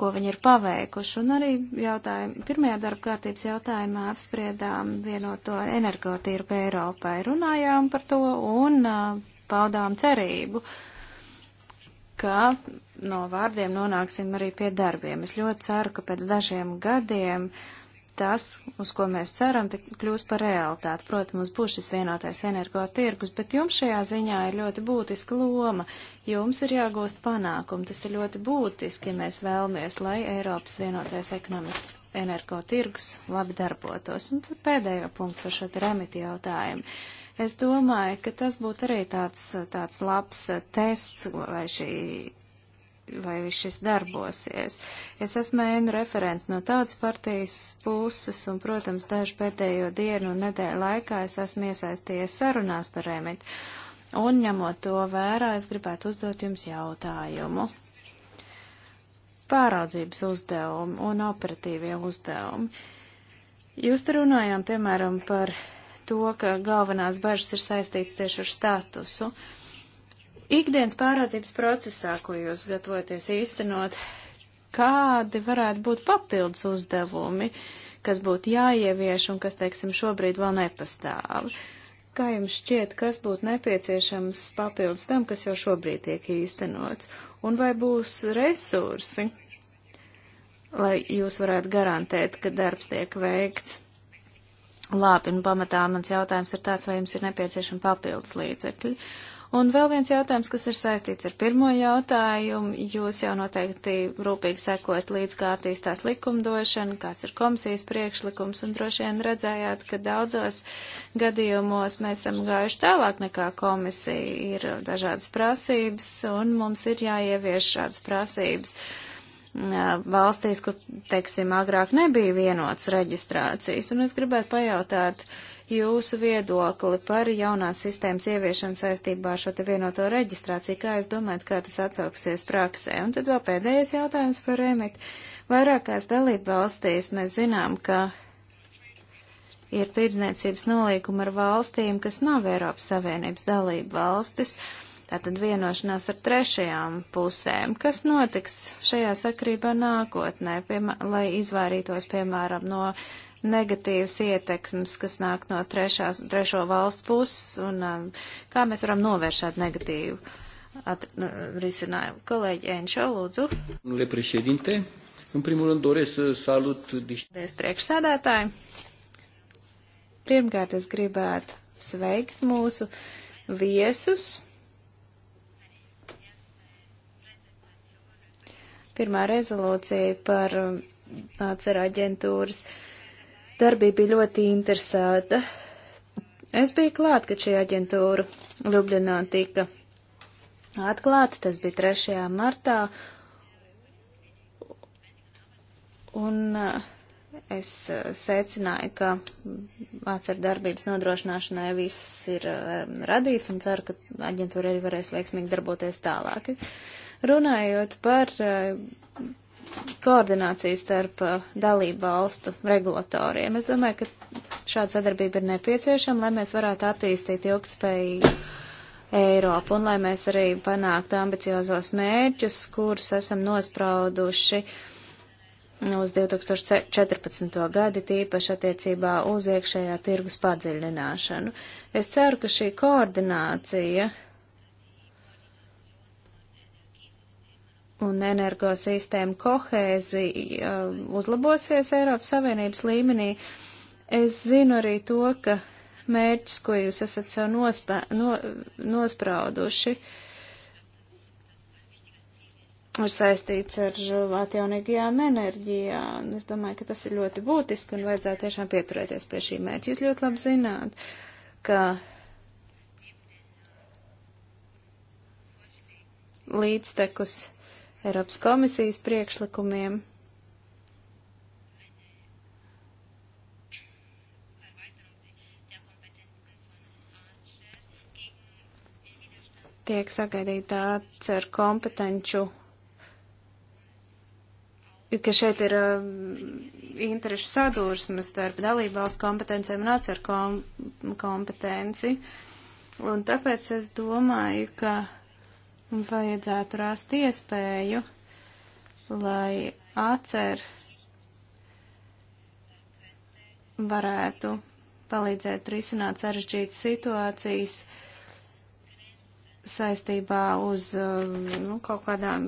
ko viņi ir paveikuši, un arī jautājumu, pirmajā darba kārtības jautājumā apspriedām vienoto energotīrgu Eiropai, runājām par to un uh, paudām cerību, ka no vārdiem nonāksim arī pie darbiem. Es ļoti ceru, ka pēc dažiem gadiem uh, tas, uz ko mēs ceram, kļūs par realitāti. Protams, mums būs šis vienotais energotirgus, bet jums šajā ziņā ir ļoti būtiska loma. Jums ir jāgūst panākumi, tas ir ļoti būtiski, ja mēs vēlamies, lai Eiropas vienotais ekonomika energotirgus labi darbotos. Un pēdējo punktu par šo remiti jautājumu. Es domāju, ka tas būtu arī tāds, tāds labs tests, vai šī vai šis darbosies. Es esmu ēnu referents no tautas partijas puses, un, protams, dažu pēdējo dienu un nedēļu laikā es esmu iesaistījies sarunās par remitu. Un, ņemot to vērā, es gribētu uzdot jums jautājumu. Pāraudzības uzdevumi un operatīvie uzdevumi. Jūs te runājām, piemēram, par to, ka galvenās bažas ir saistīts tieši ar statusu. Uh, Ikdienas pārādzības procesā, ko jūs gatavoties īstenot, kādi varētu būt papildus uzdevumi, kas būtu jāievieš un kas, teiksim, šobrīd vēl nepastāv? Kā jums šķiet, kas būtu nepieciešams papildus tam, kas jau šobrīd tiek īstenots? Un vai būs resursi, lai jūs varētu garantēt, ka darbs tiek veikts? Labi, un pamatā mans jautājums ir tāds, vai jums ir nepieciešama papildus līdzekļi. Uh, Un vēl viens jautājums, kas ir saistīts ar pirmo jautājumu. Jūs jau noteikti rūpīgi sekot līdz kā attīstās likumdošana, kāds ir komisijas priekšlikums, un droši vien redzējāt, ka daudzos gadījumos mēs esam gājuši tālāk nekā komisija. Ir dažādas prasības, un mums ir jāievieš šādas prasības valstīs, kur, teiksim, agrāk nebija vienotas reģistrācijas. Un es gribētu pajautāt, uh, jūsu viedokli par jaunās sistēmas ieviešanu saistībā ar šo te vienoto reģistrāciju, kā jūs domājat, kā tas atsauksies praksē. Un tad vēl pēdējais jautājums par remit. Vairākās dalība valstīs mēs zinām, ka ir tirdzniecības nolīguma ar valstīm, kas nav Eiropas Savienības dalība valstis, tātad vienošanās ar trešajām pusēm. Kas notiks šajā sakrībā nākotnē, piemēram, lai izvairītos, piemēram, no negatīvas ietekmes, kas nāk no trešās, trešo valstu puses, un um, kā mēs varam novērst šādu negatīvu at, nu, risinājumu. Kolēģi Enšo, lūdzu. Paldies priekšsēdētāji. Pirmkārt, es gribētu sveikt mūsu viesus. Pirmā rezolūcija par um, ACER aģentūras uh, Darbība bija ļoti interesēta. Es biju klāt, kad šī aģentūra Ljubļanā tika atklāta, tas bija 3. martā, un eh, es eh, secināju, ka atcer darbības nodrošināšanai viss ir eh, radīts un ceru, ka aģentūra arī varēs veiksmīgi darboties tālāk. Runājot par koordinācija starp uh, dalību valstu regulatoriem. Es domāju, ka šāda sadarbība ir nepieciešama, lai mēs varētu attīstīt ilgspējīgu Eiropu un lai mēs arī panāktu ambiciozos mērķus, kurus esam nosprauduši uz 2014. gadi, tīpaši attiecībā uz iekšējā tirgus padziļināšanu. Es ceru, ka šī koordinācija un energosistēma kohēzija uzlabosies Eiropas Savienības līmenī. Es zinu arī to, ka mērķis, ko jūs esat sev nospē, no, nosprauduši, ir saistīts ar atjaunīgajām enerģijām. Es domāju, ka tas ir ļoti būtiski un vajadzētu tiešām pieturēties pie šī mērķa. Jūs ļoti labi zināt, ka līdztekus Eiropas komisijas priekšlikumiem. Tiek sagaidīta atcer kompetenču, ka šeit ir uh, interešu sadursmes starp dalībvalstu kompetencijām un atcer kom kompetenci. Un tāpēc es domāju, ka vajadzētu rast iespēju, lai atcer varētu palīdzēt risināt sarežģītas situācijas saistībā uz uh, nu, kaut, kādām,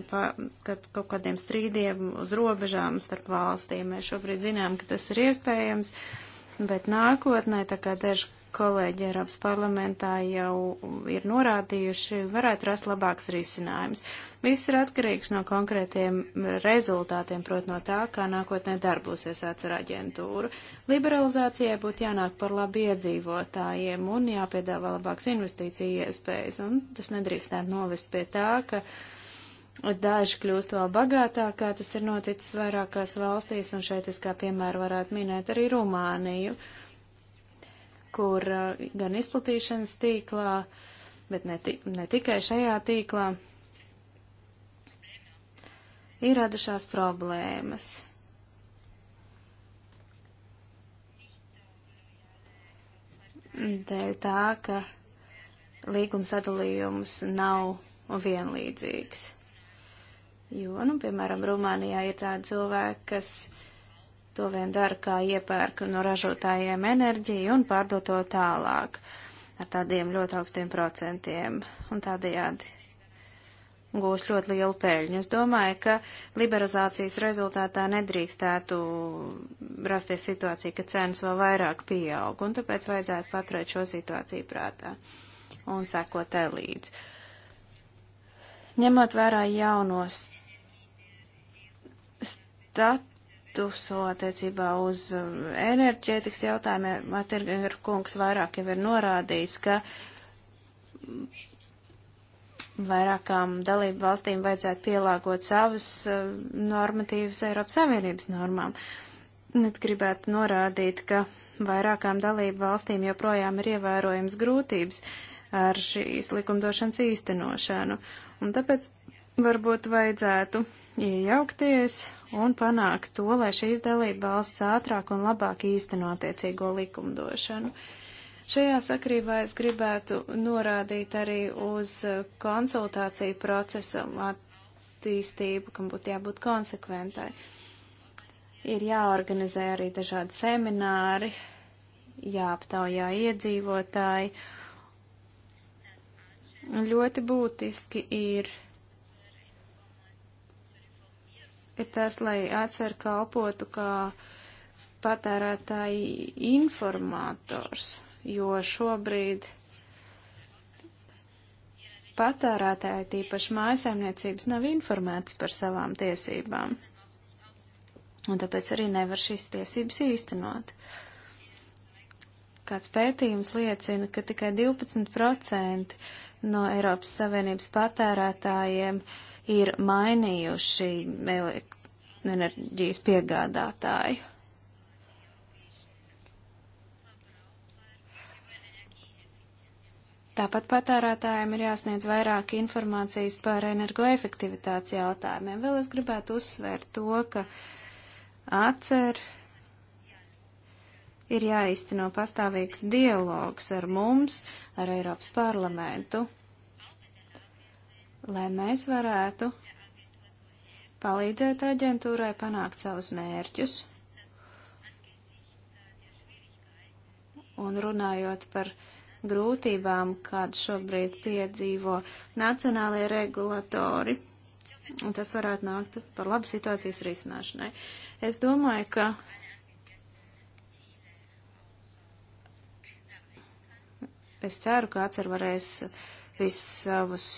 kad, kaut kādiem strīdiem, uz robežām starp valstīm. Mēs šobrīd zinām, ka tas ir iespējams, bet nākotnē, tā kā dažu kolēģi Eiropas parlamentā jau ir norādījuši, varētu rast labāks risinājums. Viss ir atkarīgs no konkrētiem rezultātiem, prot no tā, kā nākotnē darbosies atcer aģentūra. Liberalizācijai būtu jānāk par labi iedzīvotājiem un jāpiedāvā labāks investīcija iespējas, un tas nedrīkstētu novest pie tā, ka. Daži kļūst vēl bagātākā, tas ir noticis vairākās valstīs, un šeit es kā piemēru varētu minēt arī Rumāniju. Uh, kur eh, gan izplatīšanas tīklā, bet ne, ne tikai šajā tīklā ir radušās problēmas. Dēļ tā, ka līguma sadalījums nav vienlīdzīgs. Jo, nu, piemēram, Rumānijā ir tādi cilvēki, kas to vien dara, kā iepērk no ražotājiem enerģiju un pārdot to tālāk ar tādiem ļoti augstiem procentiem un tādējādi gūs ļoti lielu peļņu. Es domāju, ka liberalizācijas rezultātā nedrīkstētu rasties situācija, ka cenas vēl vairāk pieaug, un tāpēc vajadzētu paturēt šo situāciju prātā un sekot tai līdzi. Ņemot vērā jaunos stat so attiecībā uz um, enerģētikas jautājumiem. Matirgar kungs vairāk jau ir norādījis, ka vairākām dalību valstīm vajadzētu pielāgot savas um, normatīvas Eiropas Savienības normām. Net gribētu norādīt, ka vairākām dalību valstīm joprojām ir ievērojams grūtības ar šīs likumdošanas īstenošanu, un tāpēc varbūt vajadzētu iejaukties un panākt to, lai šīs dalība valsts ātrāk un labāk īsteno attiecīgo likumdošanu. Šajā sakrībā es gribētu norādīt arī uz konsultāciju procesam attīstību, kam būtu jābūt konsekventai. Ir jāorganizē arī dažādi semināri, jāaptaujā iedzīvotāji. Ļoti būtiski ir ir tas, lai ACR kalpotu kā patērētāji informators, jo šobrīd patērētāji, tīpaši mājasaimniecības, nav informētas par savām tiesībām. Un tāpēc arī nevar šīs tiesības īstenot. Kāds pētījums liecina, ka tikai 12% no Eiropas Savienības patērētājiem uh, ir mainījuši enerģijas piegādātāju. Tāpat patērētājiem ir jāsniedz vairāk informācijas par energoefektivitātes jautājumiem. Vēl es gribētu uzsvērt to, ka atcer ir jāizteno pastāvīgs dialogs ar mums, ar Eiropas parlamentu lai mēs varētu palīdzēt aģentūrai panākt savus mērķus. Un runājot par grūtībām, kādu šobrīd piedzīvo nacionālajie regulatori, un tas varētu nākt par labu situācijas risināšanai. Es domāju, ka es ceru, ka atcer varēs visus savus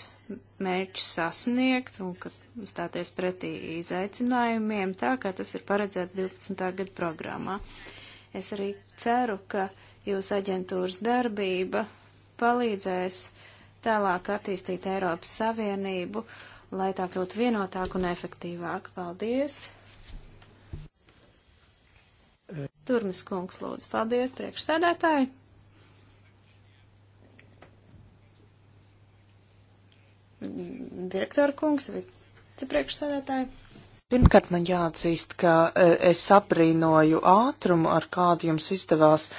mērķu sasniegt un ka stāties pretī izaicinājumiem, tā kā tas ir paredzēts 12. gada programmā. Es arī ceru, ka jūsu aģentūras darbība palīdzēs tālāk attīstīt Eiropas Savienību, lai tā kļūtu vienotāk un efektīvāk. Paldies! Eh. Turmis kungs lūdzu, paldies priekšsēdētāji! direktora kungs, vicepriekšsēdētāji. Pirmkārt, man jāatzīst, ka e, es aprīnoju ātrumu, ar kādu jums izdevās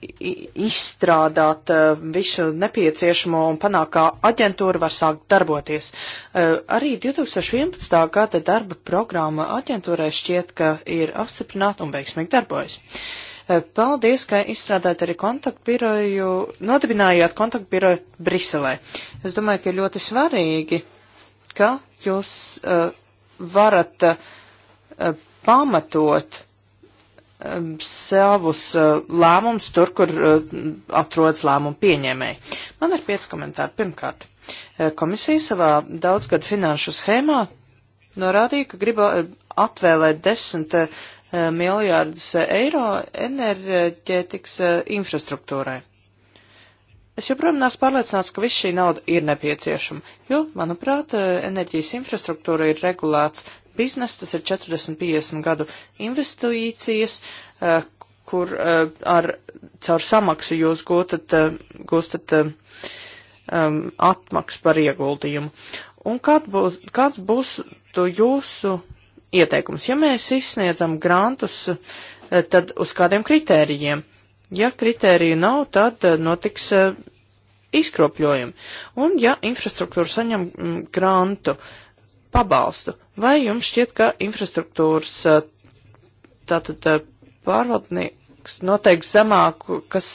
izstrādāt e, visu nepieciešamo un panākt, kā aģentūra var sākt darboties. E, arī 2011. gada darba programma aģentūrai šķiet, ka ir apstiprināta un veiksmīgi darbojas. Eh, paldies, ka izstrādājat arī kontaktbiroju, nodibinājāt kontaktbiroju Briselē. Es domāju, ka ir ļoti svarīgi, ka jūs uh, varat uh, pamatot savus uh, lēmumus tur, kur uh, atrodas lēmumu pieņēmēji. Man ir pieci komentāri. Pirmkārt, komisija savā daudzgad finanšu schēmā norādīja, ka grib atvēlēt 10 Eh, miljārdus eh, eiro enerģētikas eh, infrastruktūrai. Es joprojām neesmu pārliecināts, ka viss šī nauda ir nepieciešama, jo, manuprāt, enerģijas infrastruktūra ir regulēts biznes, tas ir 40-50 gadu investīcijas, kur ar, caur samaksu jūs gūtat, gūstat um, atmaksu par ieguldījumu. Un kād būs, kāds būs jūsu ieteikums. Ja mēs izsniedzam grantus, eh, tad uz kādiem kritērijiem? Ja kritēriju nav, tad eh, notiks eh, izkropļojumi. Un ja infrastruktūra saņem mm, grantu pabalstu, vai jums šķiet, ka infrastruktūras tātad pārvaldnieks noteiks zemāku, kas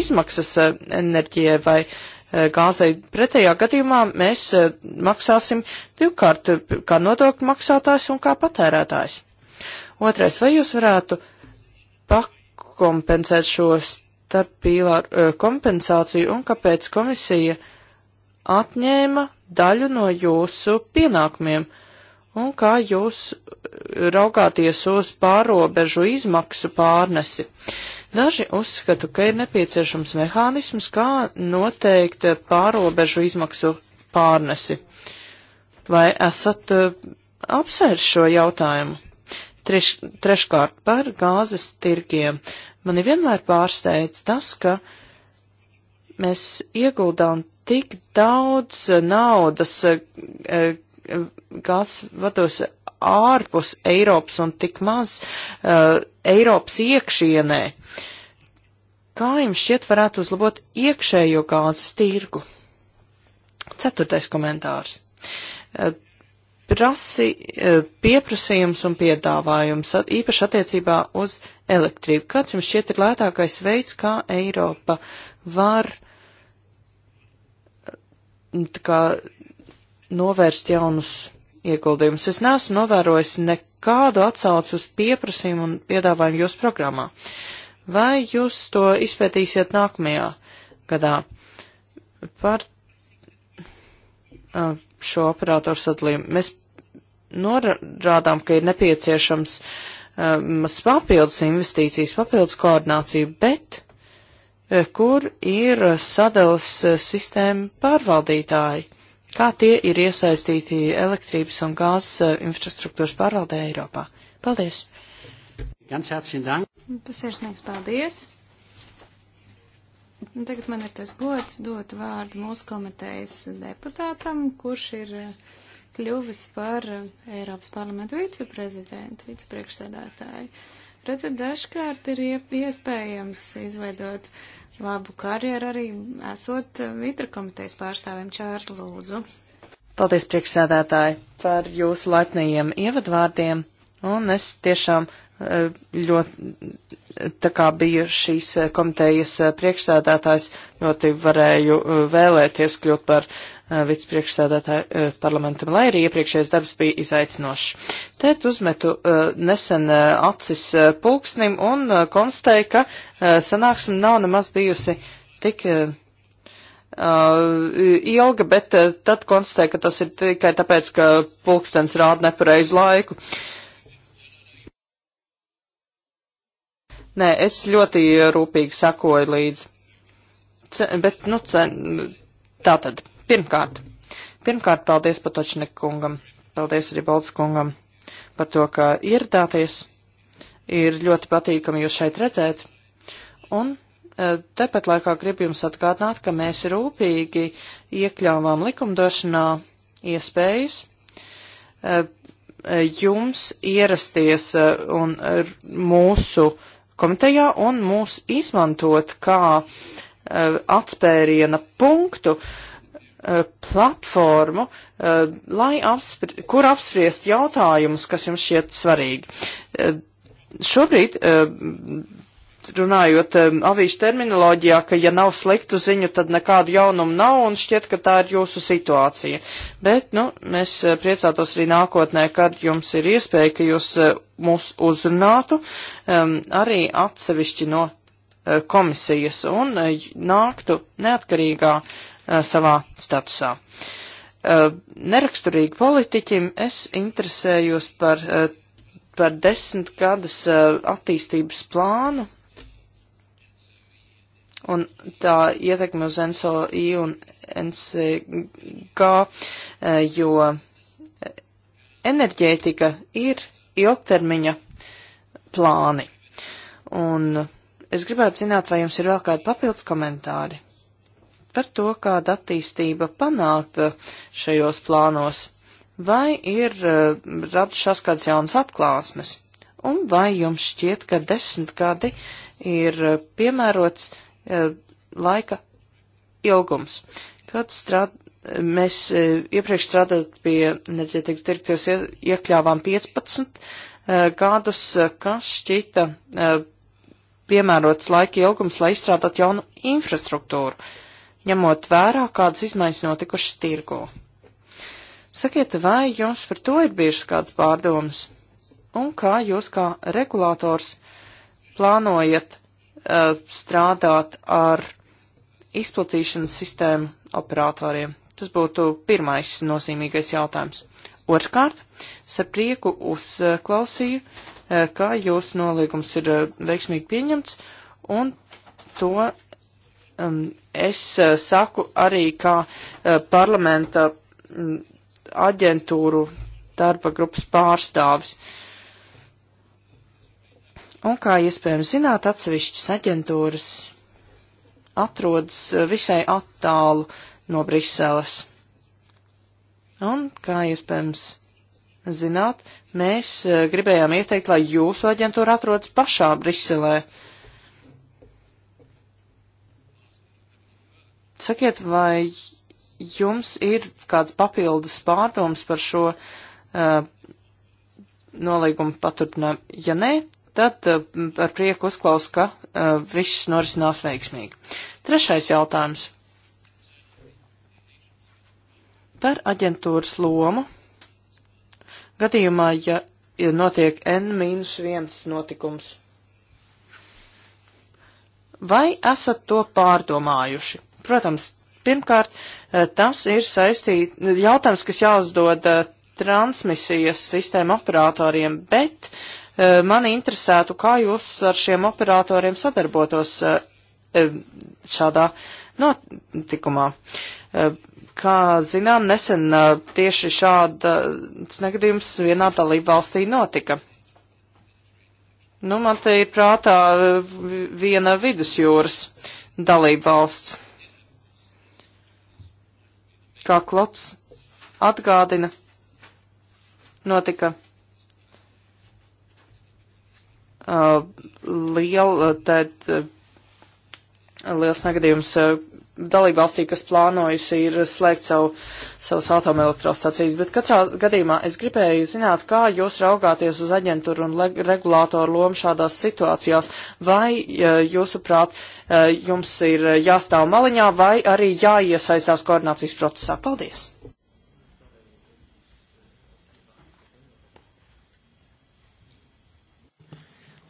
izmaksas enerģijai vai enerģijai? Eh, gāzai. Pretējā gadījumā mēs eh, maksāsim divkārt, eh, kā nodokļu maksātājs un kā patērētājs. Otrais, vai jūs varētu pakompensēt šo starppīlāru kompensāciju un kāpēc komisija atņēma daļu no jūsu pienākumiem? Un kā jūs raugāties uz pārobežu izmaksu pārnesi? Uh, Daži uzskatu, ka ir nepieciešams mehānisms, kā noteikt pārobežu izmaksu pārnesi. Vai esat uh, apsvērs šo jautājumu? Treš, treškārt par gāzes tirgiem. Mani vienmēr pārsteidz tas, ka mēs ieguldām tik daudz eh, naudas eh, gāzes vados ārpus Eiropas un tik maz uh, Eiropas iekšienē. Kā jums šķiet varētu uzlabot iekšējo gāzes tirgu? Ceturtais komentārs. Uh, prasi, eh, pieprasījums un piedāvājums, īpaši attiecībā uz elektrību. Kāds jums šķiet ir lētākais veids, kā Eiropa var nu, kā, novērst jaunus ieguldījumus. Es neesmu novērojis nekādu atsauci uz pieprasījumu un piedāvājumu jūsu programmā. Vai jūs to izpētīsiet nākamajā gadā par šo operatoru sadalījumu? Mēs norādām, ka ir nepieciešams um, papildus investīcijas, papildus koordināciju, bet kur ir sadalas sistēma pārvaldītāji? kā tie ir iesaistīti elektrības un gāzes eh, infrastruktūras pārvaldē Eiropā. Paldies! Ganz herzlichen Dank! Tas ir sniegs paldies! Un tagad man ir tas gods dot vārdu mūsu komitejas deputātam, kurš ir eh, kļuvis par eh, Eiropas parlamentu viceprezidentu, vicepriekšsēdētāju. Redzat, dažkārt ir iespējams izveidot uh, labu karjeru arī esot vitra komitejas pārstāvim Čārls Lūdzu. Paldies, priekšsēdētāji, par jūsu laipnajiem ievadvārdiem. Un es tiešām eh, ļoti tā kā biju šīs eh, komitejas eh, priekšsēdētājs, ļoti varēju vēlēties kļūt par Eh, vicepriekšsēdētāju eh, parlamentam, lai arī iepriekšējais darbs bija izaicinošs. Tēt uzmetu eh, nesen acis pulksnim un konstēju, ka sanāksme nav nemaz bijusi tik ilga, bet tad konstatēju, ka tas ir tikai tāpēc, ka pulkstens rāda nepareizu laiku. Nē, es ļoti rūpīgi sakoju līdzi. Bet, nu, tā tad. Pirmkārt, pirmkārt paldies Patočnikungam, paldies arī Baldskungam par to, ka ieradāties. Ir ļoti patīkami jūs šeit redzēt. Un e, tepat laikā gribu jums atgādināt, ka mēs rūpīgi iekļāvām likumdošanā iespējas e, jums ierasties e, un mūsu komitejā un mūs izmantot kā atspēriena punktu uh, Eh, platformu, eh, lai apspri, kur apspriest jautājumus, kas jums šķiet svarīgi. Eh, šobrīd runājot um, avīšu terminoloģijā, ka ja nav sliktu ziņu, tad nekādu jaunumu nav un šķiet, ka tā ir jūsu situācija. Bet, nu, mēs priecātos arī nākotnē, kad jums ir iespēja, ka jūs uh, mūs uzrunātu um, arī atsevišķi no uh, komisijas un uh, nāktu neatkarīgā uh, Uh, savā statusā. Uh, neraksturīgi politiķim es interesējos par, uh, par desmit gadas attīstības plānu un tā ietekme uz NSOI un NCG, jo enerģētika ir ilgtermiņa plāni. Un es gribētu zināt, vai jums ir vēl kādi papildus komentāri? par to, kāda attīstība panākta eh, šajos plānos, vai ir eh, radušās kādas jaunas atklāsmes, un vai jums šķiet, ka desmit gadi ir eh, piemērots laika ilgums. Kad strād, mēs iepriekš strādājot pie enerģētikas direktīvas iekļāvām 15 gadus, kas šķita piemērots laika ilgums, lai izstrādātu jaunu infrastruktūru. Uh, ņemot vērā, kādas izmaiņas notikušas tirgo. Sakiet, vai jums par to ir bijušas kādas pārdomas? Un kā jūs kā regulators plānojat uh, strādāt ar izplatīšanas sistēmu operatoriem? Tas būtu pirmais nozīmīgais jautājums. Otrkārt, ar prieku uzklausīju, uh, uh, kā jūsu nolīgums ir uh, veiksmīgi pieņemts, un to um, es uh, saku arī kā uh, parlamenta um, aģentūru darba grupas pārstāvis. Un kā iespējams zināt, atsevišķas aģentūras atrodas uh, visai attālu no Briseles. Un, kā iespējams zināt, mēs uh, gribējām ieteikt, lai jūsu aģentūra atrodas pašā Briselē. Uh, Sakiet, vai jums ir kāds papildus pārdoms par šo uh, nolīgumu paturpinājumu? Ja nē, tad uh, ar prieku uzklaus, ka uh, viss norisinās veiksmīgi. Trešais jautājums. Par aģentūras lomu. Gadījumā, ja notiek N-1 notikums. Vai esat to pārdomājuši? Protams, pirmkārt, eh, tas ir saistīt, jautājums, kas jāuzdod eh, transmisijas sistēma operatoriem, bet eh, mani interesētu, kā jūs ar šiem operatoriem sadarbotos šādā notikumā. Kā zinām, nesen tieši šāds negadījums vienā dalība valstī notika. Nu, man te ir prātā viena vidusjūras dalība valsts kā klots atgādina, notika uh, liela, uh, tad uh, liels negadījums uh, dalībvalstī, kas plānojusi ir slēgt savu, savas atomelektrostacijas, bet katrā gadījumā es gribēju zināt, kā jūs raugāties uz aģentūru un regulātoru lomu šādās situācijās, vai jūsuprāt, jums ir jāstāv maliņā vai arī jāiesaistās koordinācijas procesā. Paldies!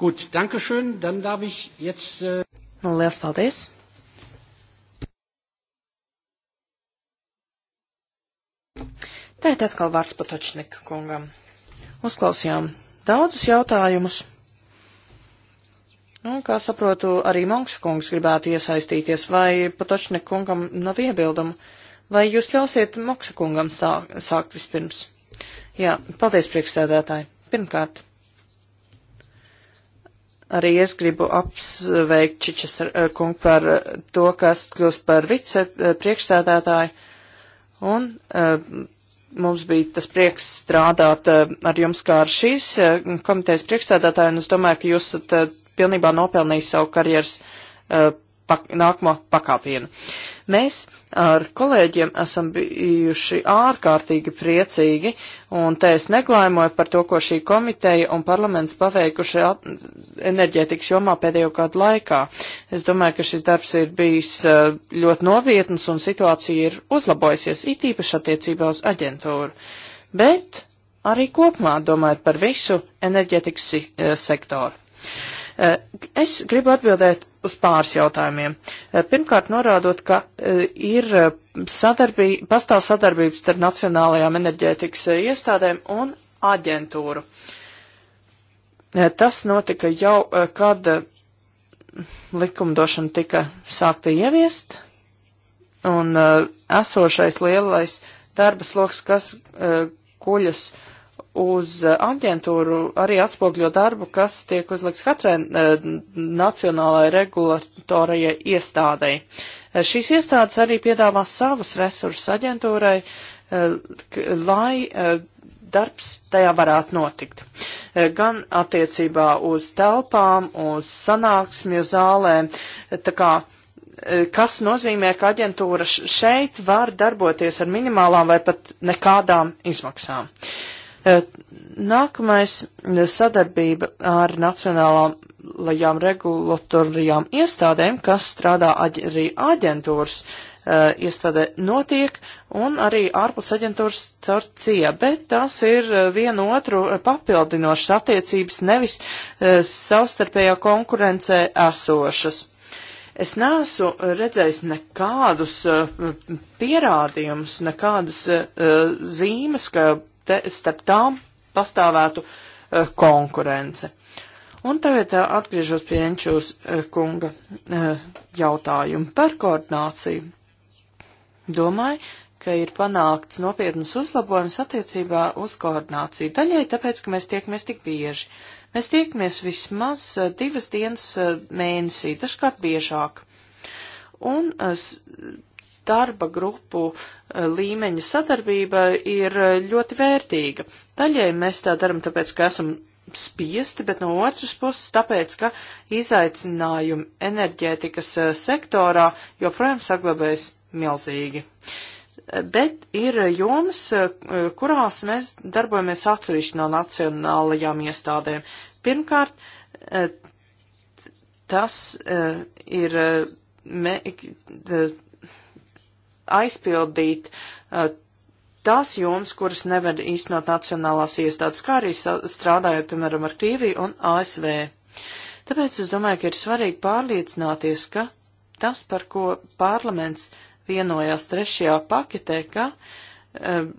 Gut, danke schön. Dann darf ich jetzt. Äh Liels paldies! Tēt atkal vārds Patočnika kungam. Uzklausījām daudzus jautājumus. Nu, kā saprotu, arī Monksa kungs gribētu iesaistīties, vai Patočnika kungam nav iebildumu, vai jūs ļausiet Monksa kungam sā, sākt vispirms? Jā, paldies priekšsēdētāji. Pirmkārt, arī es gribu apsveikt Čičas eh, kungu par to, kas kļūst par vice eh, priekšsēdētāju Un eh, mums bija tas prieks strādāt eh, ar jums kā ar šīs eh, komitejas priekšstādātāju, un es domāju, ka jūs esat pilnībā nopelnījis savu karjeras pak nākamo pakāpienu. Mēs ar kolēģiem esam bijuši ārkārtīgi priecīgi, un te es neglājumoju par to, ko šī komiteja un parlaments paveikuši enerģētikas jomā pēdējo kādu laikā. Es domāju, ka šis darbs ir bijis e, ļoti novietns un situācija ir uzlabojusies, it īpaši attiecībā uz aģentūru. Bet arī kopumā domājot par visu enerģētikas e, sektoru. E, es gribu atbildēt uz pāris jautājumiem. Eh, pirmkārt, norādot, ka eh, ir eh, sadarbība, pastāv sadarbības starp nacionālajām enerģētikas iestādēm un aģentūru. Tas notika jau, kad likumdošana tika sākta ieviest, un esošais lielais darba sloks, kas kuļas uh, uz eh, aģentūru arī atspogļo darbu, kas tiek uzlikts katrai eh, nacionālajai regulatorajai iestādei. Eh, šīs iestādes arī piedāvā savus resursus aģentūrai, lai darbs tajā varētu notikt. Gan attiecībā uz telpām, uz sanāksmju zālēm, tā kā kas nozīmē, ka aģentūra šeit var darboties ar minimālām vai pat nekādām izmaksām. Uh, Eh, nākamais eh, sadarbība ar nacionālajām regulatorijām iestādēm, kas strādā aģ arī aģentūras uh, iestādē notiek, un arī ārpus aģentūras caur cija, bet tās ir vienu otru papildinošas attiecības, nevis uh, savstarpējā konkurencē esošas. Es neesmu redzējis nekādus uh, pierādījumus, nekādas uh, zīmes, ka te, starp tām pastāvētu uh, konkurence. Un tagad uh, atgriežos pie Enčūs uh, kunga jautājumu par koordināciju. Domāju, ka ir panākts nopietnas uzlabojums attiecībā uz koordināciju. Daļai tāpēc, ka mēs tiekamies tik bieži. Mēs tiekamies vismaz divas dienas mēnesī, dažkārt biežāk. Un darba grupu eh, līmeņa sadarbība ir eh, ļoti vērtīga. Daļai mēs tā darām, tāpēc, ka esam spiesti, bet no otras puses tāpēc, ka izaicinājumi enerģētikas eh, sektorā joprojām saglabājas milzīgi. Bet ir jomas, kurās mēs darbojamies atsevišķi no nacionālajām iestādēm. Pirmkārt, tas ir me, aizpildīt uh, tās jomas, kuras nevar īstenot nacionālās iestādes, kā arī strādājot, piemēram, ar Krieviju un ASV. Tāpēc es domāju, ka ir svarīgi pārliecināties, ka tas, par ko parlaments vienojās trešajā paketē, ka um,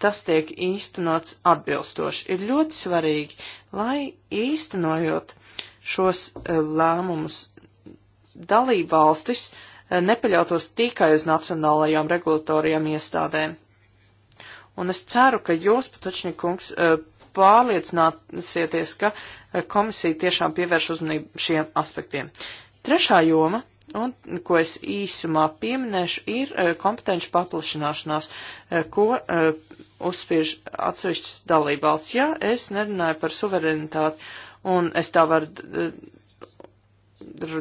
tas tiek īstenots atbilstoši. Ir ļoti svarīgi, lai īstenojot šos uh, lēmumus dalību valstis uh, nepaļautos tikai uz nacionālajām regulatorijām iestādēm. Un es ceru, ka jūs, Patočņikungs, e, pārliecināsieties, ka e, komisija tiešām pievērš uzmanību šiem aspektiem. Trešā joma, un, ko es īsumā pieminēšu, ir e, kompetenci paplašināšanās, ko uzspiež atsevišķas dalībvalsts. Jā, es nerunāju par suverenitāti, un es tā varu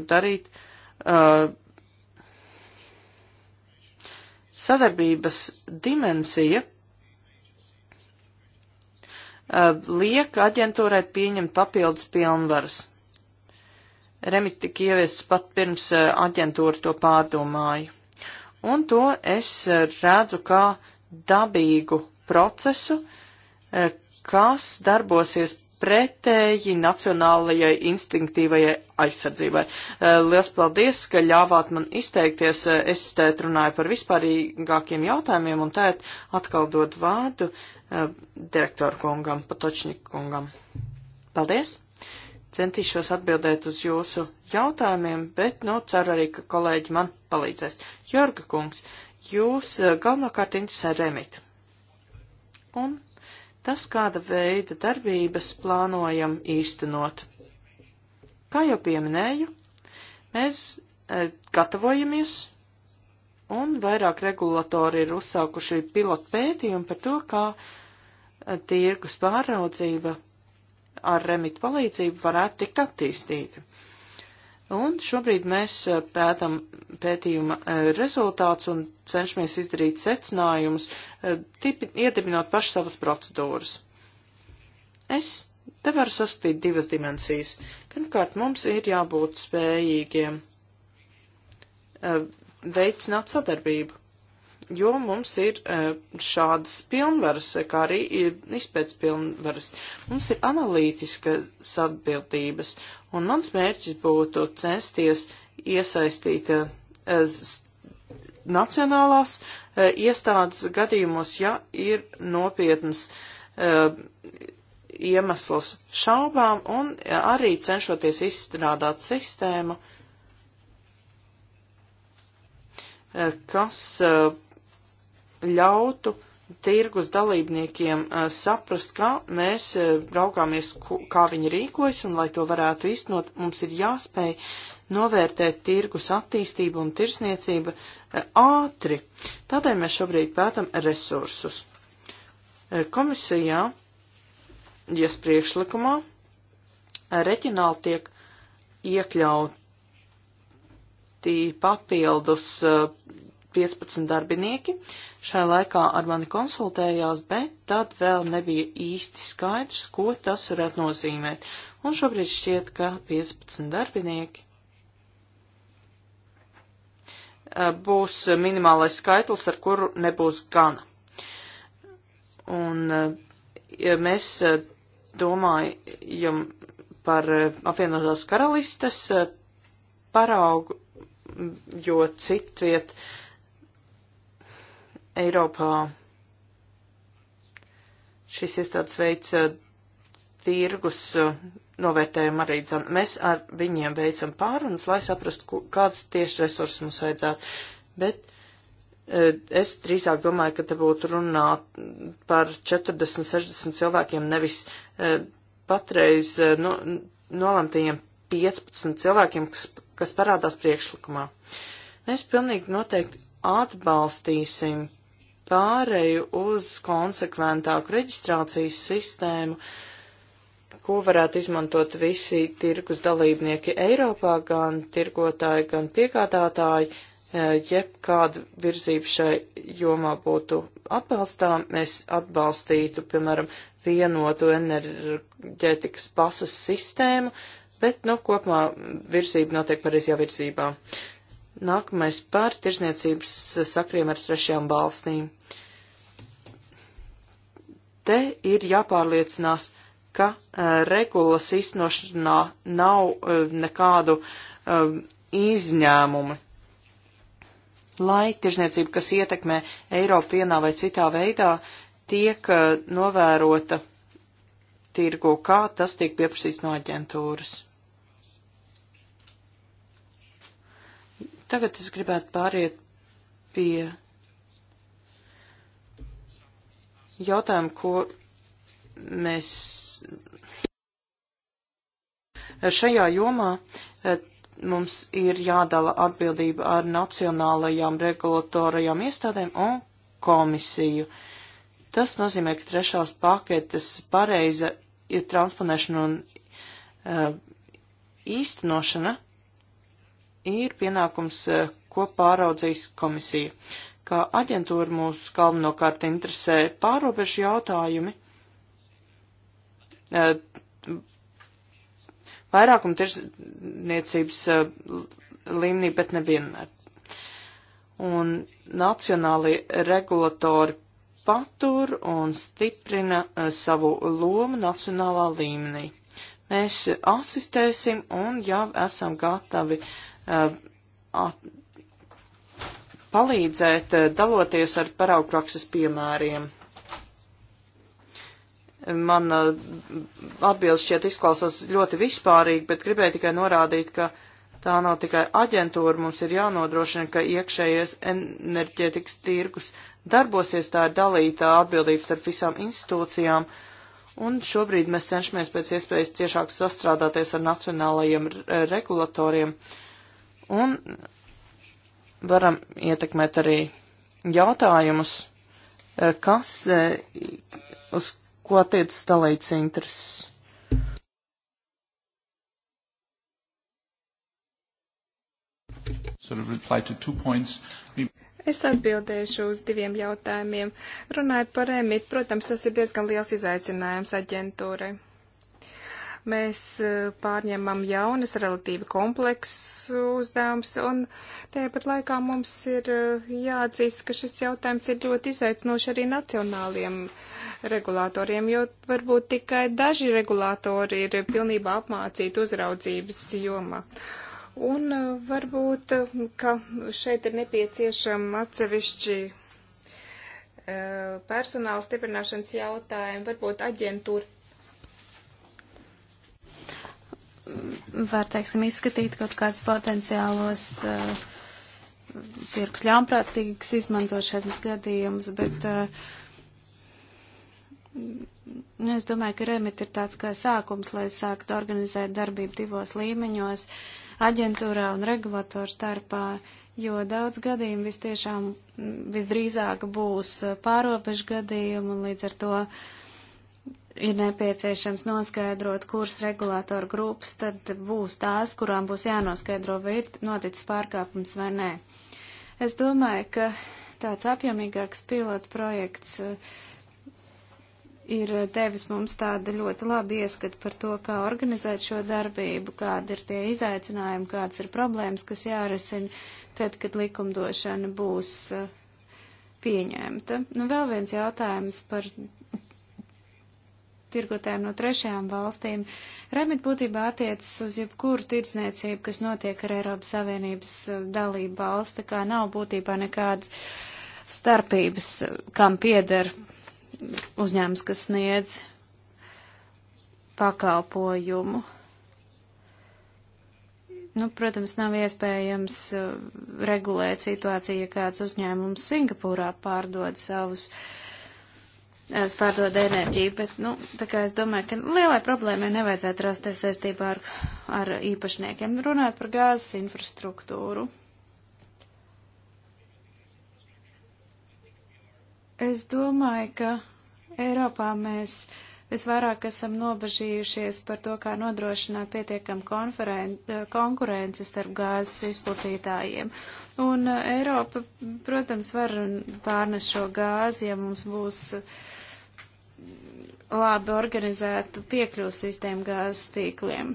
darīt, Sadarbības dimensija eh, liek aģentūrai pieņemt papildus pilnvaras. Remit tika ieviests pat pirms eh, aģentūra to pārdomāja. Un to es eh, redzu kā dabīgu procesu, kas darbosies pretēji nacionālajai instinktīvajai aizsardzībai. Eh, Lielas paldies, ka ļāvāt man izteikties. Eh, es tēt runāju par vispārīgākiem jautājumiem un tēt atkal dod vārdu eh, direktoru kungam, patočniku kungam. Paldies! Centīšos atbildēt uz jūsu jautājumiem, bet, nu, ceru arī, ka kolēģi man palīdzēs. Jorga kungs, jūs galvenokārt interesē remit. Un tas, kāda veida darbības plānojam īstenot. Kā jau pieminēju, mēs e, gatavojamies, un vairāk regulatori ir uzsākuši pilotu pētījumu par to, kā e, tirgus pāraudzība ar remitu palīdzību varētu tikt attīstīta. Un šobrīd mēs eh, pētam pētījuma eh, rezultātus un cenšamies izdarīt secinājumus, eh, iedibinot paši savas procedūras. Es te varu saskatīt divas dimensijas. Pirmkārt, mums ir jābūt spējīgiem veicināt sadarbību jo mums ir e, šādas pilnvaras, kā arī izpēc pilnvaras. Mums ir analītiskas atbildības, un mans mērķis būtu censties iesaistīt e, nacionālās e, iestādes gadījumos, ja ir nopietnas iemesls šaubām, un arī cenšoties izstrādāt sistēmu, kas uh, ļautu tirgus dalībniekiem eh, saprast, kā mēs eh, raugāmies, kā viņi rīkojas, un lai to varētu īstenot, mums ir jāspēj novērtēt tirgus attīstību un tirsniecība eh, ātri. Tādēļ mēs šobrīd pētam resursus. Komisijā, jas priekšlikumā, reķināli tiek iekļauti papildus 15 darbinieki. Šai laikā ar mani konsultējās, bet tad vēl nebija īsti skaidrs, ko tas varētu nozīmēt. Un šobrīd šķiet, ka 15 darbinieki būs minimālais skaitlis, ar kuru nebūs gana. Un ja mēs domājam par apvienotās karalistes paraugu, jo citviet uh, Eiropā. Šis iestādes veids eh, tirgus eh, novērtējumu arī dzam. Mēs ar viņiem veicam pārunas, lai saprastu, kāds tieši resursus mums vajadzētu. Bet eh, es drīzāk domāju, ka te būtu runāt par 40, 60 cilvēkiem, nevis patreiz no, nolemtajiem 15 cilvēkiem, kas, kas parādās priekšlikumā. Mēs pilnīgi noteikti atbalstīsim pāreju uz konsekventāku reģistrācijas sistēmu, ko varētu izmantot visi tirgus dalībnieki Eiropā, gan tirgotāji, gan piegādātāji, e, jebkāda virzība šai jomā būtu atbalstām, es atbalstītu, piemēram, vienotu enerģētikas pasas sistēmu, bet, nu, kopumā virzība notiek pareizajā virzībā. Uh, Nākamais par tirzniecības sakriem ar trešajām valstīm. Te ir jāpārliecinās, ka uh, regulas iznošanā nav uh, nekādu uh, izņēmumu. Lai tirzniecība, kas ietekmē Eiropu vienā vai citā veidā, tiek novērota tirgu, kā tas tiek pieprasīts no aģentūras. Tagad es gribētu pāriet pie jautājumu, ko mēs šajā jomā eh, mums ir jādala atbildība ar nacionālajām regulatorajām iestādēm un komisiju. Tas nozīmē, ka trešās paketes pareiza ir transponēšana un uh, īstenošana ir pienākums, eh, ko pāraudzīs komisija. Kā aģentūra mūs galvenokārt interesē pārobežu jautājumi. Eh, Vairākuma tirsniecības eh, līmenī, bet nevienmēr. Un nacionāli regulatori patur un stiprina savu lomu nacionālā līmenī. Mēs asistēsim un jau esam gatavi uh, Uh, palīdzēt, uh, daloties ar paraugprakses piemēriem. Man uh, atbildes šķiet izklausās ļoti vispārīgi, bet gribēju tikai norādīt, ka tā nav tikai aģentūra, mums ir jānodrošina, ka iekšējais enerģētikas tirgus darbosies, tā ir dalītā atbildības starp visām institūcijām, un šobrīd mēs cenšamies pēc iespējas ciešāk sastrādāties ar nacionālajiem regulatoriem. Uh, Un varam ietekmēt arī jautājumus, e, kas, e, uz ko attiecas dalīts intereses. Sort of reply to two points. Es atbildēšu uz diviem jautājumiem. Runājot par EMIT, protams, tas ir diezgan liels izaicinājums aģentūrai. Mēs eh, pārņemam jaunas, relatīvi kompleksus uzdevumus, un tāpat laikā mums ir eh, jāatzīst, ka šis jautājums ir ļoti izaicinoši arī nacionāliem regulātoriem, jo varbūt tikai daži regulātori ir pilnībā apmācīti uzraudzības jomā. Un eh, varbūt, ka šeit ir nepieciešama atsevišķi personāla stiprināšanas jautājumi, varbūt aģentūra var, teiksim, izskatīt kaut kāds potenciālos uh, tirgus ļaunprātīgas izmantošanas gadījumus, bet uh, es domāju, ka remit ir tāds kā sākums, lai sāktu organizēt darbību divos līmeņos - aģentūrā un regulatoru starpā, jo daudz gadījumu vis tiešām mm, visdrīzāk būs eh, pārobežu gadījumu un līdz ar to uh, ir nepieciešams noskaidrot, kuras regulātoru grupas tad būs tās, kurām būs jānoskaidro, vai ir noticis pārkāpums vai nē. Es domāju, ka tāds apjomīgāks pilotu projekts eh, ir devis mums tādu ļoti labu ieskatu par to, kā organizēt šo darbību, kādi ir tie izaicinājumi, kādas ir problēmas, kas jārisina tad, kad likumdošana būs eh, pieņemta. Nu, vēl viens jautājums par tirgotājiem no trešajām valstīm. Remit būtībā attiecas uz jebkuru tirdzniecību, kas notiek ar Eiropas Savienības eh, dalību valsts, tā kā nav būtībā nekādas starpības, eh, kam pieder uzņēmums, kas sniedz pakalpojumu. Nu, protams, nav iespējams eh, regulēt situāciju, ja kāds uzņēmums Singapūrā pārdod savus uh, es eh, pārdodu enerģiju, bet, nu, tā kā es domāju, ka lielai problēmai nevajadzētu rasties saistībā ar, ar īpašniekiem. Runāt par gāzes infrastruktūru. Es domāju, ka Eiropā mēs visvairāk esam nobežījušies par to, kā nodrošināt pietiekam eh, konkurenci starp gāzes izplatītājiem. Un eh, Eiropa, protams, var pārnest šo gāzi, ja mums būs uh, labi organizētu piekļuvu sistēmu gāzes tīkliem.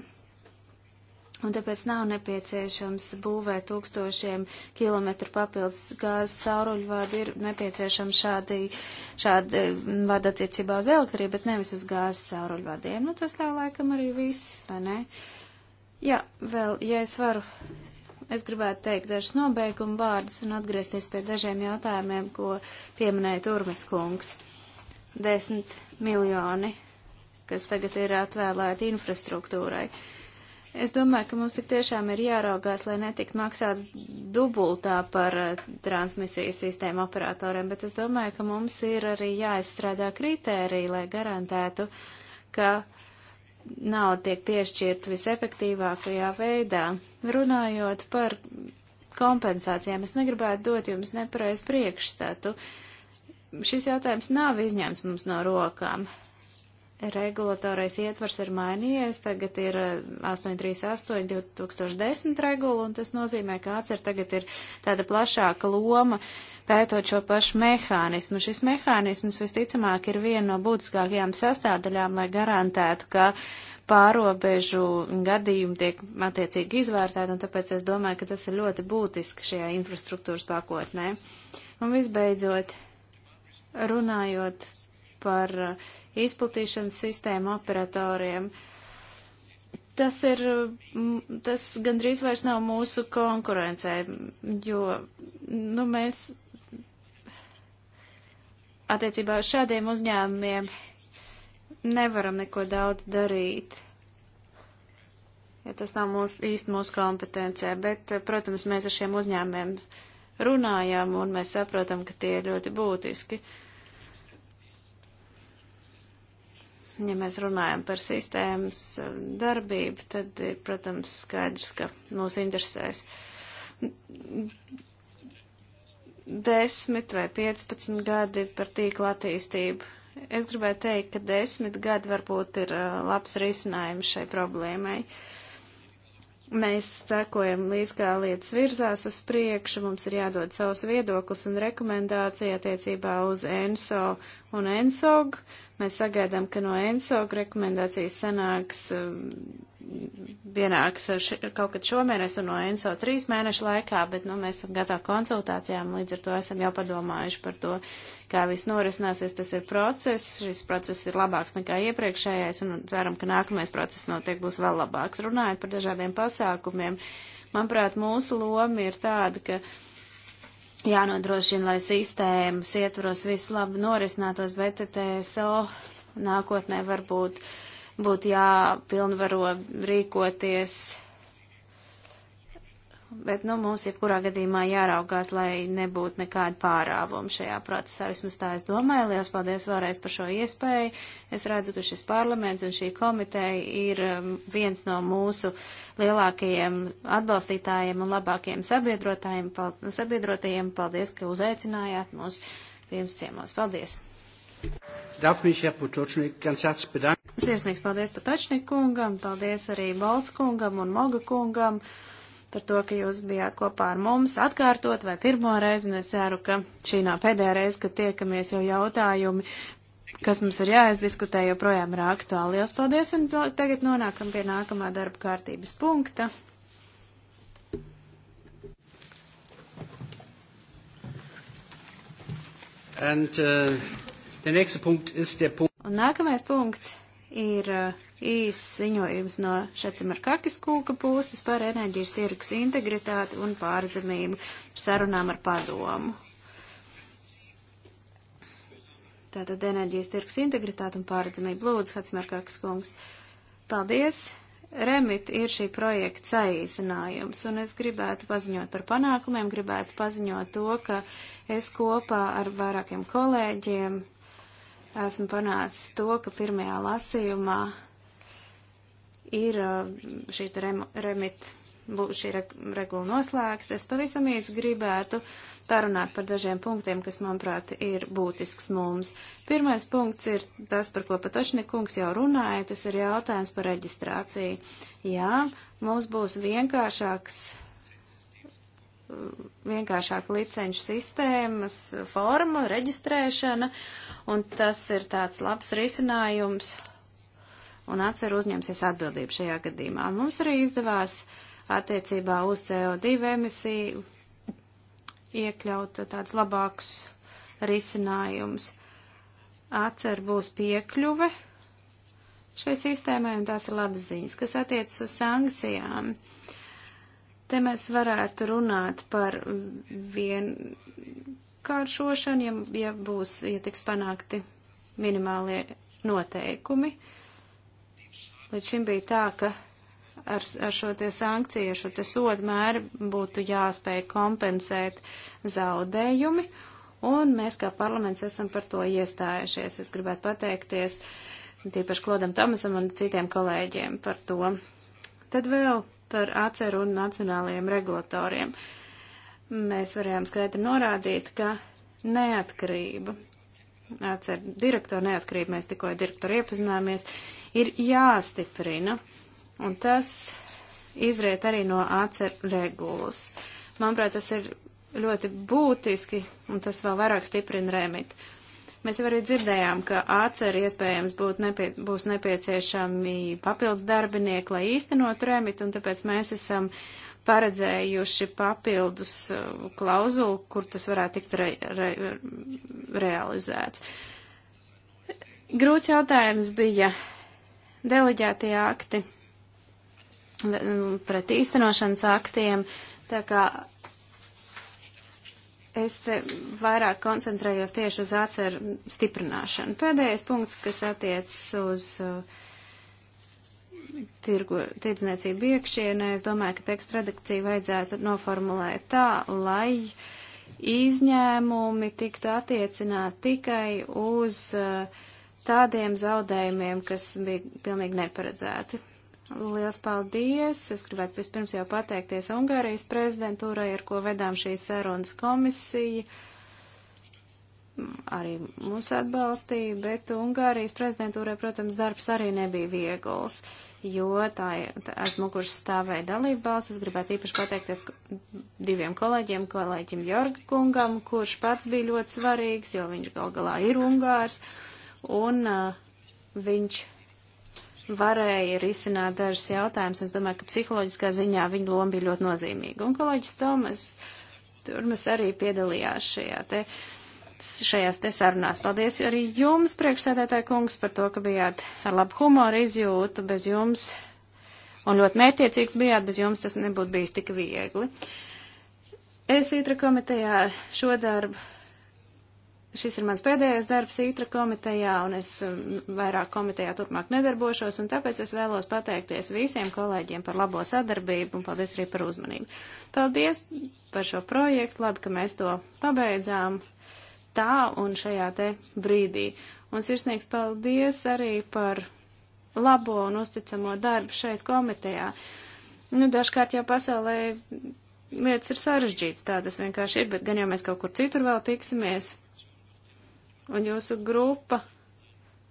Un tāpēc nav nepieciešams būvēt tūkstošiem kilometru papildus gāzes cauruļvadu, ir nepieciešams šādi, šādi mm, vada attiecībā uz elektrību, bet nevis uz gāzes cauruļvadiem. Nu, tas tā laikam arī viss, vai ne? Jā, vēl, ja es varu, es gribētu teikt dažus nobeigumu vārdus un atgriezties pie dažiem jautājumiem, ko pieminēja Turmes kungs. Desmit miljoni, kas tagad ir atvēlēti infrastruktūrai. Es domāju, ka mums tik tiešām ir jāraugās, lai netikt maksāts dubultā par eh, transmisijas sistēmu operatoriem, bet es domāju, ka mums ir arī jāizstrādā kritērija, lai garantētu, ka nauda tiek piešķirt visefektīvākajā veidā. Runājot par kompensācijām, es negribētu dot jums nepareiz priekšstatu. Uh, šis jautājums nav izņemts mums no rokām. Regulatorais ietvars ir mainījies, tagad ir 838 eh, 2010 regula, un tas nozīmē, ka ACER tagad ir tāda plašāka loma pētot šo pašu mehānismu. Šis mehānisms visticamāk ir viena no būtiskākajām sastāvdaļām, lai garantētu, ka pārobežu gadījumi tiek attiecīgi izvērtēti, un tāpēc es domāju, ka tas ir ļoti būtiski šajā infrastruktūras pakotnē. Un visbeidzot, Runājot par uh, izplatīšanas sistēmu operatoriem, tas ir, tas gandrīz vairs nav mūsu konkurencē, jo, nu, mēs attiecībā uz šādiem uzņēmumiem nevaram neko daudz darīt ja tas nav mūsu īsti mūsu kompetencijā, bet, uh, protams, mēs ar šiem uzņēmiem runājām un mēs saprotam, ka tie ir ļoti būtiski. Uh, ja mēs runājam par sistēmas eh, darbību, tad ir, protams, skaidrs, ka mūs interesēs desmit vai 15 gadi par tīkla attīstību. Es gribēju teikt, ka desmit gadi varbūt ir eh, labs risinājums šai problēmai. Mēs sekojam līdz kā lietas virzās uz priekšu, mums ir jādod savs viedoklis un rekomendācija attiecībā uz ENSO un ENSOG. Mēs sagaidām, ka no ENSOG rekomendācijas sanāks, um, vienāks ši, kaut kad šomēnes un no ENSO trīs mēnešu laikā, bet nu, mēs esam gatavi konsultācijām, līdz ar to esam jau padomājuši par to, kā viss norisināsies. Tas ir process, šis process ir labāks nekā iepriekšējais un ceram, ka nākamais process notiek būs vēl labāks. Runājot par dažādiem pasākumiem, manuprāt, mūsu loma ir tāda, ka jānodrošina, lai sistēmas ietvaros viss labi norisinātos, bet TSO nākotnē varbūt būtu jāpilnvaro rīkoties bet, nu, mums jebkurā gadījumā jāraugās, lai nebūtu nekāda pārāvuma šajā procesā. Vismaz tā es domāju. Lielas paldies vēlreiz par šo iespēju. Es redzu, ka šis parlaments un šī komiteja ir um, viens no mūsu lielākajiem atbalstītājiem un labākajiem sabiedrotājiem. Paldies, sabiedrotajiem. Paldies, ka uzaicinājāt mūs pirms ciemos. Paldies! Darf mich, Herr Potočnik, ganz herzlich bedanken. Sirsnīgs paldies Potočnik kungam, paldies arī Balts kungam un Moga kungam par to, ka jūs bijāt kopā ar mums atkārtot vai pirmo reizi, un es ceru, ka šī nav pēdējā reize, kad tiekamies jau jautājumi, kas mums ir jāizdiskutē, joprojām ir aktuāli. Lielas paldies, un tagad nonākam pie nākamā darba kārtības punkta. And, uh, der nächste Punkt ist der Punkt. Un nākamais punkts ir uh, īs ziņojums no Šecimar Kakis kūka puses par enerģijas tirgus integritāti un pārdzamību sarunām ar padomu. Tātad enerģijas tirgus integritāte un pārdzamība. Lūdzu, Šecimar Kakis kungs. Paldies! Remit ir šī projekta saīsinājums, un es gribētu paziņot par panākumiem, gribētu paziņot to, ka es kopā ar vairākiem kolēģiem esmu panācis to, ka pirmajā lasījumā ir šī remit, šī regula noslēgta, es pavisam īsi gribētu parunāt par dažiem punktiem, kas, manuprāt, ir būtisks mums. Pirmais punkts ir tas, par ko Patočnikungs jau runāja, tas ir jautājums par reģistrāciju. Jā, mums būs vienkāršāks vienkāršāk licenšu sistēmas forma, reģistrēšana, un tas ir tāds labs risinājums un atceru uzņemsies atbildību šajā gadījumā. Mums arī izdevās attiecībā uz CO2 emisiju iekļaut tādus labākus risinājumus. Atcer būs piekļuve šai sistēmai, un tās ir labas ziņas, kas attiecas uz sankcijām. Te mēs varētu runāt par vienkāršošanu, ja, ja būs, ja tiks panākti minimālie noteikumi. Uh, Līdz šim bija tā, ka ar, ar šo te sankciju, šo te sodu mēru būtu jāspēj kompensēt zaudējumi, un mēs kā parlaments esam par to iestājušies. Es gribētu pateikties tīpaši Klodam Tomasam un citiem kolēģiem par to. Tad vēl par atceru un nacionālajiem regulatoriem. Mēs varējām skaidri norādīt, ka neatkarība, atceru direktoru neatkarību, mēs tikko direktoru iepazināmies, ir jāstiprina, un tas izriet arī no ACER regulas. Manuprāt, tas ir ļoti būtiski, un tas vēl vairāk stiprina remit. Mēs jau arī dzirdējām, ka ACER iespējams būt nepie, būs nepieciešami papildus darbinieki, lai īstenotu remit, un tāpēc mēs esam paredzējuši papildus uh, klauzulu, kur tas varētu tikt re, re, realizēts. Grūts jautājums bija deleģētie akti pret īstenošanas aktiem, tā kā es te vairāk koncentrējos tieši uz atceru stiprināšanu. Pēdējais punkts, kas attiecas uz uh, tirgu, tirdzniecību iekšienē, es domāju, ka tekstu redakciju vajadzētu noformulēt tā, lai izņēmumi tiktu attiecināt tikai uz uh, tādiem zaudējumiem, kas bija pilnīgi neparedzēti. Liels paldies! Es gribētu vispirms jau pateikties Ungārijas prezidentūrai, ar ko vedām šīs sarunas komisija. Arī mūs atbalstīja, bet Ungārijas prezidentūrai, protams, darbs arī nebija viegls, jo tā, tā aizmukuši stāvēja dalību valsts. Es gribētu īpaši pateikties diviem kolēģiem, kolēģim Jorga kungam, kurš pats bija ļoti svarīgs, jo viņš gal galā ir Ungārs. Uh, un uh, viņš varēja risināt dažas jautājumas. Es domāju, ka psiholoģiskā ziņā viņa loma bija ļoti nozīmīga. Un kolēģis Tomas Turmas arī piedalījās šajā te, šajās te sarunās. Paldies arī jums, priekšsēdētāji kungs, par to, ka bijāt ar labu humoru izjūtu bez jums. Un ļoti mētiecīgs bijāt, bez jums tas nebūtu bijis tik viegli. Es itra komitejā šo darbu Šis ir mans pēdējais darbs ītra komitejā, un es um, vairāk komitejā turpmāk nedarbošos, un tāpēc es vēlos pateikties visiem kolēģiem par labo sadarbību, un paldies arī par uzmanību. Paldies par šo projektu, labi, ka mēs to pabeidzām tā un šajā te brīdī. Un sirsnīgs paldies arī par labo un uzticamo darbu šeit komitejā. Nu, dažkārt jau pasaulē lietas ir sarežģītas, tā tas vienkārši ir, bet gan jau mēs kaut kur citur vēl tiksimies un jūsu grupa,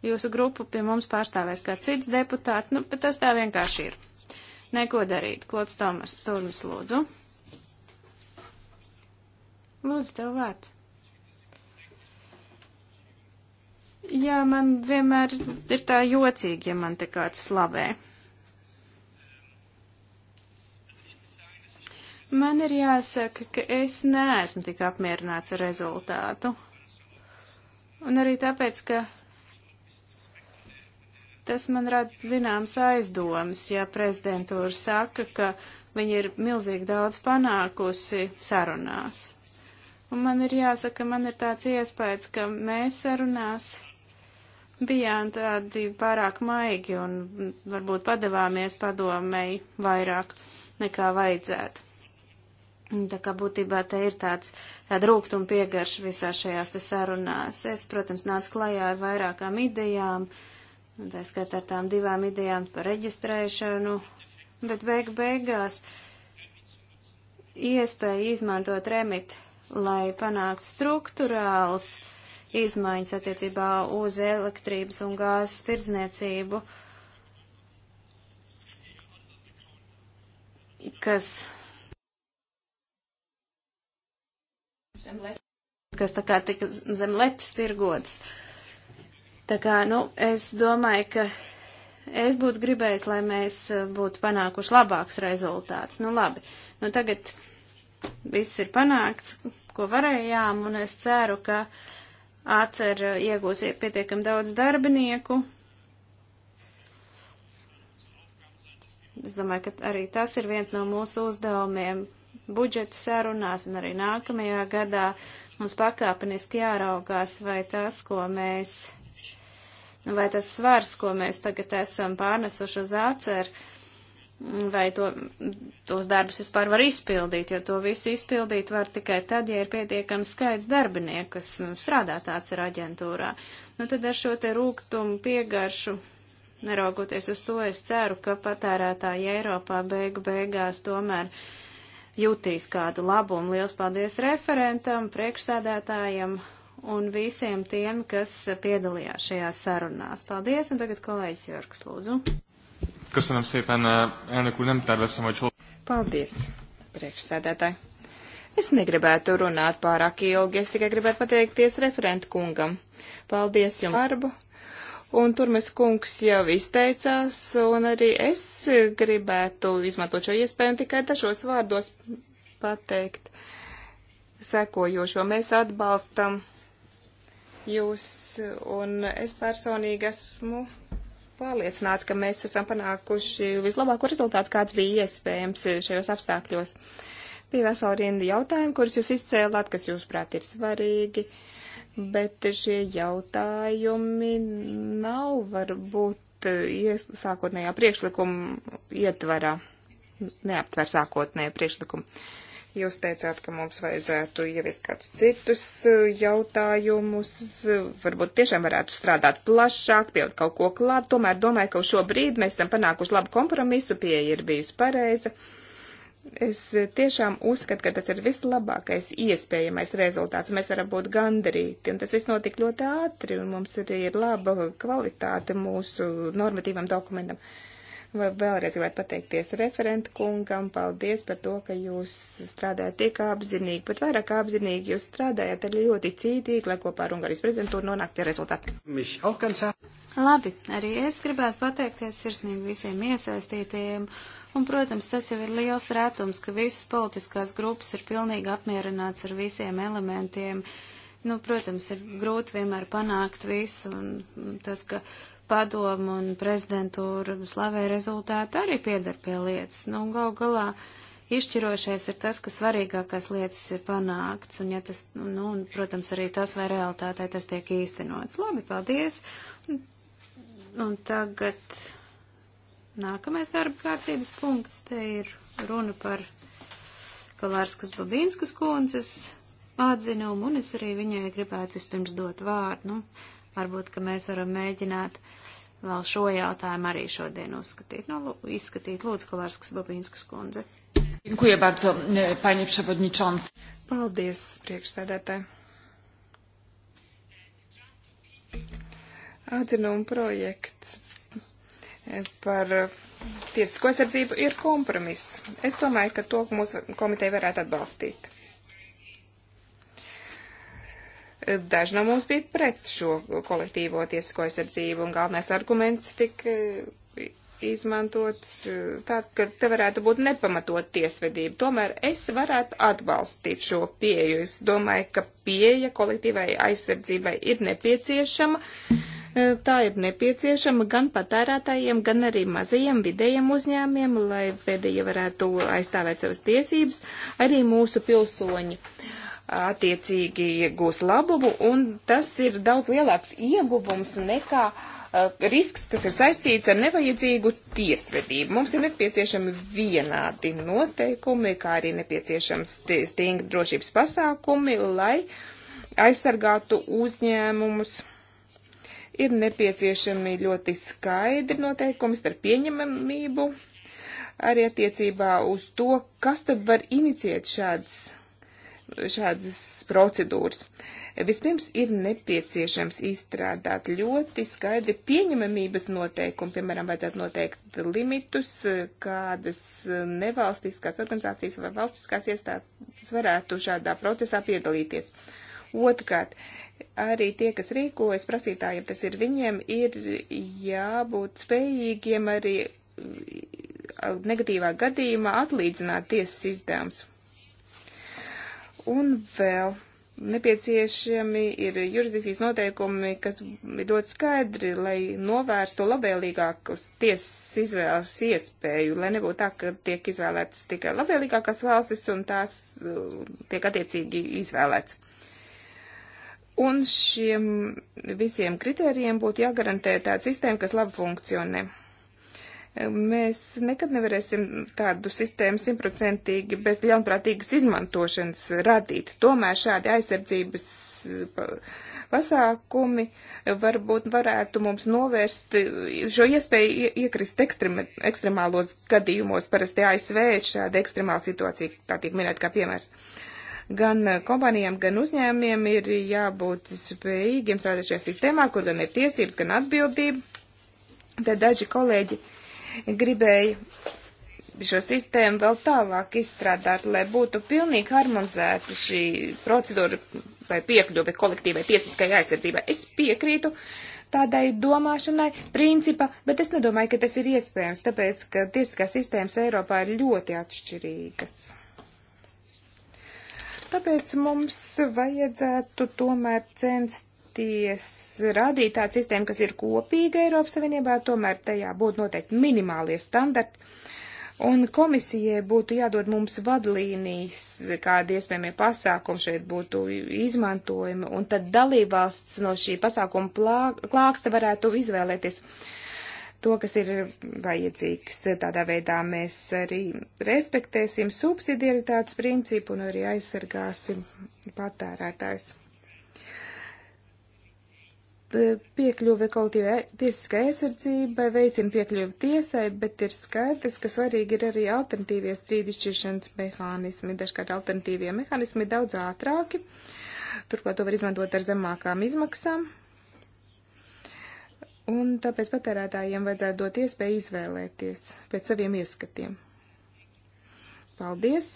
jūsu grupu pie mums pārstāvēs kā cits deputāts, nu, bet tas tā vienkārši ir. Neko darīt. Klods Tomas, Turmis, lūdzu. Lūdzu, tev vārds. Jā, man vienmēr ir tā jocīgi, ja man te kāds slavē. Man ir jāsaka, ka es neesmu tik apmierināts ar rezultātu. Un arī tāpēc, ka tas man rada zināmas aizdomas, ja prezidentūra saka, ka viņa ir milzīgi daudz panākusi sarunās. Un man ir jāsaka, man ir tāds iespējas, ka mēs sarunās bijām tādi pārāk maigi un varbūt padavāmies padomēji vairāk nekā vajadzētu. Tā kā būtībā te ir tāds tāda rūgtuma piegarša visā šajās te sarunās. Es, protams, nācu klajā ar vairākām idejām, tā skatā ar tām divām idejām par reģistrēšanu, bet beigu beigās iespēja izmantot remit, lai panāktu struktūrāls izmaiņas attiecībā uz elektrības un gāzes tirdzniecību, kas kas tā kā tika zem letas tirgots. Tā kā, nu, es domāju, ka es būtu gribējis, lai mēs eh, būtu panākuši labāks rezultāts. Nu, labi, nu tagad viss ir panākts, ko varējām, un es ceru, ka ACER eh, iegūs pietiekam daudz darbinieku. Es domāju, ka arī tas ir viens no mūsu uzdevumiem budžeta sarunās un arī nākamajā gadā mums pakāpeniski jāraugās, vai tas, ko mēs, vai tas svars, ko mēs tagad esam pārnesuši uz atceru, vai to, tos darbus vispār var izpildīt, jo to visu izpildīt var tikai tad, ja ir pietiekams skaits darbinieku, kas nu, strādā tāds ar aģentūrā. Nu, tad ar šo te rūgtumu piegaršu, neraugoties uz to, es ceru, ka patērētāji Eiropā beigu beigās tomēr uh, jutīs kādu labumu. Liels paldies referentam, priekšsēdētājiem un visiem tiem, kas piedalījās šajās sarunās. Paldies, un tagad kolēģis Jorgs, lūdzu. Köszönöm szépen, elnök úr, nem tervezem, hogy hol... Paldies, priekšsēdētāji. Es negribētu runāt pārāk ilgi, es tikai gribētu pateikties referentu kungam. Paldies jums darbu Un tur mēs kungs jau izteicās, un arī es gribētu izmantot šo iespēju un tikai dažos vārdos pateikt sekojošo. Mēs atbalstam jūs, un es personīgi esmu pārliecināts, ka mēs esam panākuši vislabāko rezultātu, kāds bija iespējams šajos apstākļos. Bija vesela rinda jautājumu, kurus jūs izcēlāt, kas jūs prāt ir svarīgi. Uh, bet šie jautājumi nav varbūt eh, sākotnējā priekšlikuma ietvarā, neaptver sākotnējā priekšlikuma. Jūs teicāt, ka mums vajadzētu ieviest kādus citus eh, jautājumus, varbūt tiešām varētu strādāt plašāk, pielikt kaut ko klāt. Tomēr domāju, ka šobrīd mēs esam panākuši labu kompromisu, pieeja ir bijusi pareiza. Uh, Es tiešām uzskatu, ka tas ir vislabākais iespējamais rezultāts. Mēs varam būt gandarīti, un tas viss notika ļoti ātri, un mums arī ir laba kvalitāte mūsu normatīvam dokumentam. Vēlreiz gribētu pateikties referentu kungam, paldies par to, ka jūs strādājat tik apzinīgi, pat vairāk apzinīgi jūs strādājat arī ļoti cītīgi, lai kopā ar Ungārijas prezidentūru nonāktu pie rezultātu. Labi, arī es gribētu pateikties sirsnīgi visiem iesaistītajiem Un, protams, tas jau ir liels rētums, ka visas politiskās grupas ir pilnīgi apmierināts ar visiem elementiem. Nu, protams, ir grūti vienmēr panākt visu, un tas, ka padomu un prezidentūra slavē rezultātu arī piedar pie lietas. Nu, gal galā izšķirošais ir tas, ka svarīgākās lietas ir panākts, un, ja tas, nu, un, protams, arī tas, vai realitātē tas tiek īstenots. Labi, paldies! Un tagad Nākamais darba kārtības punkts te ir runa par Kalārskas Babīnskas kundzes atzinumu, un es arī viņai gribētu vispirms dot vārdu. Nu, varbūt, ka mēs varam mēģināt vēl šo jautājumu arī šodien uzskatīt. Nu, izskatīt, lūdzu, Kalārskas Babīnskas kundze. Dziękuję bardzo, panie przewodniczący. Paldies, priekšstādātāji. Atzinuma projekts par eh, tiesisko aizsardzību ir kompromiss. Es domāju, ka to mūsu komiteja varētu atbalstīt. Daži no mums bija pret šo kolektīvo tiesisko aizsardzību, un galvenais arguments tika eh, izmantots eh, tāds, ka te varētu būt nepamatot tiesvedība. Tomēr es varētu atbalstīt šo pieju. Es domāju, ka pieeja kolektīvai aizsardzībai ir nepieciešama. Mm E, tā ir nepieciešama gan patērētājiem, gan arī mazajiem vidējiem uzņēmiem, lai pēdējie varētu aizstāvēt savas tiesības, arī mūsu pilsoņi attiecīgi iegūs labumu, un tas ir daudz lielāks ieguvums nekā uh, risks, kas ir saistīts ar nevajadzīgu tiesvedību. Mums ir nepieciešami vienādi noteikumi, kā arī nepieciešams stingri drošības pasākumi, lai aizsargātu uzņēmumus ir nepieciešami ļoti skaidri noteikumi starp pieņemamību, arī attiecībā uz to, kas tad var inicijēt šādas, šādas procedūras. Vispirms ir nepieciešams izstrādāt ļoti skaidri pieņemamības noteikumi, piemēram, vajadzētu noteikt limitus, kādas nevalstiskās organizācijas vai valstiskās iestādes varētu šādā procesā piedalīties. Uh, Otkārt, arī tie, kas rīkojas prasītājiem, tas ir viņiem, ir jābūt spējīgiem arī e, negatīvā gadījumā atlīdzināt tiesas izdevums. Un vēl nepieciešami ir jurisdikcijas noteikumi, kas ir ļoti skaidri, lai novērstu labvēlīgākus tiesas izvēles iespēju, lai nebūtu tā, ka tiek izvēlētas tikai labvēlīgākās valstis un tās e, tiek attiecīgi izvēlētas. Un šiem visiem kritērijiem būtu jāgarantē tāda sistēma, kas labi funkcionē. Mēs nekad nevarēsim tādu sistēmu simtprocentīgi bez ļaunprātīgas izmantošanas radīt. Tomēr šādi aizsardzības pasākumi varbūt varētu mums novērst šo iespēju iekrist ekstrema, ekstremālos gadījumos. Parasti ASV šāda ekstremāla situācija, tā tiek minēta kā piemērs. Uh, Gan eh, kompanijām, gan uzņēmiem ir jābūt spējīgiem strādāt šajā sistēmā, kur gan ir tiesības, gan atbildība. Tad daži kolēģi gribēja šo sistēmu vēl tālāk izstrādāt, lai būtu pilnīgi harmonizēta šī procedūra vai piekļuve kolektīvai tiesiskai aizsardzībai. Es piekrītu tādai domāšanai principa, bet es nedomāju, ka tas ir iespējams, tāpēc, ka tiesiskās sistēmas Eiropā ir ļoti atšķirīgas. Tāpēc mums vajadzētu tomēr censties radīt tādu sistēmu, kas ir kopīga Eiropas Savienībā, tomēr tajā būtu noteikti minimālie standarti. Un komisijai būtu jādod mums vadlīnijas, kādi iespējamie pasākumi šeit būtu izmantojami, un tad dalībvalsts no šī pasākuma plāksta varētu izvēlēties. Uh, to, kas ir vajadzīgs. Tādā veidā mēs arī respektēsim subsidiaritātes principu un arī aizsargāsim patērētājs piekļuve kolektīvai tiesiskai aizsardzībai, veicina piekļuvi tiesai, bet ir skaidrs, ka svarīgi ir arī alternatīvie strīdišķiršanas mehānismi. Dažkārt alternatīvie mehānismi ir daudz ātrāki, turklāt to var izmantot ar zemākām izmaksām. Un tāpēc patērētājiem vajadzētu dot iespēju izvēlēties pēc saviem ieskatiem. Paldies!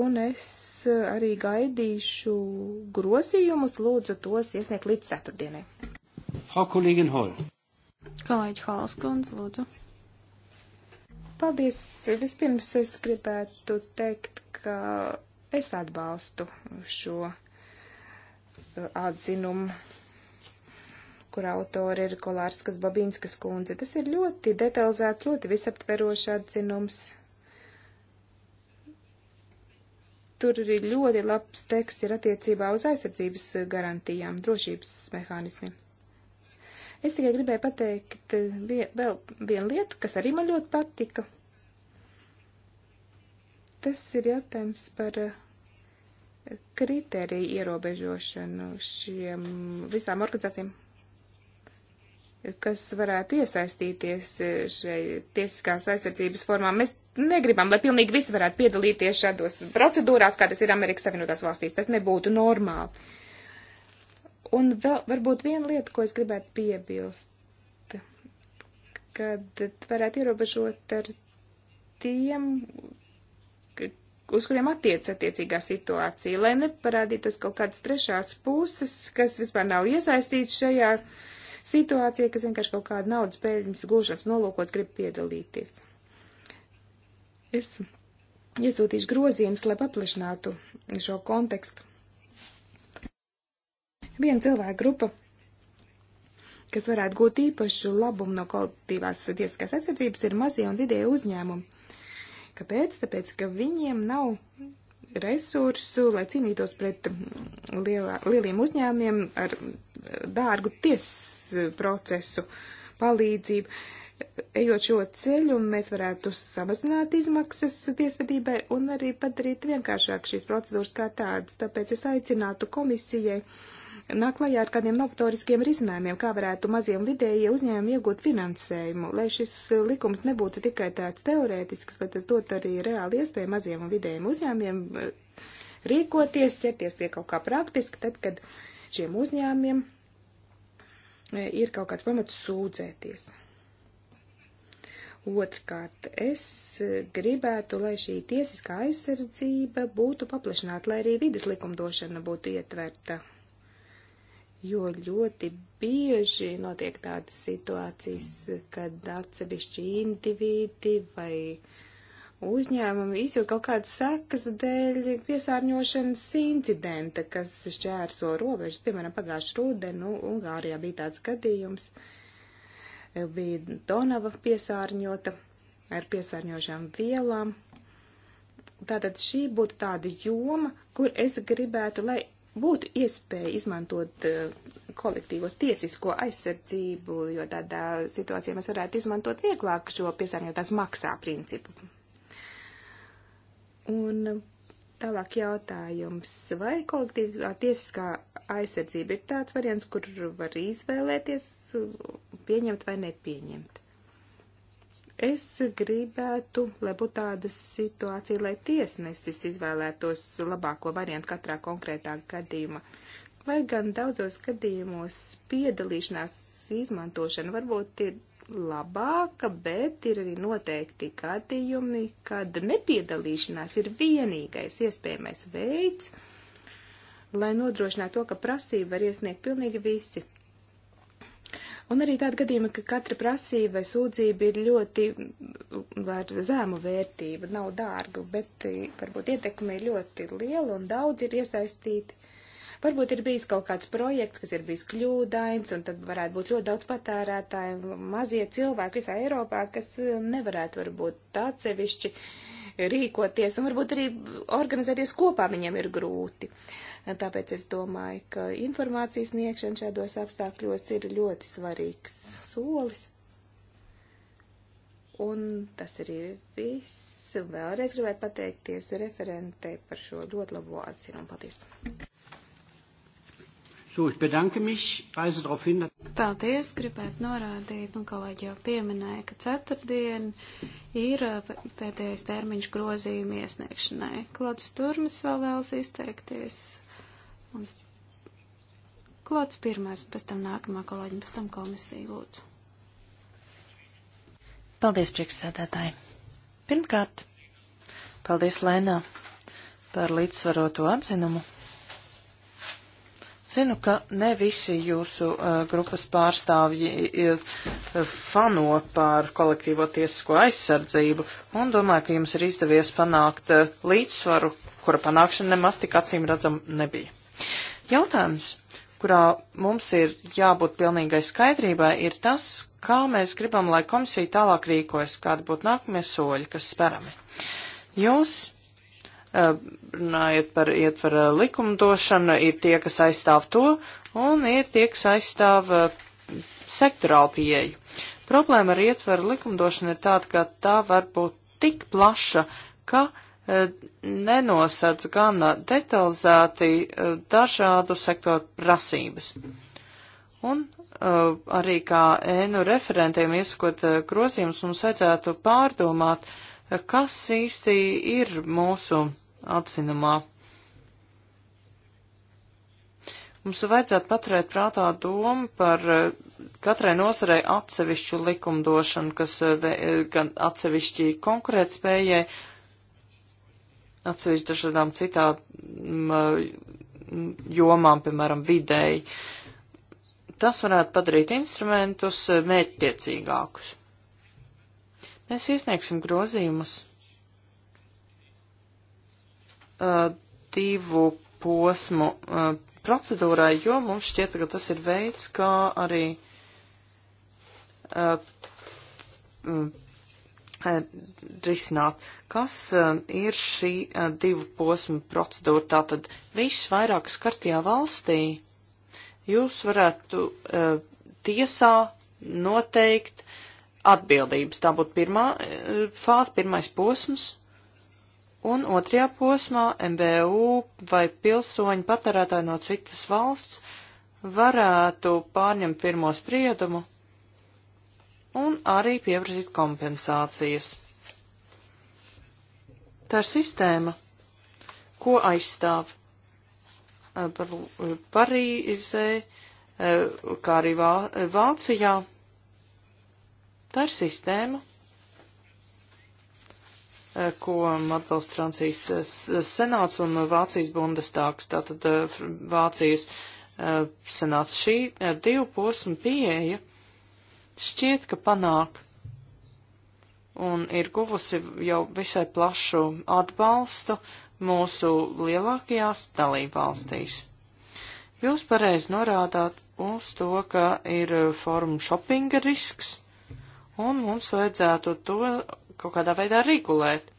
Un es eh, arī gaidīšu grozījumus, lūdzu tos iesniegt līdz ceturtdienai. Frau Kollegin Hol. Kolēģi Hols kundze, lūdzu. Paldies! Vispirms es gribētu teikt, ka es atbalstu šo eh, atzinumu kur autori ir Kolārskas Babīnskas kundze. Tas ir ļoti detalizēts, ļoti visaptverošs atzinums. Tur ir ļoti labs teksts ir attiecībā uz aizsardzības garantijām, drošības mehānismiem. Es tikai gribēju pateikt vien, vēl vienu lietu, kas arī man ļoti patika. Tas ir jautājums par eh, kriteriju ierobežošanu šiem visām organizācijām kas varētu iesaistīties e, šai tiesiskās aizsardzības formā. Mēs negribam, lai pilnīgi visi varētu piedalīties šādos procedūrās, kā tas ir Amerikas Savienotās valstīs. Tas nebūtu normāli. Un vēl varbūt viena lieta, ko es gribētu piebilst, kad varētu ierobežot ar tiem, uz kuriem attiec attiecīgā situācija, lai neparādītos kaut kādas trešās puses, kas vispār nav iesaistīts šajā uh, situācija, kas vienkārši kaut kāda naudas pēļņas gūšanas nolūkos grib piedalīties. Es iesūtīšu grozījumus, lai paplašinātu šo kontekstu. Viena cilvēka grupa, kas varētu gūt īpašu labumu no kolektīvās tiesiskās aizsardzības, ir mazie un vidēji uzņēmumi. Kāpēc? Tāpēc, ka viņiem nav resursu, lai cīnītos pret mm, lielā, lieliem uzņēmiem ar eh, dārgu tiesas eh, procesu palīdzību. Ejot šo ceļu, mēs varētu samazināt izmaksas tiesvedībai un arī padarīt vienkāršāk šīs procedūras kā tādas. Tāpēc es aicinātu komisijai uh, nāk klajā ar kādiem novatoriskiem risinājumiem, kā varētu maziem vidējie uzņēmumi iegūt finansējumu, lai šis likums nebūtu tikai tāds teorētisks, lai tas dot arī reāli iespēju maziem un vidējiem uzņēmumiem eh, rīkoties, ķerties pie kaut kā praktiski, tad, kad šiem uzņēmumiem eh, ir kaut kāds pamats sūdzēties. Otrkārt, es eh, gribētu, lai šī tiesiskā aizsardzība būtu paplašināta, lai arī vidas likumdošana būtu ietverta jo ļoti bieži notiek tādas situācijas, kad atsevišķi individi vai uzņēmumi izjūt kaut kādas sekas dēļ piesārņošanas incidenta, kas šķērso robežas. Piemēram, pagājušā rudenī nu, Ungārijā bija tāds gadījums, bija Donava piesārņota ar piesārņošām vielām. Tātad šī būtu tāda joma, kur es gribētu, lai būtu iespēja izmantot eh, kolektīvo tiesisko aizsardzību, jo tādā situācijā mēs varētu izmantot vieglāk šo piesārņotās maksā principu. Un tālāk jautājums, vai kolektīvā tiesiskā aizsardzība ir tāds variants, kur var izvēlēties, pieņemt vai nepieņemt? Es gribētu, lai būtu tāda situācija, lai tiesnesis izvēlētos labāko variantu katrā konkrētā gadījumā. Lai gan daudzos gadījumos piedalīšanās izmantošana varbūt ir labāka, bet ir arī noteikti gadījumi, kad nepiedalīšanās ir vienīgais iespējamais veids, lai nodrošinātu to, ka prasību var iesniegt pilnīgi visi. Un arī tāda gadījuma, ka katra prasība vai sūdzība ir ļoti ar zēmu vērtību, nav dārga, bet eh, varbūt ietekme ir ļoti liela un daudz ir iesaistīti. Varbūt ir bijis kaut kāds projekts, kas ir bijis kļūdains, un tad varētu būt ļoti daudz patērētāju, mazie cilvēki visā Eiropā, kas eh, nevarētu varbūt atsevišķi uh, rīkoties un varbūt arī organizēties kopā viņiem ir grūti. Tāpēc es domāju, ka informācijas sniegšana šādos apstākļos ir ļoti svarīgs solis. Un tas arī viss. Vēlreiz gribētu pateikties referentei par šo ļoti labo atzinumu. Paldies! So, ich bedanke mich, weise darauf hin. Paldies, gribētu norādīt, un nu, kolēģi jau pieminēja, ka ceturtdien ir uh, pēdējais termiņš grozījuma iesniegšanai. Klods Turmas vēl vēlas izteikties. Mums Klods pirmais, pēc tam nākamā kolēģi, pēc tam komisija lūdzu. Paldies, priekšsēdētāji. Pirmkārt, paldies Lēnā par līdzsvaroto atzinumu Zinu, ka ne visi jūsu uh, grupas pārstāvji uh, fano par kolektīvo tiesisko aizsardzību un domāju, ka jums ir izdevies panākt uh, līdzsvaru, kura panākšana nemaz tik acīm redzam nebija. Jautājums, kurā mums ir jābūt pilnīgai skaidrībai, ir tas, kā mēs gribam, lai komisija tālāk rīkojas, kādi būtu nākamie soļi, kas sperami. Jūs Eh, runājot par ietvara likumdošanu, ir tie, kas aizstāv to, un ir tie, kas aizstāv eh, sektorālu pieeju. Problēma ar ietveru likumdošanu ir tāda, ka tā var būt tik plaša, ka eh, nenosac gan detalizēti dažādu sektoru prasības. Un arī kā ēnu referentiem iesakot grozījumus, mums vajadzētu pārdomāt, uh, kas īsti ir mūsu atzinumā. Mums vajadzētu paturēt prātā domu par eh, katrai nosarei atsevišķu likumdošanu, kas eh, eh, gan atsevišķi konkurētspējai, atsevišķi dažādām citām mm, jomām, piemēram, videi. Tas varētu padarīt instrumentus mērķtiecīgākus. Mēs iesniegsim grozījumus uh, divu posmu uh, procedūrai, jo mums šķiet, ka tas ir veids, kā arī uh, risināt, kas ir šī divu posmu procedūra. Tātad viss vairāk skartajā valstī jūs varētu tiesā noteikt uh, atbildības. Tā būtu pirmā eh, fāze, pirmais posms. Un otrajā posmā MBU vai pilsoņu patērētāji no citas valsts varētu pārņemt pirmo spriedumu un arī pieprasīt kompensācijas. Tā ir sistēma, ko aizstāv eh, Parīzē, eh, kā arī Vācijā. Vā Tā ir sistēma, eh, ko atbalsta Francijas eh, senāts un Vācijas bundestāks, tātad eh, Vācijas senāts. Šī divu posmu pieeja šķiet, ka panāk un ir guvusi jau visai plašu atbalstu mūsu lielākajās dalībvalstīs. Jūs pareizi norādāt uz to, ka ir forumu shoppinga risks un mums vajadzētu to kaut kādā veidā regulēt.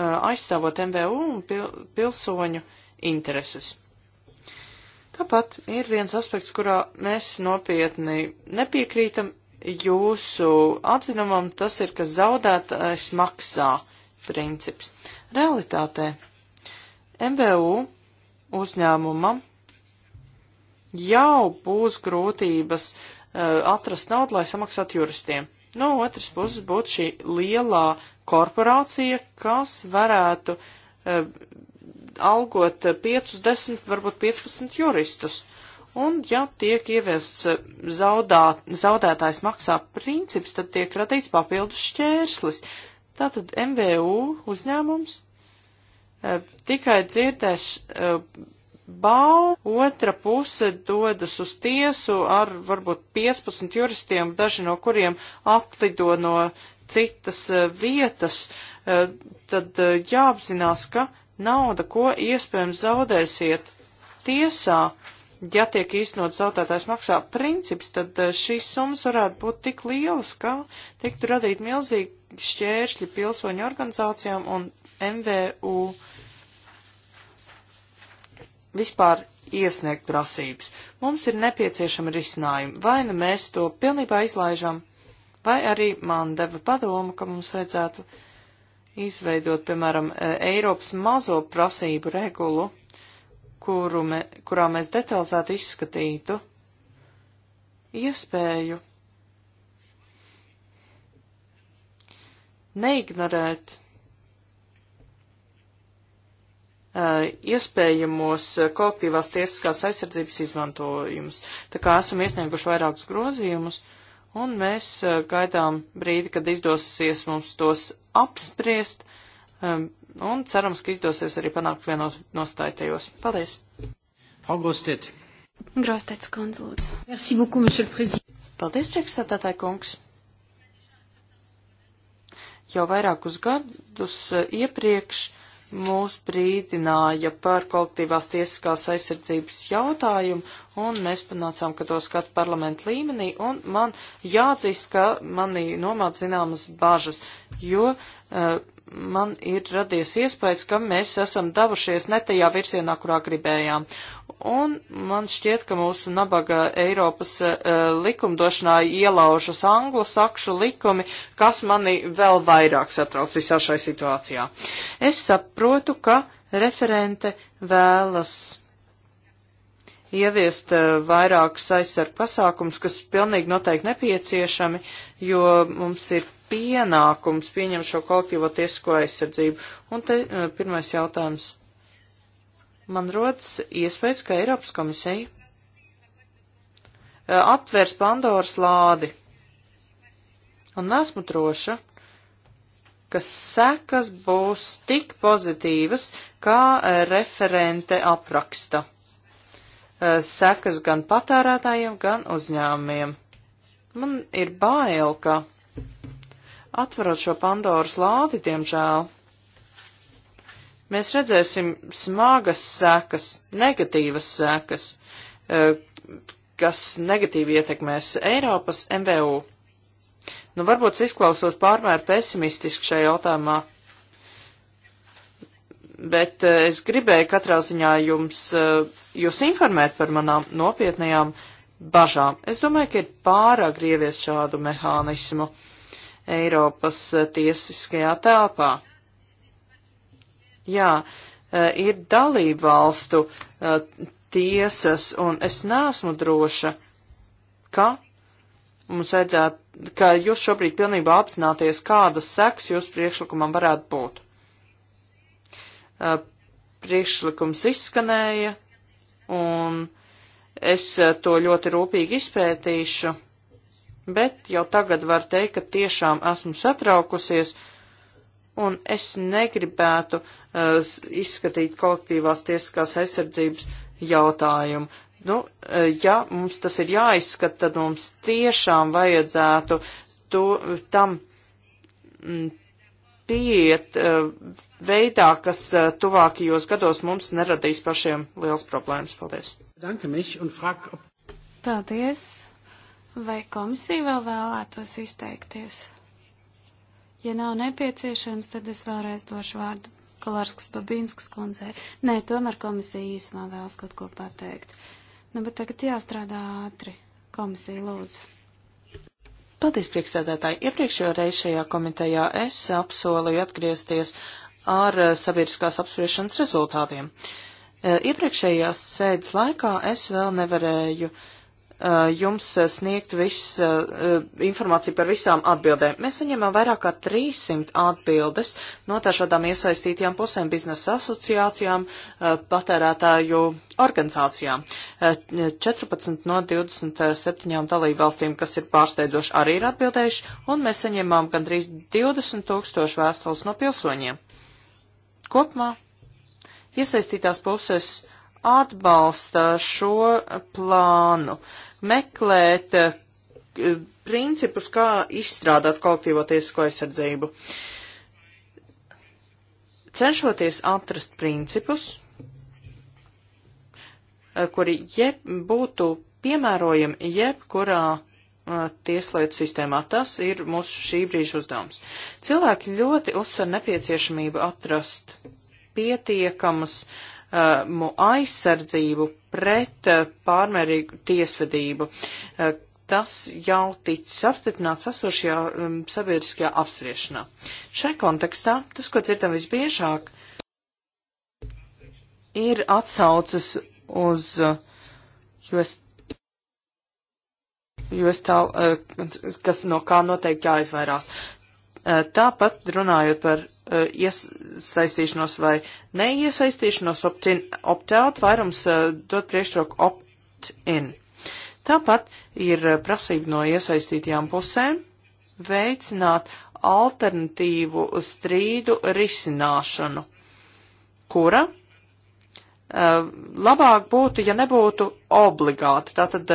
aizstāvot MVU un pilsoņu intereses. Tāpat ir viens aspekts, kurā mēs nopietni nepiekrītam jūsu atzinumam, tas ir, ka zaudētais maksā princips. Realitātē MVU uzņēmumam jau būs grūtības eh, atrast naudu, lai samaksātu juristiem. No otras puses būtu šī lielā korporācija, kas varētu eh, algot 5, 10, varbūt 15 juristus. Un, ja tiek ieviests eh, zaudāt, zaudētājs maksā princips, tad tiek radīts papildus šķērslis. Tātad MVU uzņēmums tikai dzirdēs balvu, otra puse dodas uz tiesu ar varbūt 15 juristiem, daži no kuriem atlido no citas eh, vietas, eh, tad eh, jāapzinās, ka nauda, ko iespējams zaudēsiet tiesā, ja tiek īstenot zaudētājs maksā princips, tad šīs summas varētu būt tik lielas, ka tiktu radīt milzīgi šķēršļi pilsoņu organizācijām un MVU. Uh, vispār iesniegt prasības. Mums ir nepieciešama risinājuma. Vai nu mēs to pilnībā izlaižam, vai arī man deva padomu, ka mums vajadzētu izveidot, piemēram, e, Eiropas mazo prasību regulu, kuru me, kurā mēs detalizēti izskatītu iespēju neignorēt Uh, iespējamos uh, kolektīvās tiesiskās aizsardzības izmantojumus. Tā kā esam iesnieguši vairākus grozījumus, un mēs uh, gaidām brīdi, kad izdosies mums tos apspriest, um, un cerams, ka izdosies arī panākt vienos nostājtajos. Paldies! Augustēt! Grostēts kundze, lūdzu. Merci beaucoup, monsieur le président. Paldies, priekšsētātāji kungs. Jau vairākus gadus iepriekš mūs brīdināja par kolektīvās tiesiskās aizsardzības jautājumu, un mēs panācām, ka to skat parlamentu līmenī, un man jāatzīst, ka manī nomāc zināmas bažas, jo uh, man ir radies iespējas, ka mēs esam devušies ne tajā virsienā, kurā gribējām un man šķiet, ka mūsu nabaga Eiropas uh, likumdošanā ielaužas anglo sakšu likumi, kas mani vēl vairāk satrauc visā šai situācijā. Es saprotu, ka referente vēlas ieviest uh, eh, vairākas aizsargu pasākums, kas pilnīgi noteikti nepieciešami, jo mums ir pienākums pieņemt šo kolektīvo tiesisko aizsardzību. Un te uh, pirmais jautājums man rodas iespējas, ka Eiropas komisija eh, atvērs Pandoras lādi. Un esmu droša, ka sekas būs tik pozitīvas, kā eh, referente apraksta. Eh, sekas gan patērētājiem, gan uzņēmumiem. Man ir bail, ka atverot šo Pandoras lādi, diemžēl, mēs redzēsim smagas sekas, negatīvas sekas, e, kas negatīvi ietekmēs Eiropas MVU. Nu, varbūt izklausot pārmēr pesimistiski šajā jautājumā, bet e, es gribēju katrā ziņā jums, e, jūs informēt par manām nopietnajām bažām. Es domāju, ka ir pārāk grievies šādu mehānismu Eiropas tiesiskajā telpā. Jā, e, ir dalību valstu e, tiesas, un es neesmu droša, ka mums vajadzētu, ka jūs šobrīd pilnībā apzināties, kādas seks jūs priekšlikumam varētu būt. E, priekšlikums izskanēja, un es to ļoti rūpīgi izpētīšu, bet jau tagad var teikt, ka tiešām esmu satraukusies, uh, un es negribētu uh, izskatīt kolektīvās tiesiskās aizsardzības jautājumu. Nu, uh, ja mums tas ir jāizskata, tad mums tiešām vajadzētu to, tam mm, pieiet uh, veidā, kas uh, tuvākajos gados mums neradīs pašiem liels problēmas. Paldies. Paldies. Vai komisija vēl vēlētos izteikties? Ja nav nepieciešams, tad es vēlreiz došu vārdu Kolārskas Babīnskas kundzei. Nē, tomēr komisija īsumā vēlas kaut ko pateikt. Nu, bet tagad jāstrādā ātri. Komisija lūdzu. Paldies, priekšsēdētāji. Iepriekšējo reizi šajā komitejā es apsolīju atgriezties ar eh, sabiedriskās apspriešanas rezultātiem. Eh, iepriekšējās sēdes laikā es vēl nevarēju Uh, jums uh, sniegt visu uh, informāciju par visām atbildēm. Mēs saņemam vairāk kā 300 atbildes no dažādām iesaistītajām pusēm, biznesa asociācijām, patērētāju organizācijām. 14 no 27 dalību valstīm, kas ir pārsteidzoši, arī ir atbildējuši, un mēs saņemam gandrīz 20 tūkstošu vēstules no pilsoņiem. Kopumā iesaistītās puses atbalsta šo plānu meklēt eh, principus, kā izstrādāt kolektīvo tiesisko aizsardzību. Cenšoties atrast principus, eh, kuri jeb, būtu piemērojami jebkurā eh, tieslietu sistēmā. Tas ir mūsu šī brīža uzdevums. Cilvēki ļoti uzsver nepieciešamību atrast pietiekamus uh, Uh, aizsardzību pret uh, pārmērīgu tiesvedību. Uh, tas jau ticis apstiprināts esošajā um, sabiedriskajā apspriešanā. Šai kontekstā tas, ko dzirdam visbiežāk, ir atsaucas uz US, US tāl, kas no kā noteikti jāizvairās. Tāpat runājot par Eh, iesaistīšanos vai neiesaistīšanos opt-out, vairums eh, dot priekšroku opt-in. Tāpat ir eh, prasība no iesaistītajām pusēm veicināt alternatīvu strīdu risināšanu, kura labāk būtu, ja nebūtu obligāti. Tātad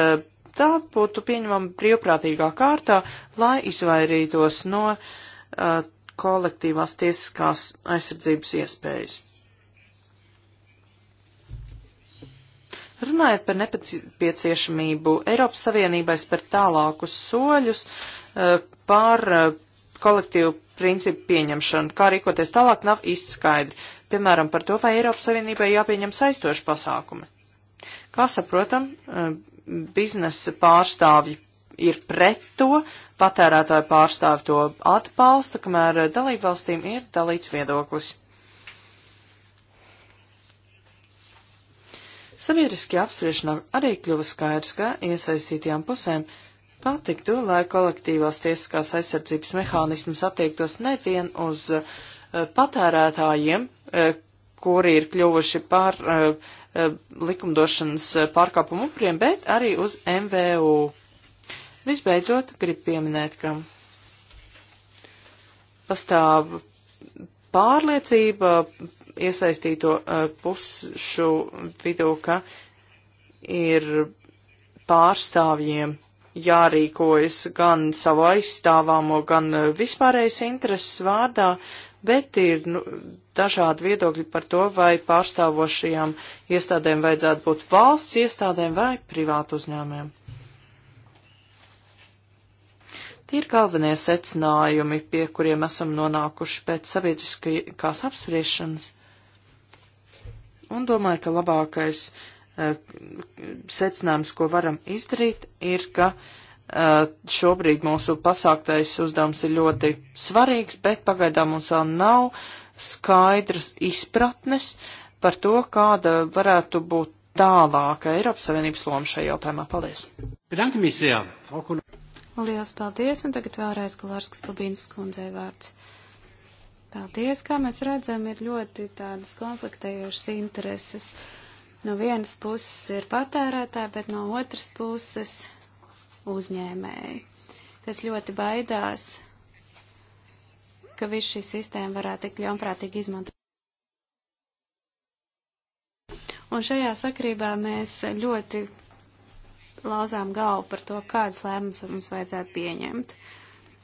tā būtu pieņemama brīvprātīgā kārtā, lai izvairītos no uh, kolektīvās tiesiskās aizsardzības iespējas. Runājot par nepieciešamību Eiropas Savienībai spērt tālākus soļus eh, par eh, kolektīvu principu pieņemšanu, kā rīkoties tālāk, nav īsti skaidri. Piemēram, par to, vai Eiropas Savienībai jāpieņem saistoši pasākumi. Kā saprotam, eh, biznesa pārstāvji ir pret to, patērētāju pārstāvi to atbalsta, kamēr dalībvalstīm ir dalīts viedoklis. Sabiedriskajā apspriešanā arī kļuva skaidrs, ka iesaistītajām pusēm patiktu, lai kolektīvās tiesiskās aizsardzības mehānismas attiektos nevien uz uh, patērētājiem, uh, kuri ir kļuvuši par uh, likumdošanas pārkāpumu upuriem, bet arī uz MVU. Visbeidzot, gribu pieminēt, ka pastāv pārliecība iesaistīto pušu vidū, ka ir pārstāvjiem jārīkojas gan savu aizstāvāmo, gan vispārējais intereses vārdā, bet ir nu, dažādi viedokļi par to, vai pārstāvošajām iestādēm vajadzētu būt valsts iestādēm vai privātu uzņēmēm. Tie ir galvenie secinājumi, pie kuriem esam nonākuši pēc sabiedriskās apspriešanas. Un domāju, ka labākais uh, secinājums, ko varam izdarīt, ir, ka uh, šobrīd mūsu pasāktais uzdevums ir ļoti svarīgs, bet pagaidām mums vēl nav skaidras izpratnes par to, kāda varētu būt tālāka Eiropas Savienības loma šajā jautājumā. Paldies! Lielas paldies, un tagad vēlreiz Kolārskas Pabīnas kundzei vārds. Paldies, kā mēs redzam, ir ļoti tādas konfliktējošas intereses. No vienas puses ir patērētāji, bet no otras puses uzņēmēji, kas ļoti baidās, ka viss šī sistēma varētu tik ļaunprātīgi izmantot. Un šajā sakrībā mēs ļoti lauzām galvu par to, kādas lēmumus mums vajadzētu pieņemt.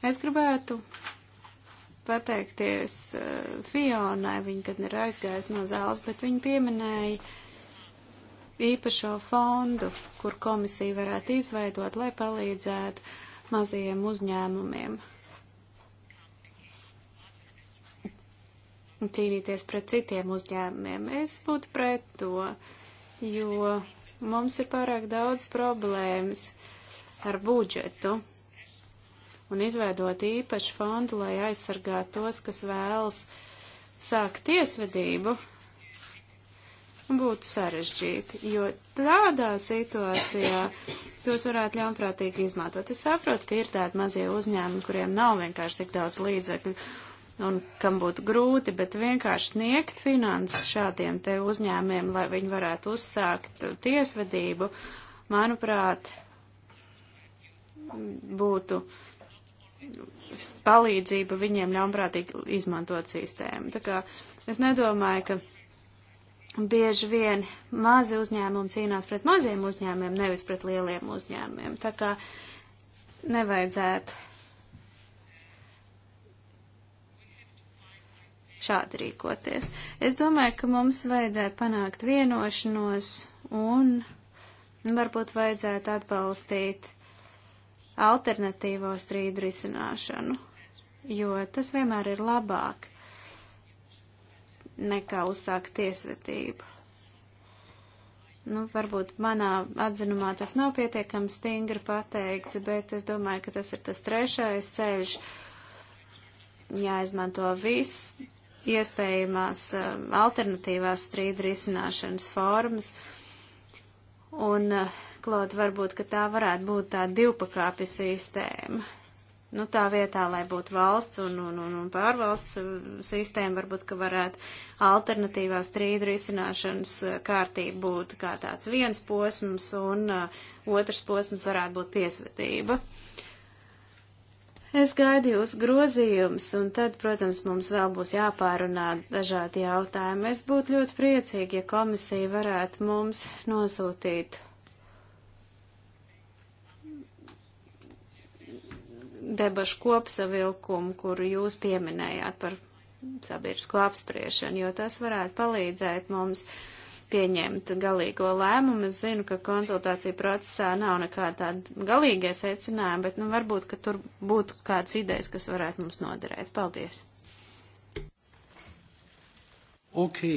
Es gribētu pateikties uh, Fionai, viņa kad ir aizgājusi no zāles, bet viņa pieminēja īpašo fondu, kur komisija varētu izveidot, lai palīdzētu mazajiem uzņēmumiem un cīnīties pret citiem uzņēmumiem. Es būtu pret to, jo Mums ir pārāk daudz problēmas ar budžetu un izveidot īpašu fondu, lai aizsargātu tos, kas vēlas sākt tiesvedību, būtu sarežģīti, jo tādā situācijā jūs varētu ļaunprātīgi izmantot. Es saprotu, ka ir tādi mazie uzņēmumi, kuriem nav vienkārši tik daudz līdzekļu, un kam būtu grūti, bet vienkārši sniegt finanses šādiem te uzņēmiem, lai viņi varētu uzsākt tiesvedību, manuprāt, būtu palīdzība viņiem ļaunprātīgi izmantot sistēmu. Tā kā es nedomāju, ka bieži vien mazi uzņēmumi cīnās pret maziem uzņēmumiem, nevis pret lieliem uzņēmumiem. Tā kā nevajadzētu šādi rīkoties. Es domāju, ka mums vajadzētu panākt vienošanos un varbūt vajadzētu atbalstīt alternatīvo strīdu risināšanu, jo tas vienmēr ir labāk nekā uzsākt tiesvedību. Nu, varbūt manā atzinumā tas nav pietiekami stingri pateikts, bet es domāju, ka tas ir tas trešais ceļš, jāizmanto viss iespējamās eh, alternatīvās strīda risināšanas formas. Un, eh, Klot, varbūt, ka tā varētu būt tā divpakāpja sistēma. Nu, tā vietā, lai būtu valsts un, un, un, un pārvalsts eh, sistēma, varbūt, ka varētu alternatīvā strīdu risināšanas kārtība būt kā tāds viens posms, un uh, otrs posms varētu būt tiesvedība. Uh, Es gaidu jūs grozījums, un tad, protams, mums vēl būs jāpārunā dažādi jautājumi. Es būtu ļoti priecīgi, ja komisija varētu mums nosūtīt debašu kopsavilkumu, kuru jūs pieminējāt par sabiedrisko apspriešanu, jo tas varētu palīdzēt mums uh, pieņemt galīgo lēmumu. Es zinu, ka konsultāciju procesā nav nekāda tāda galīgie secinājumi, bet nu, varbūt, ka tur būtu kādas idejas, kas varētu mums noderēt. Paldies! Okay.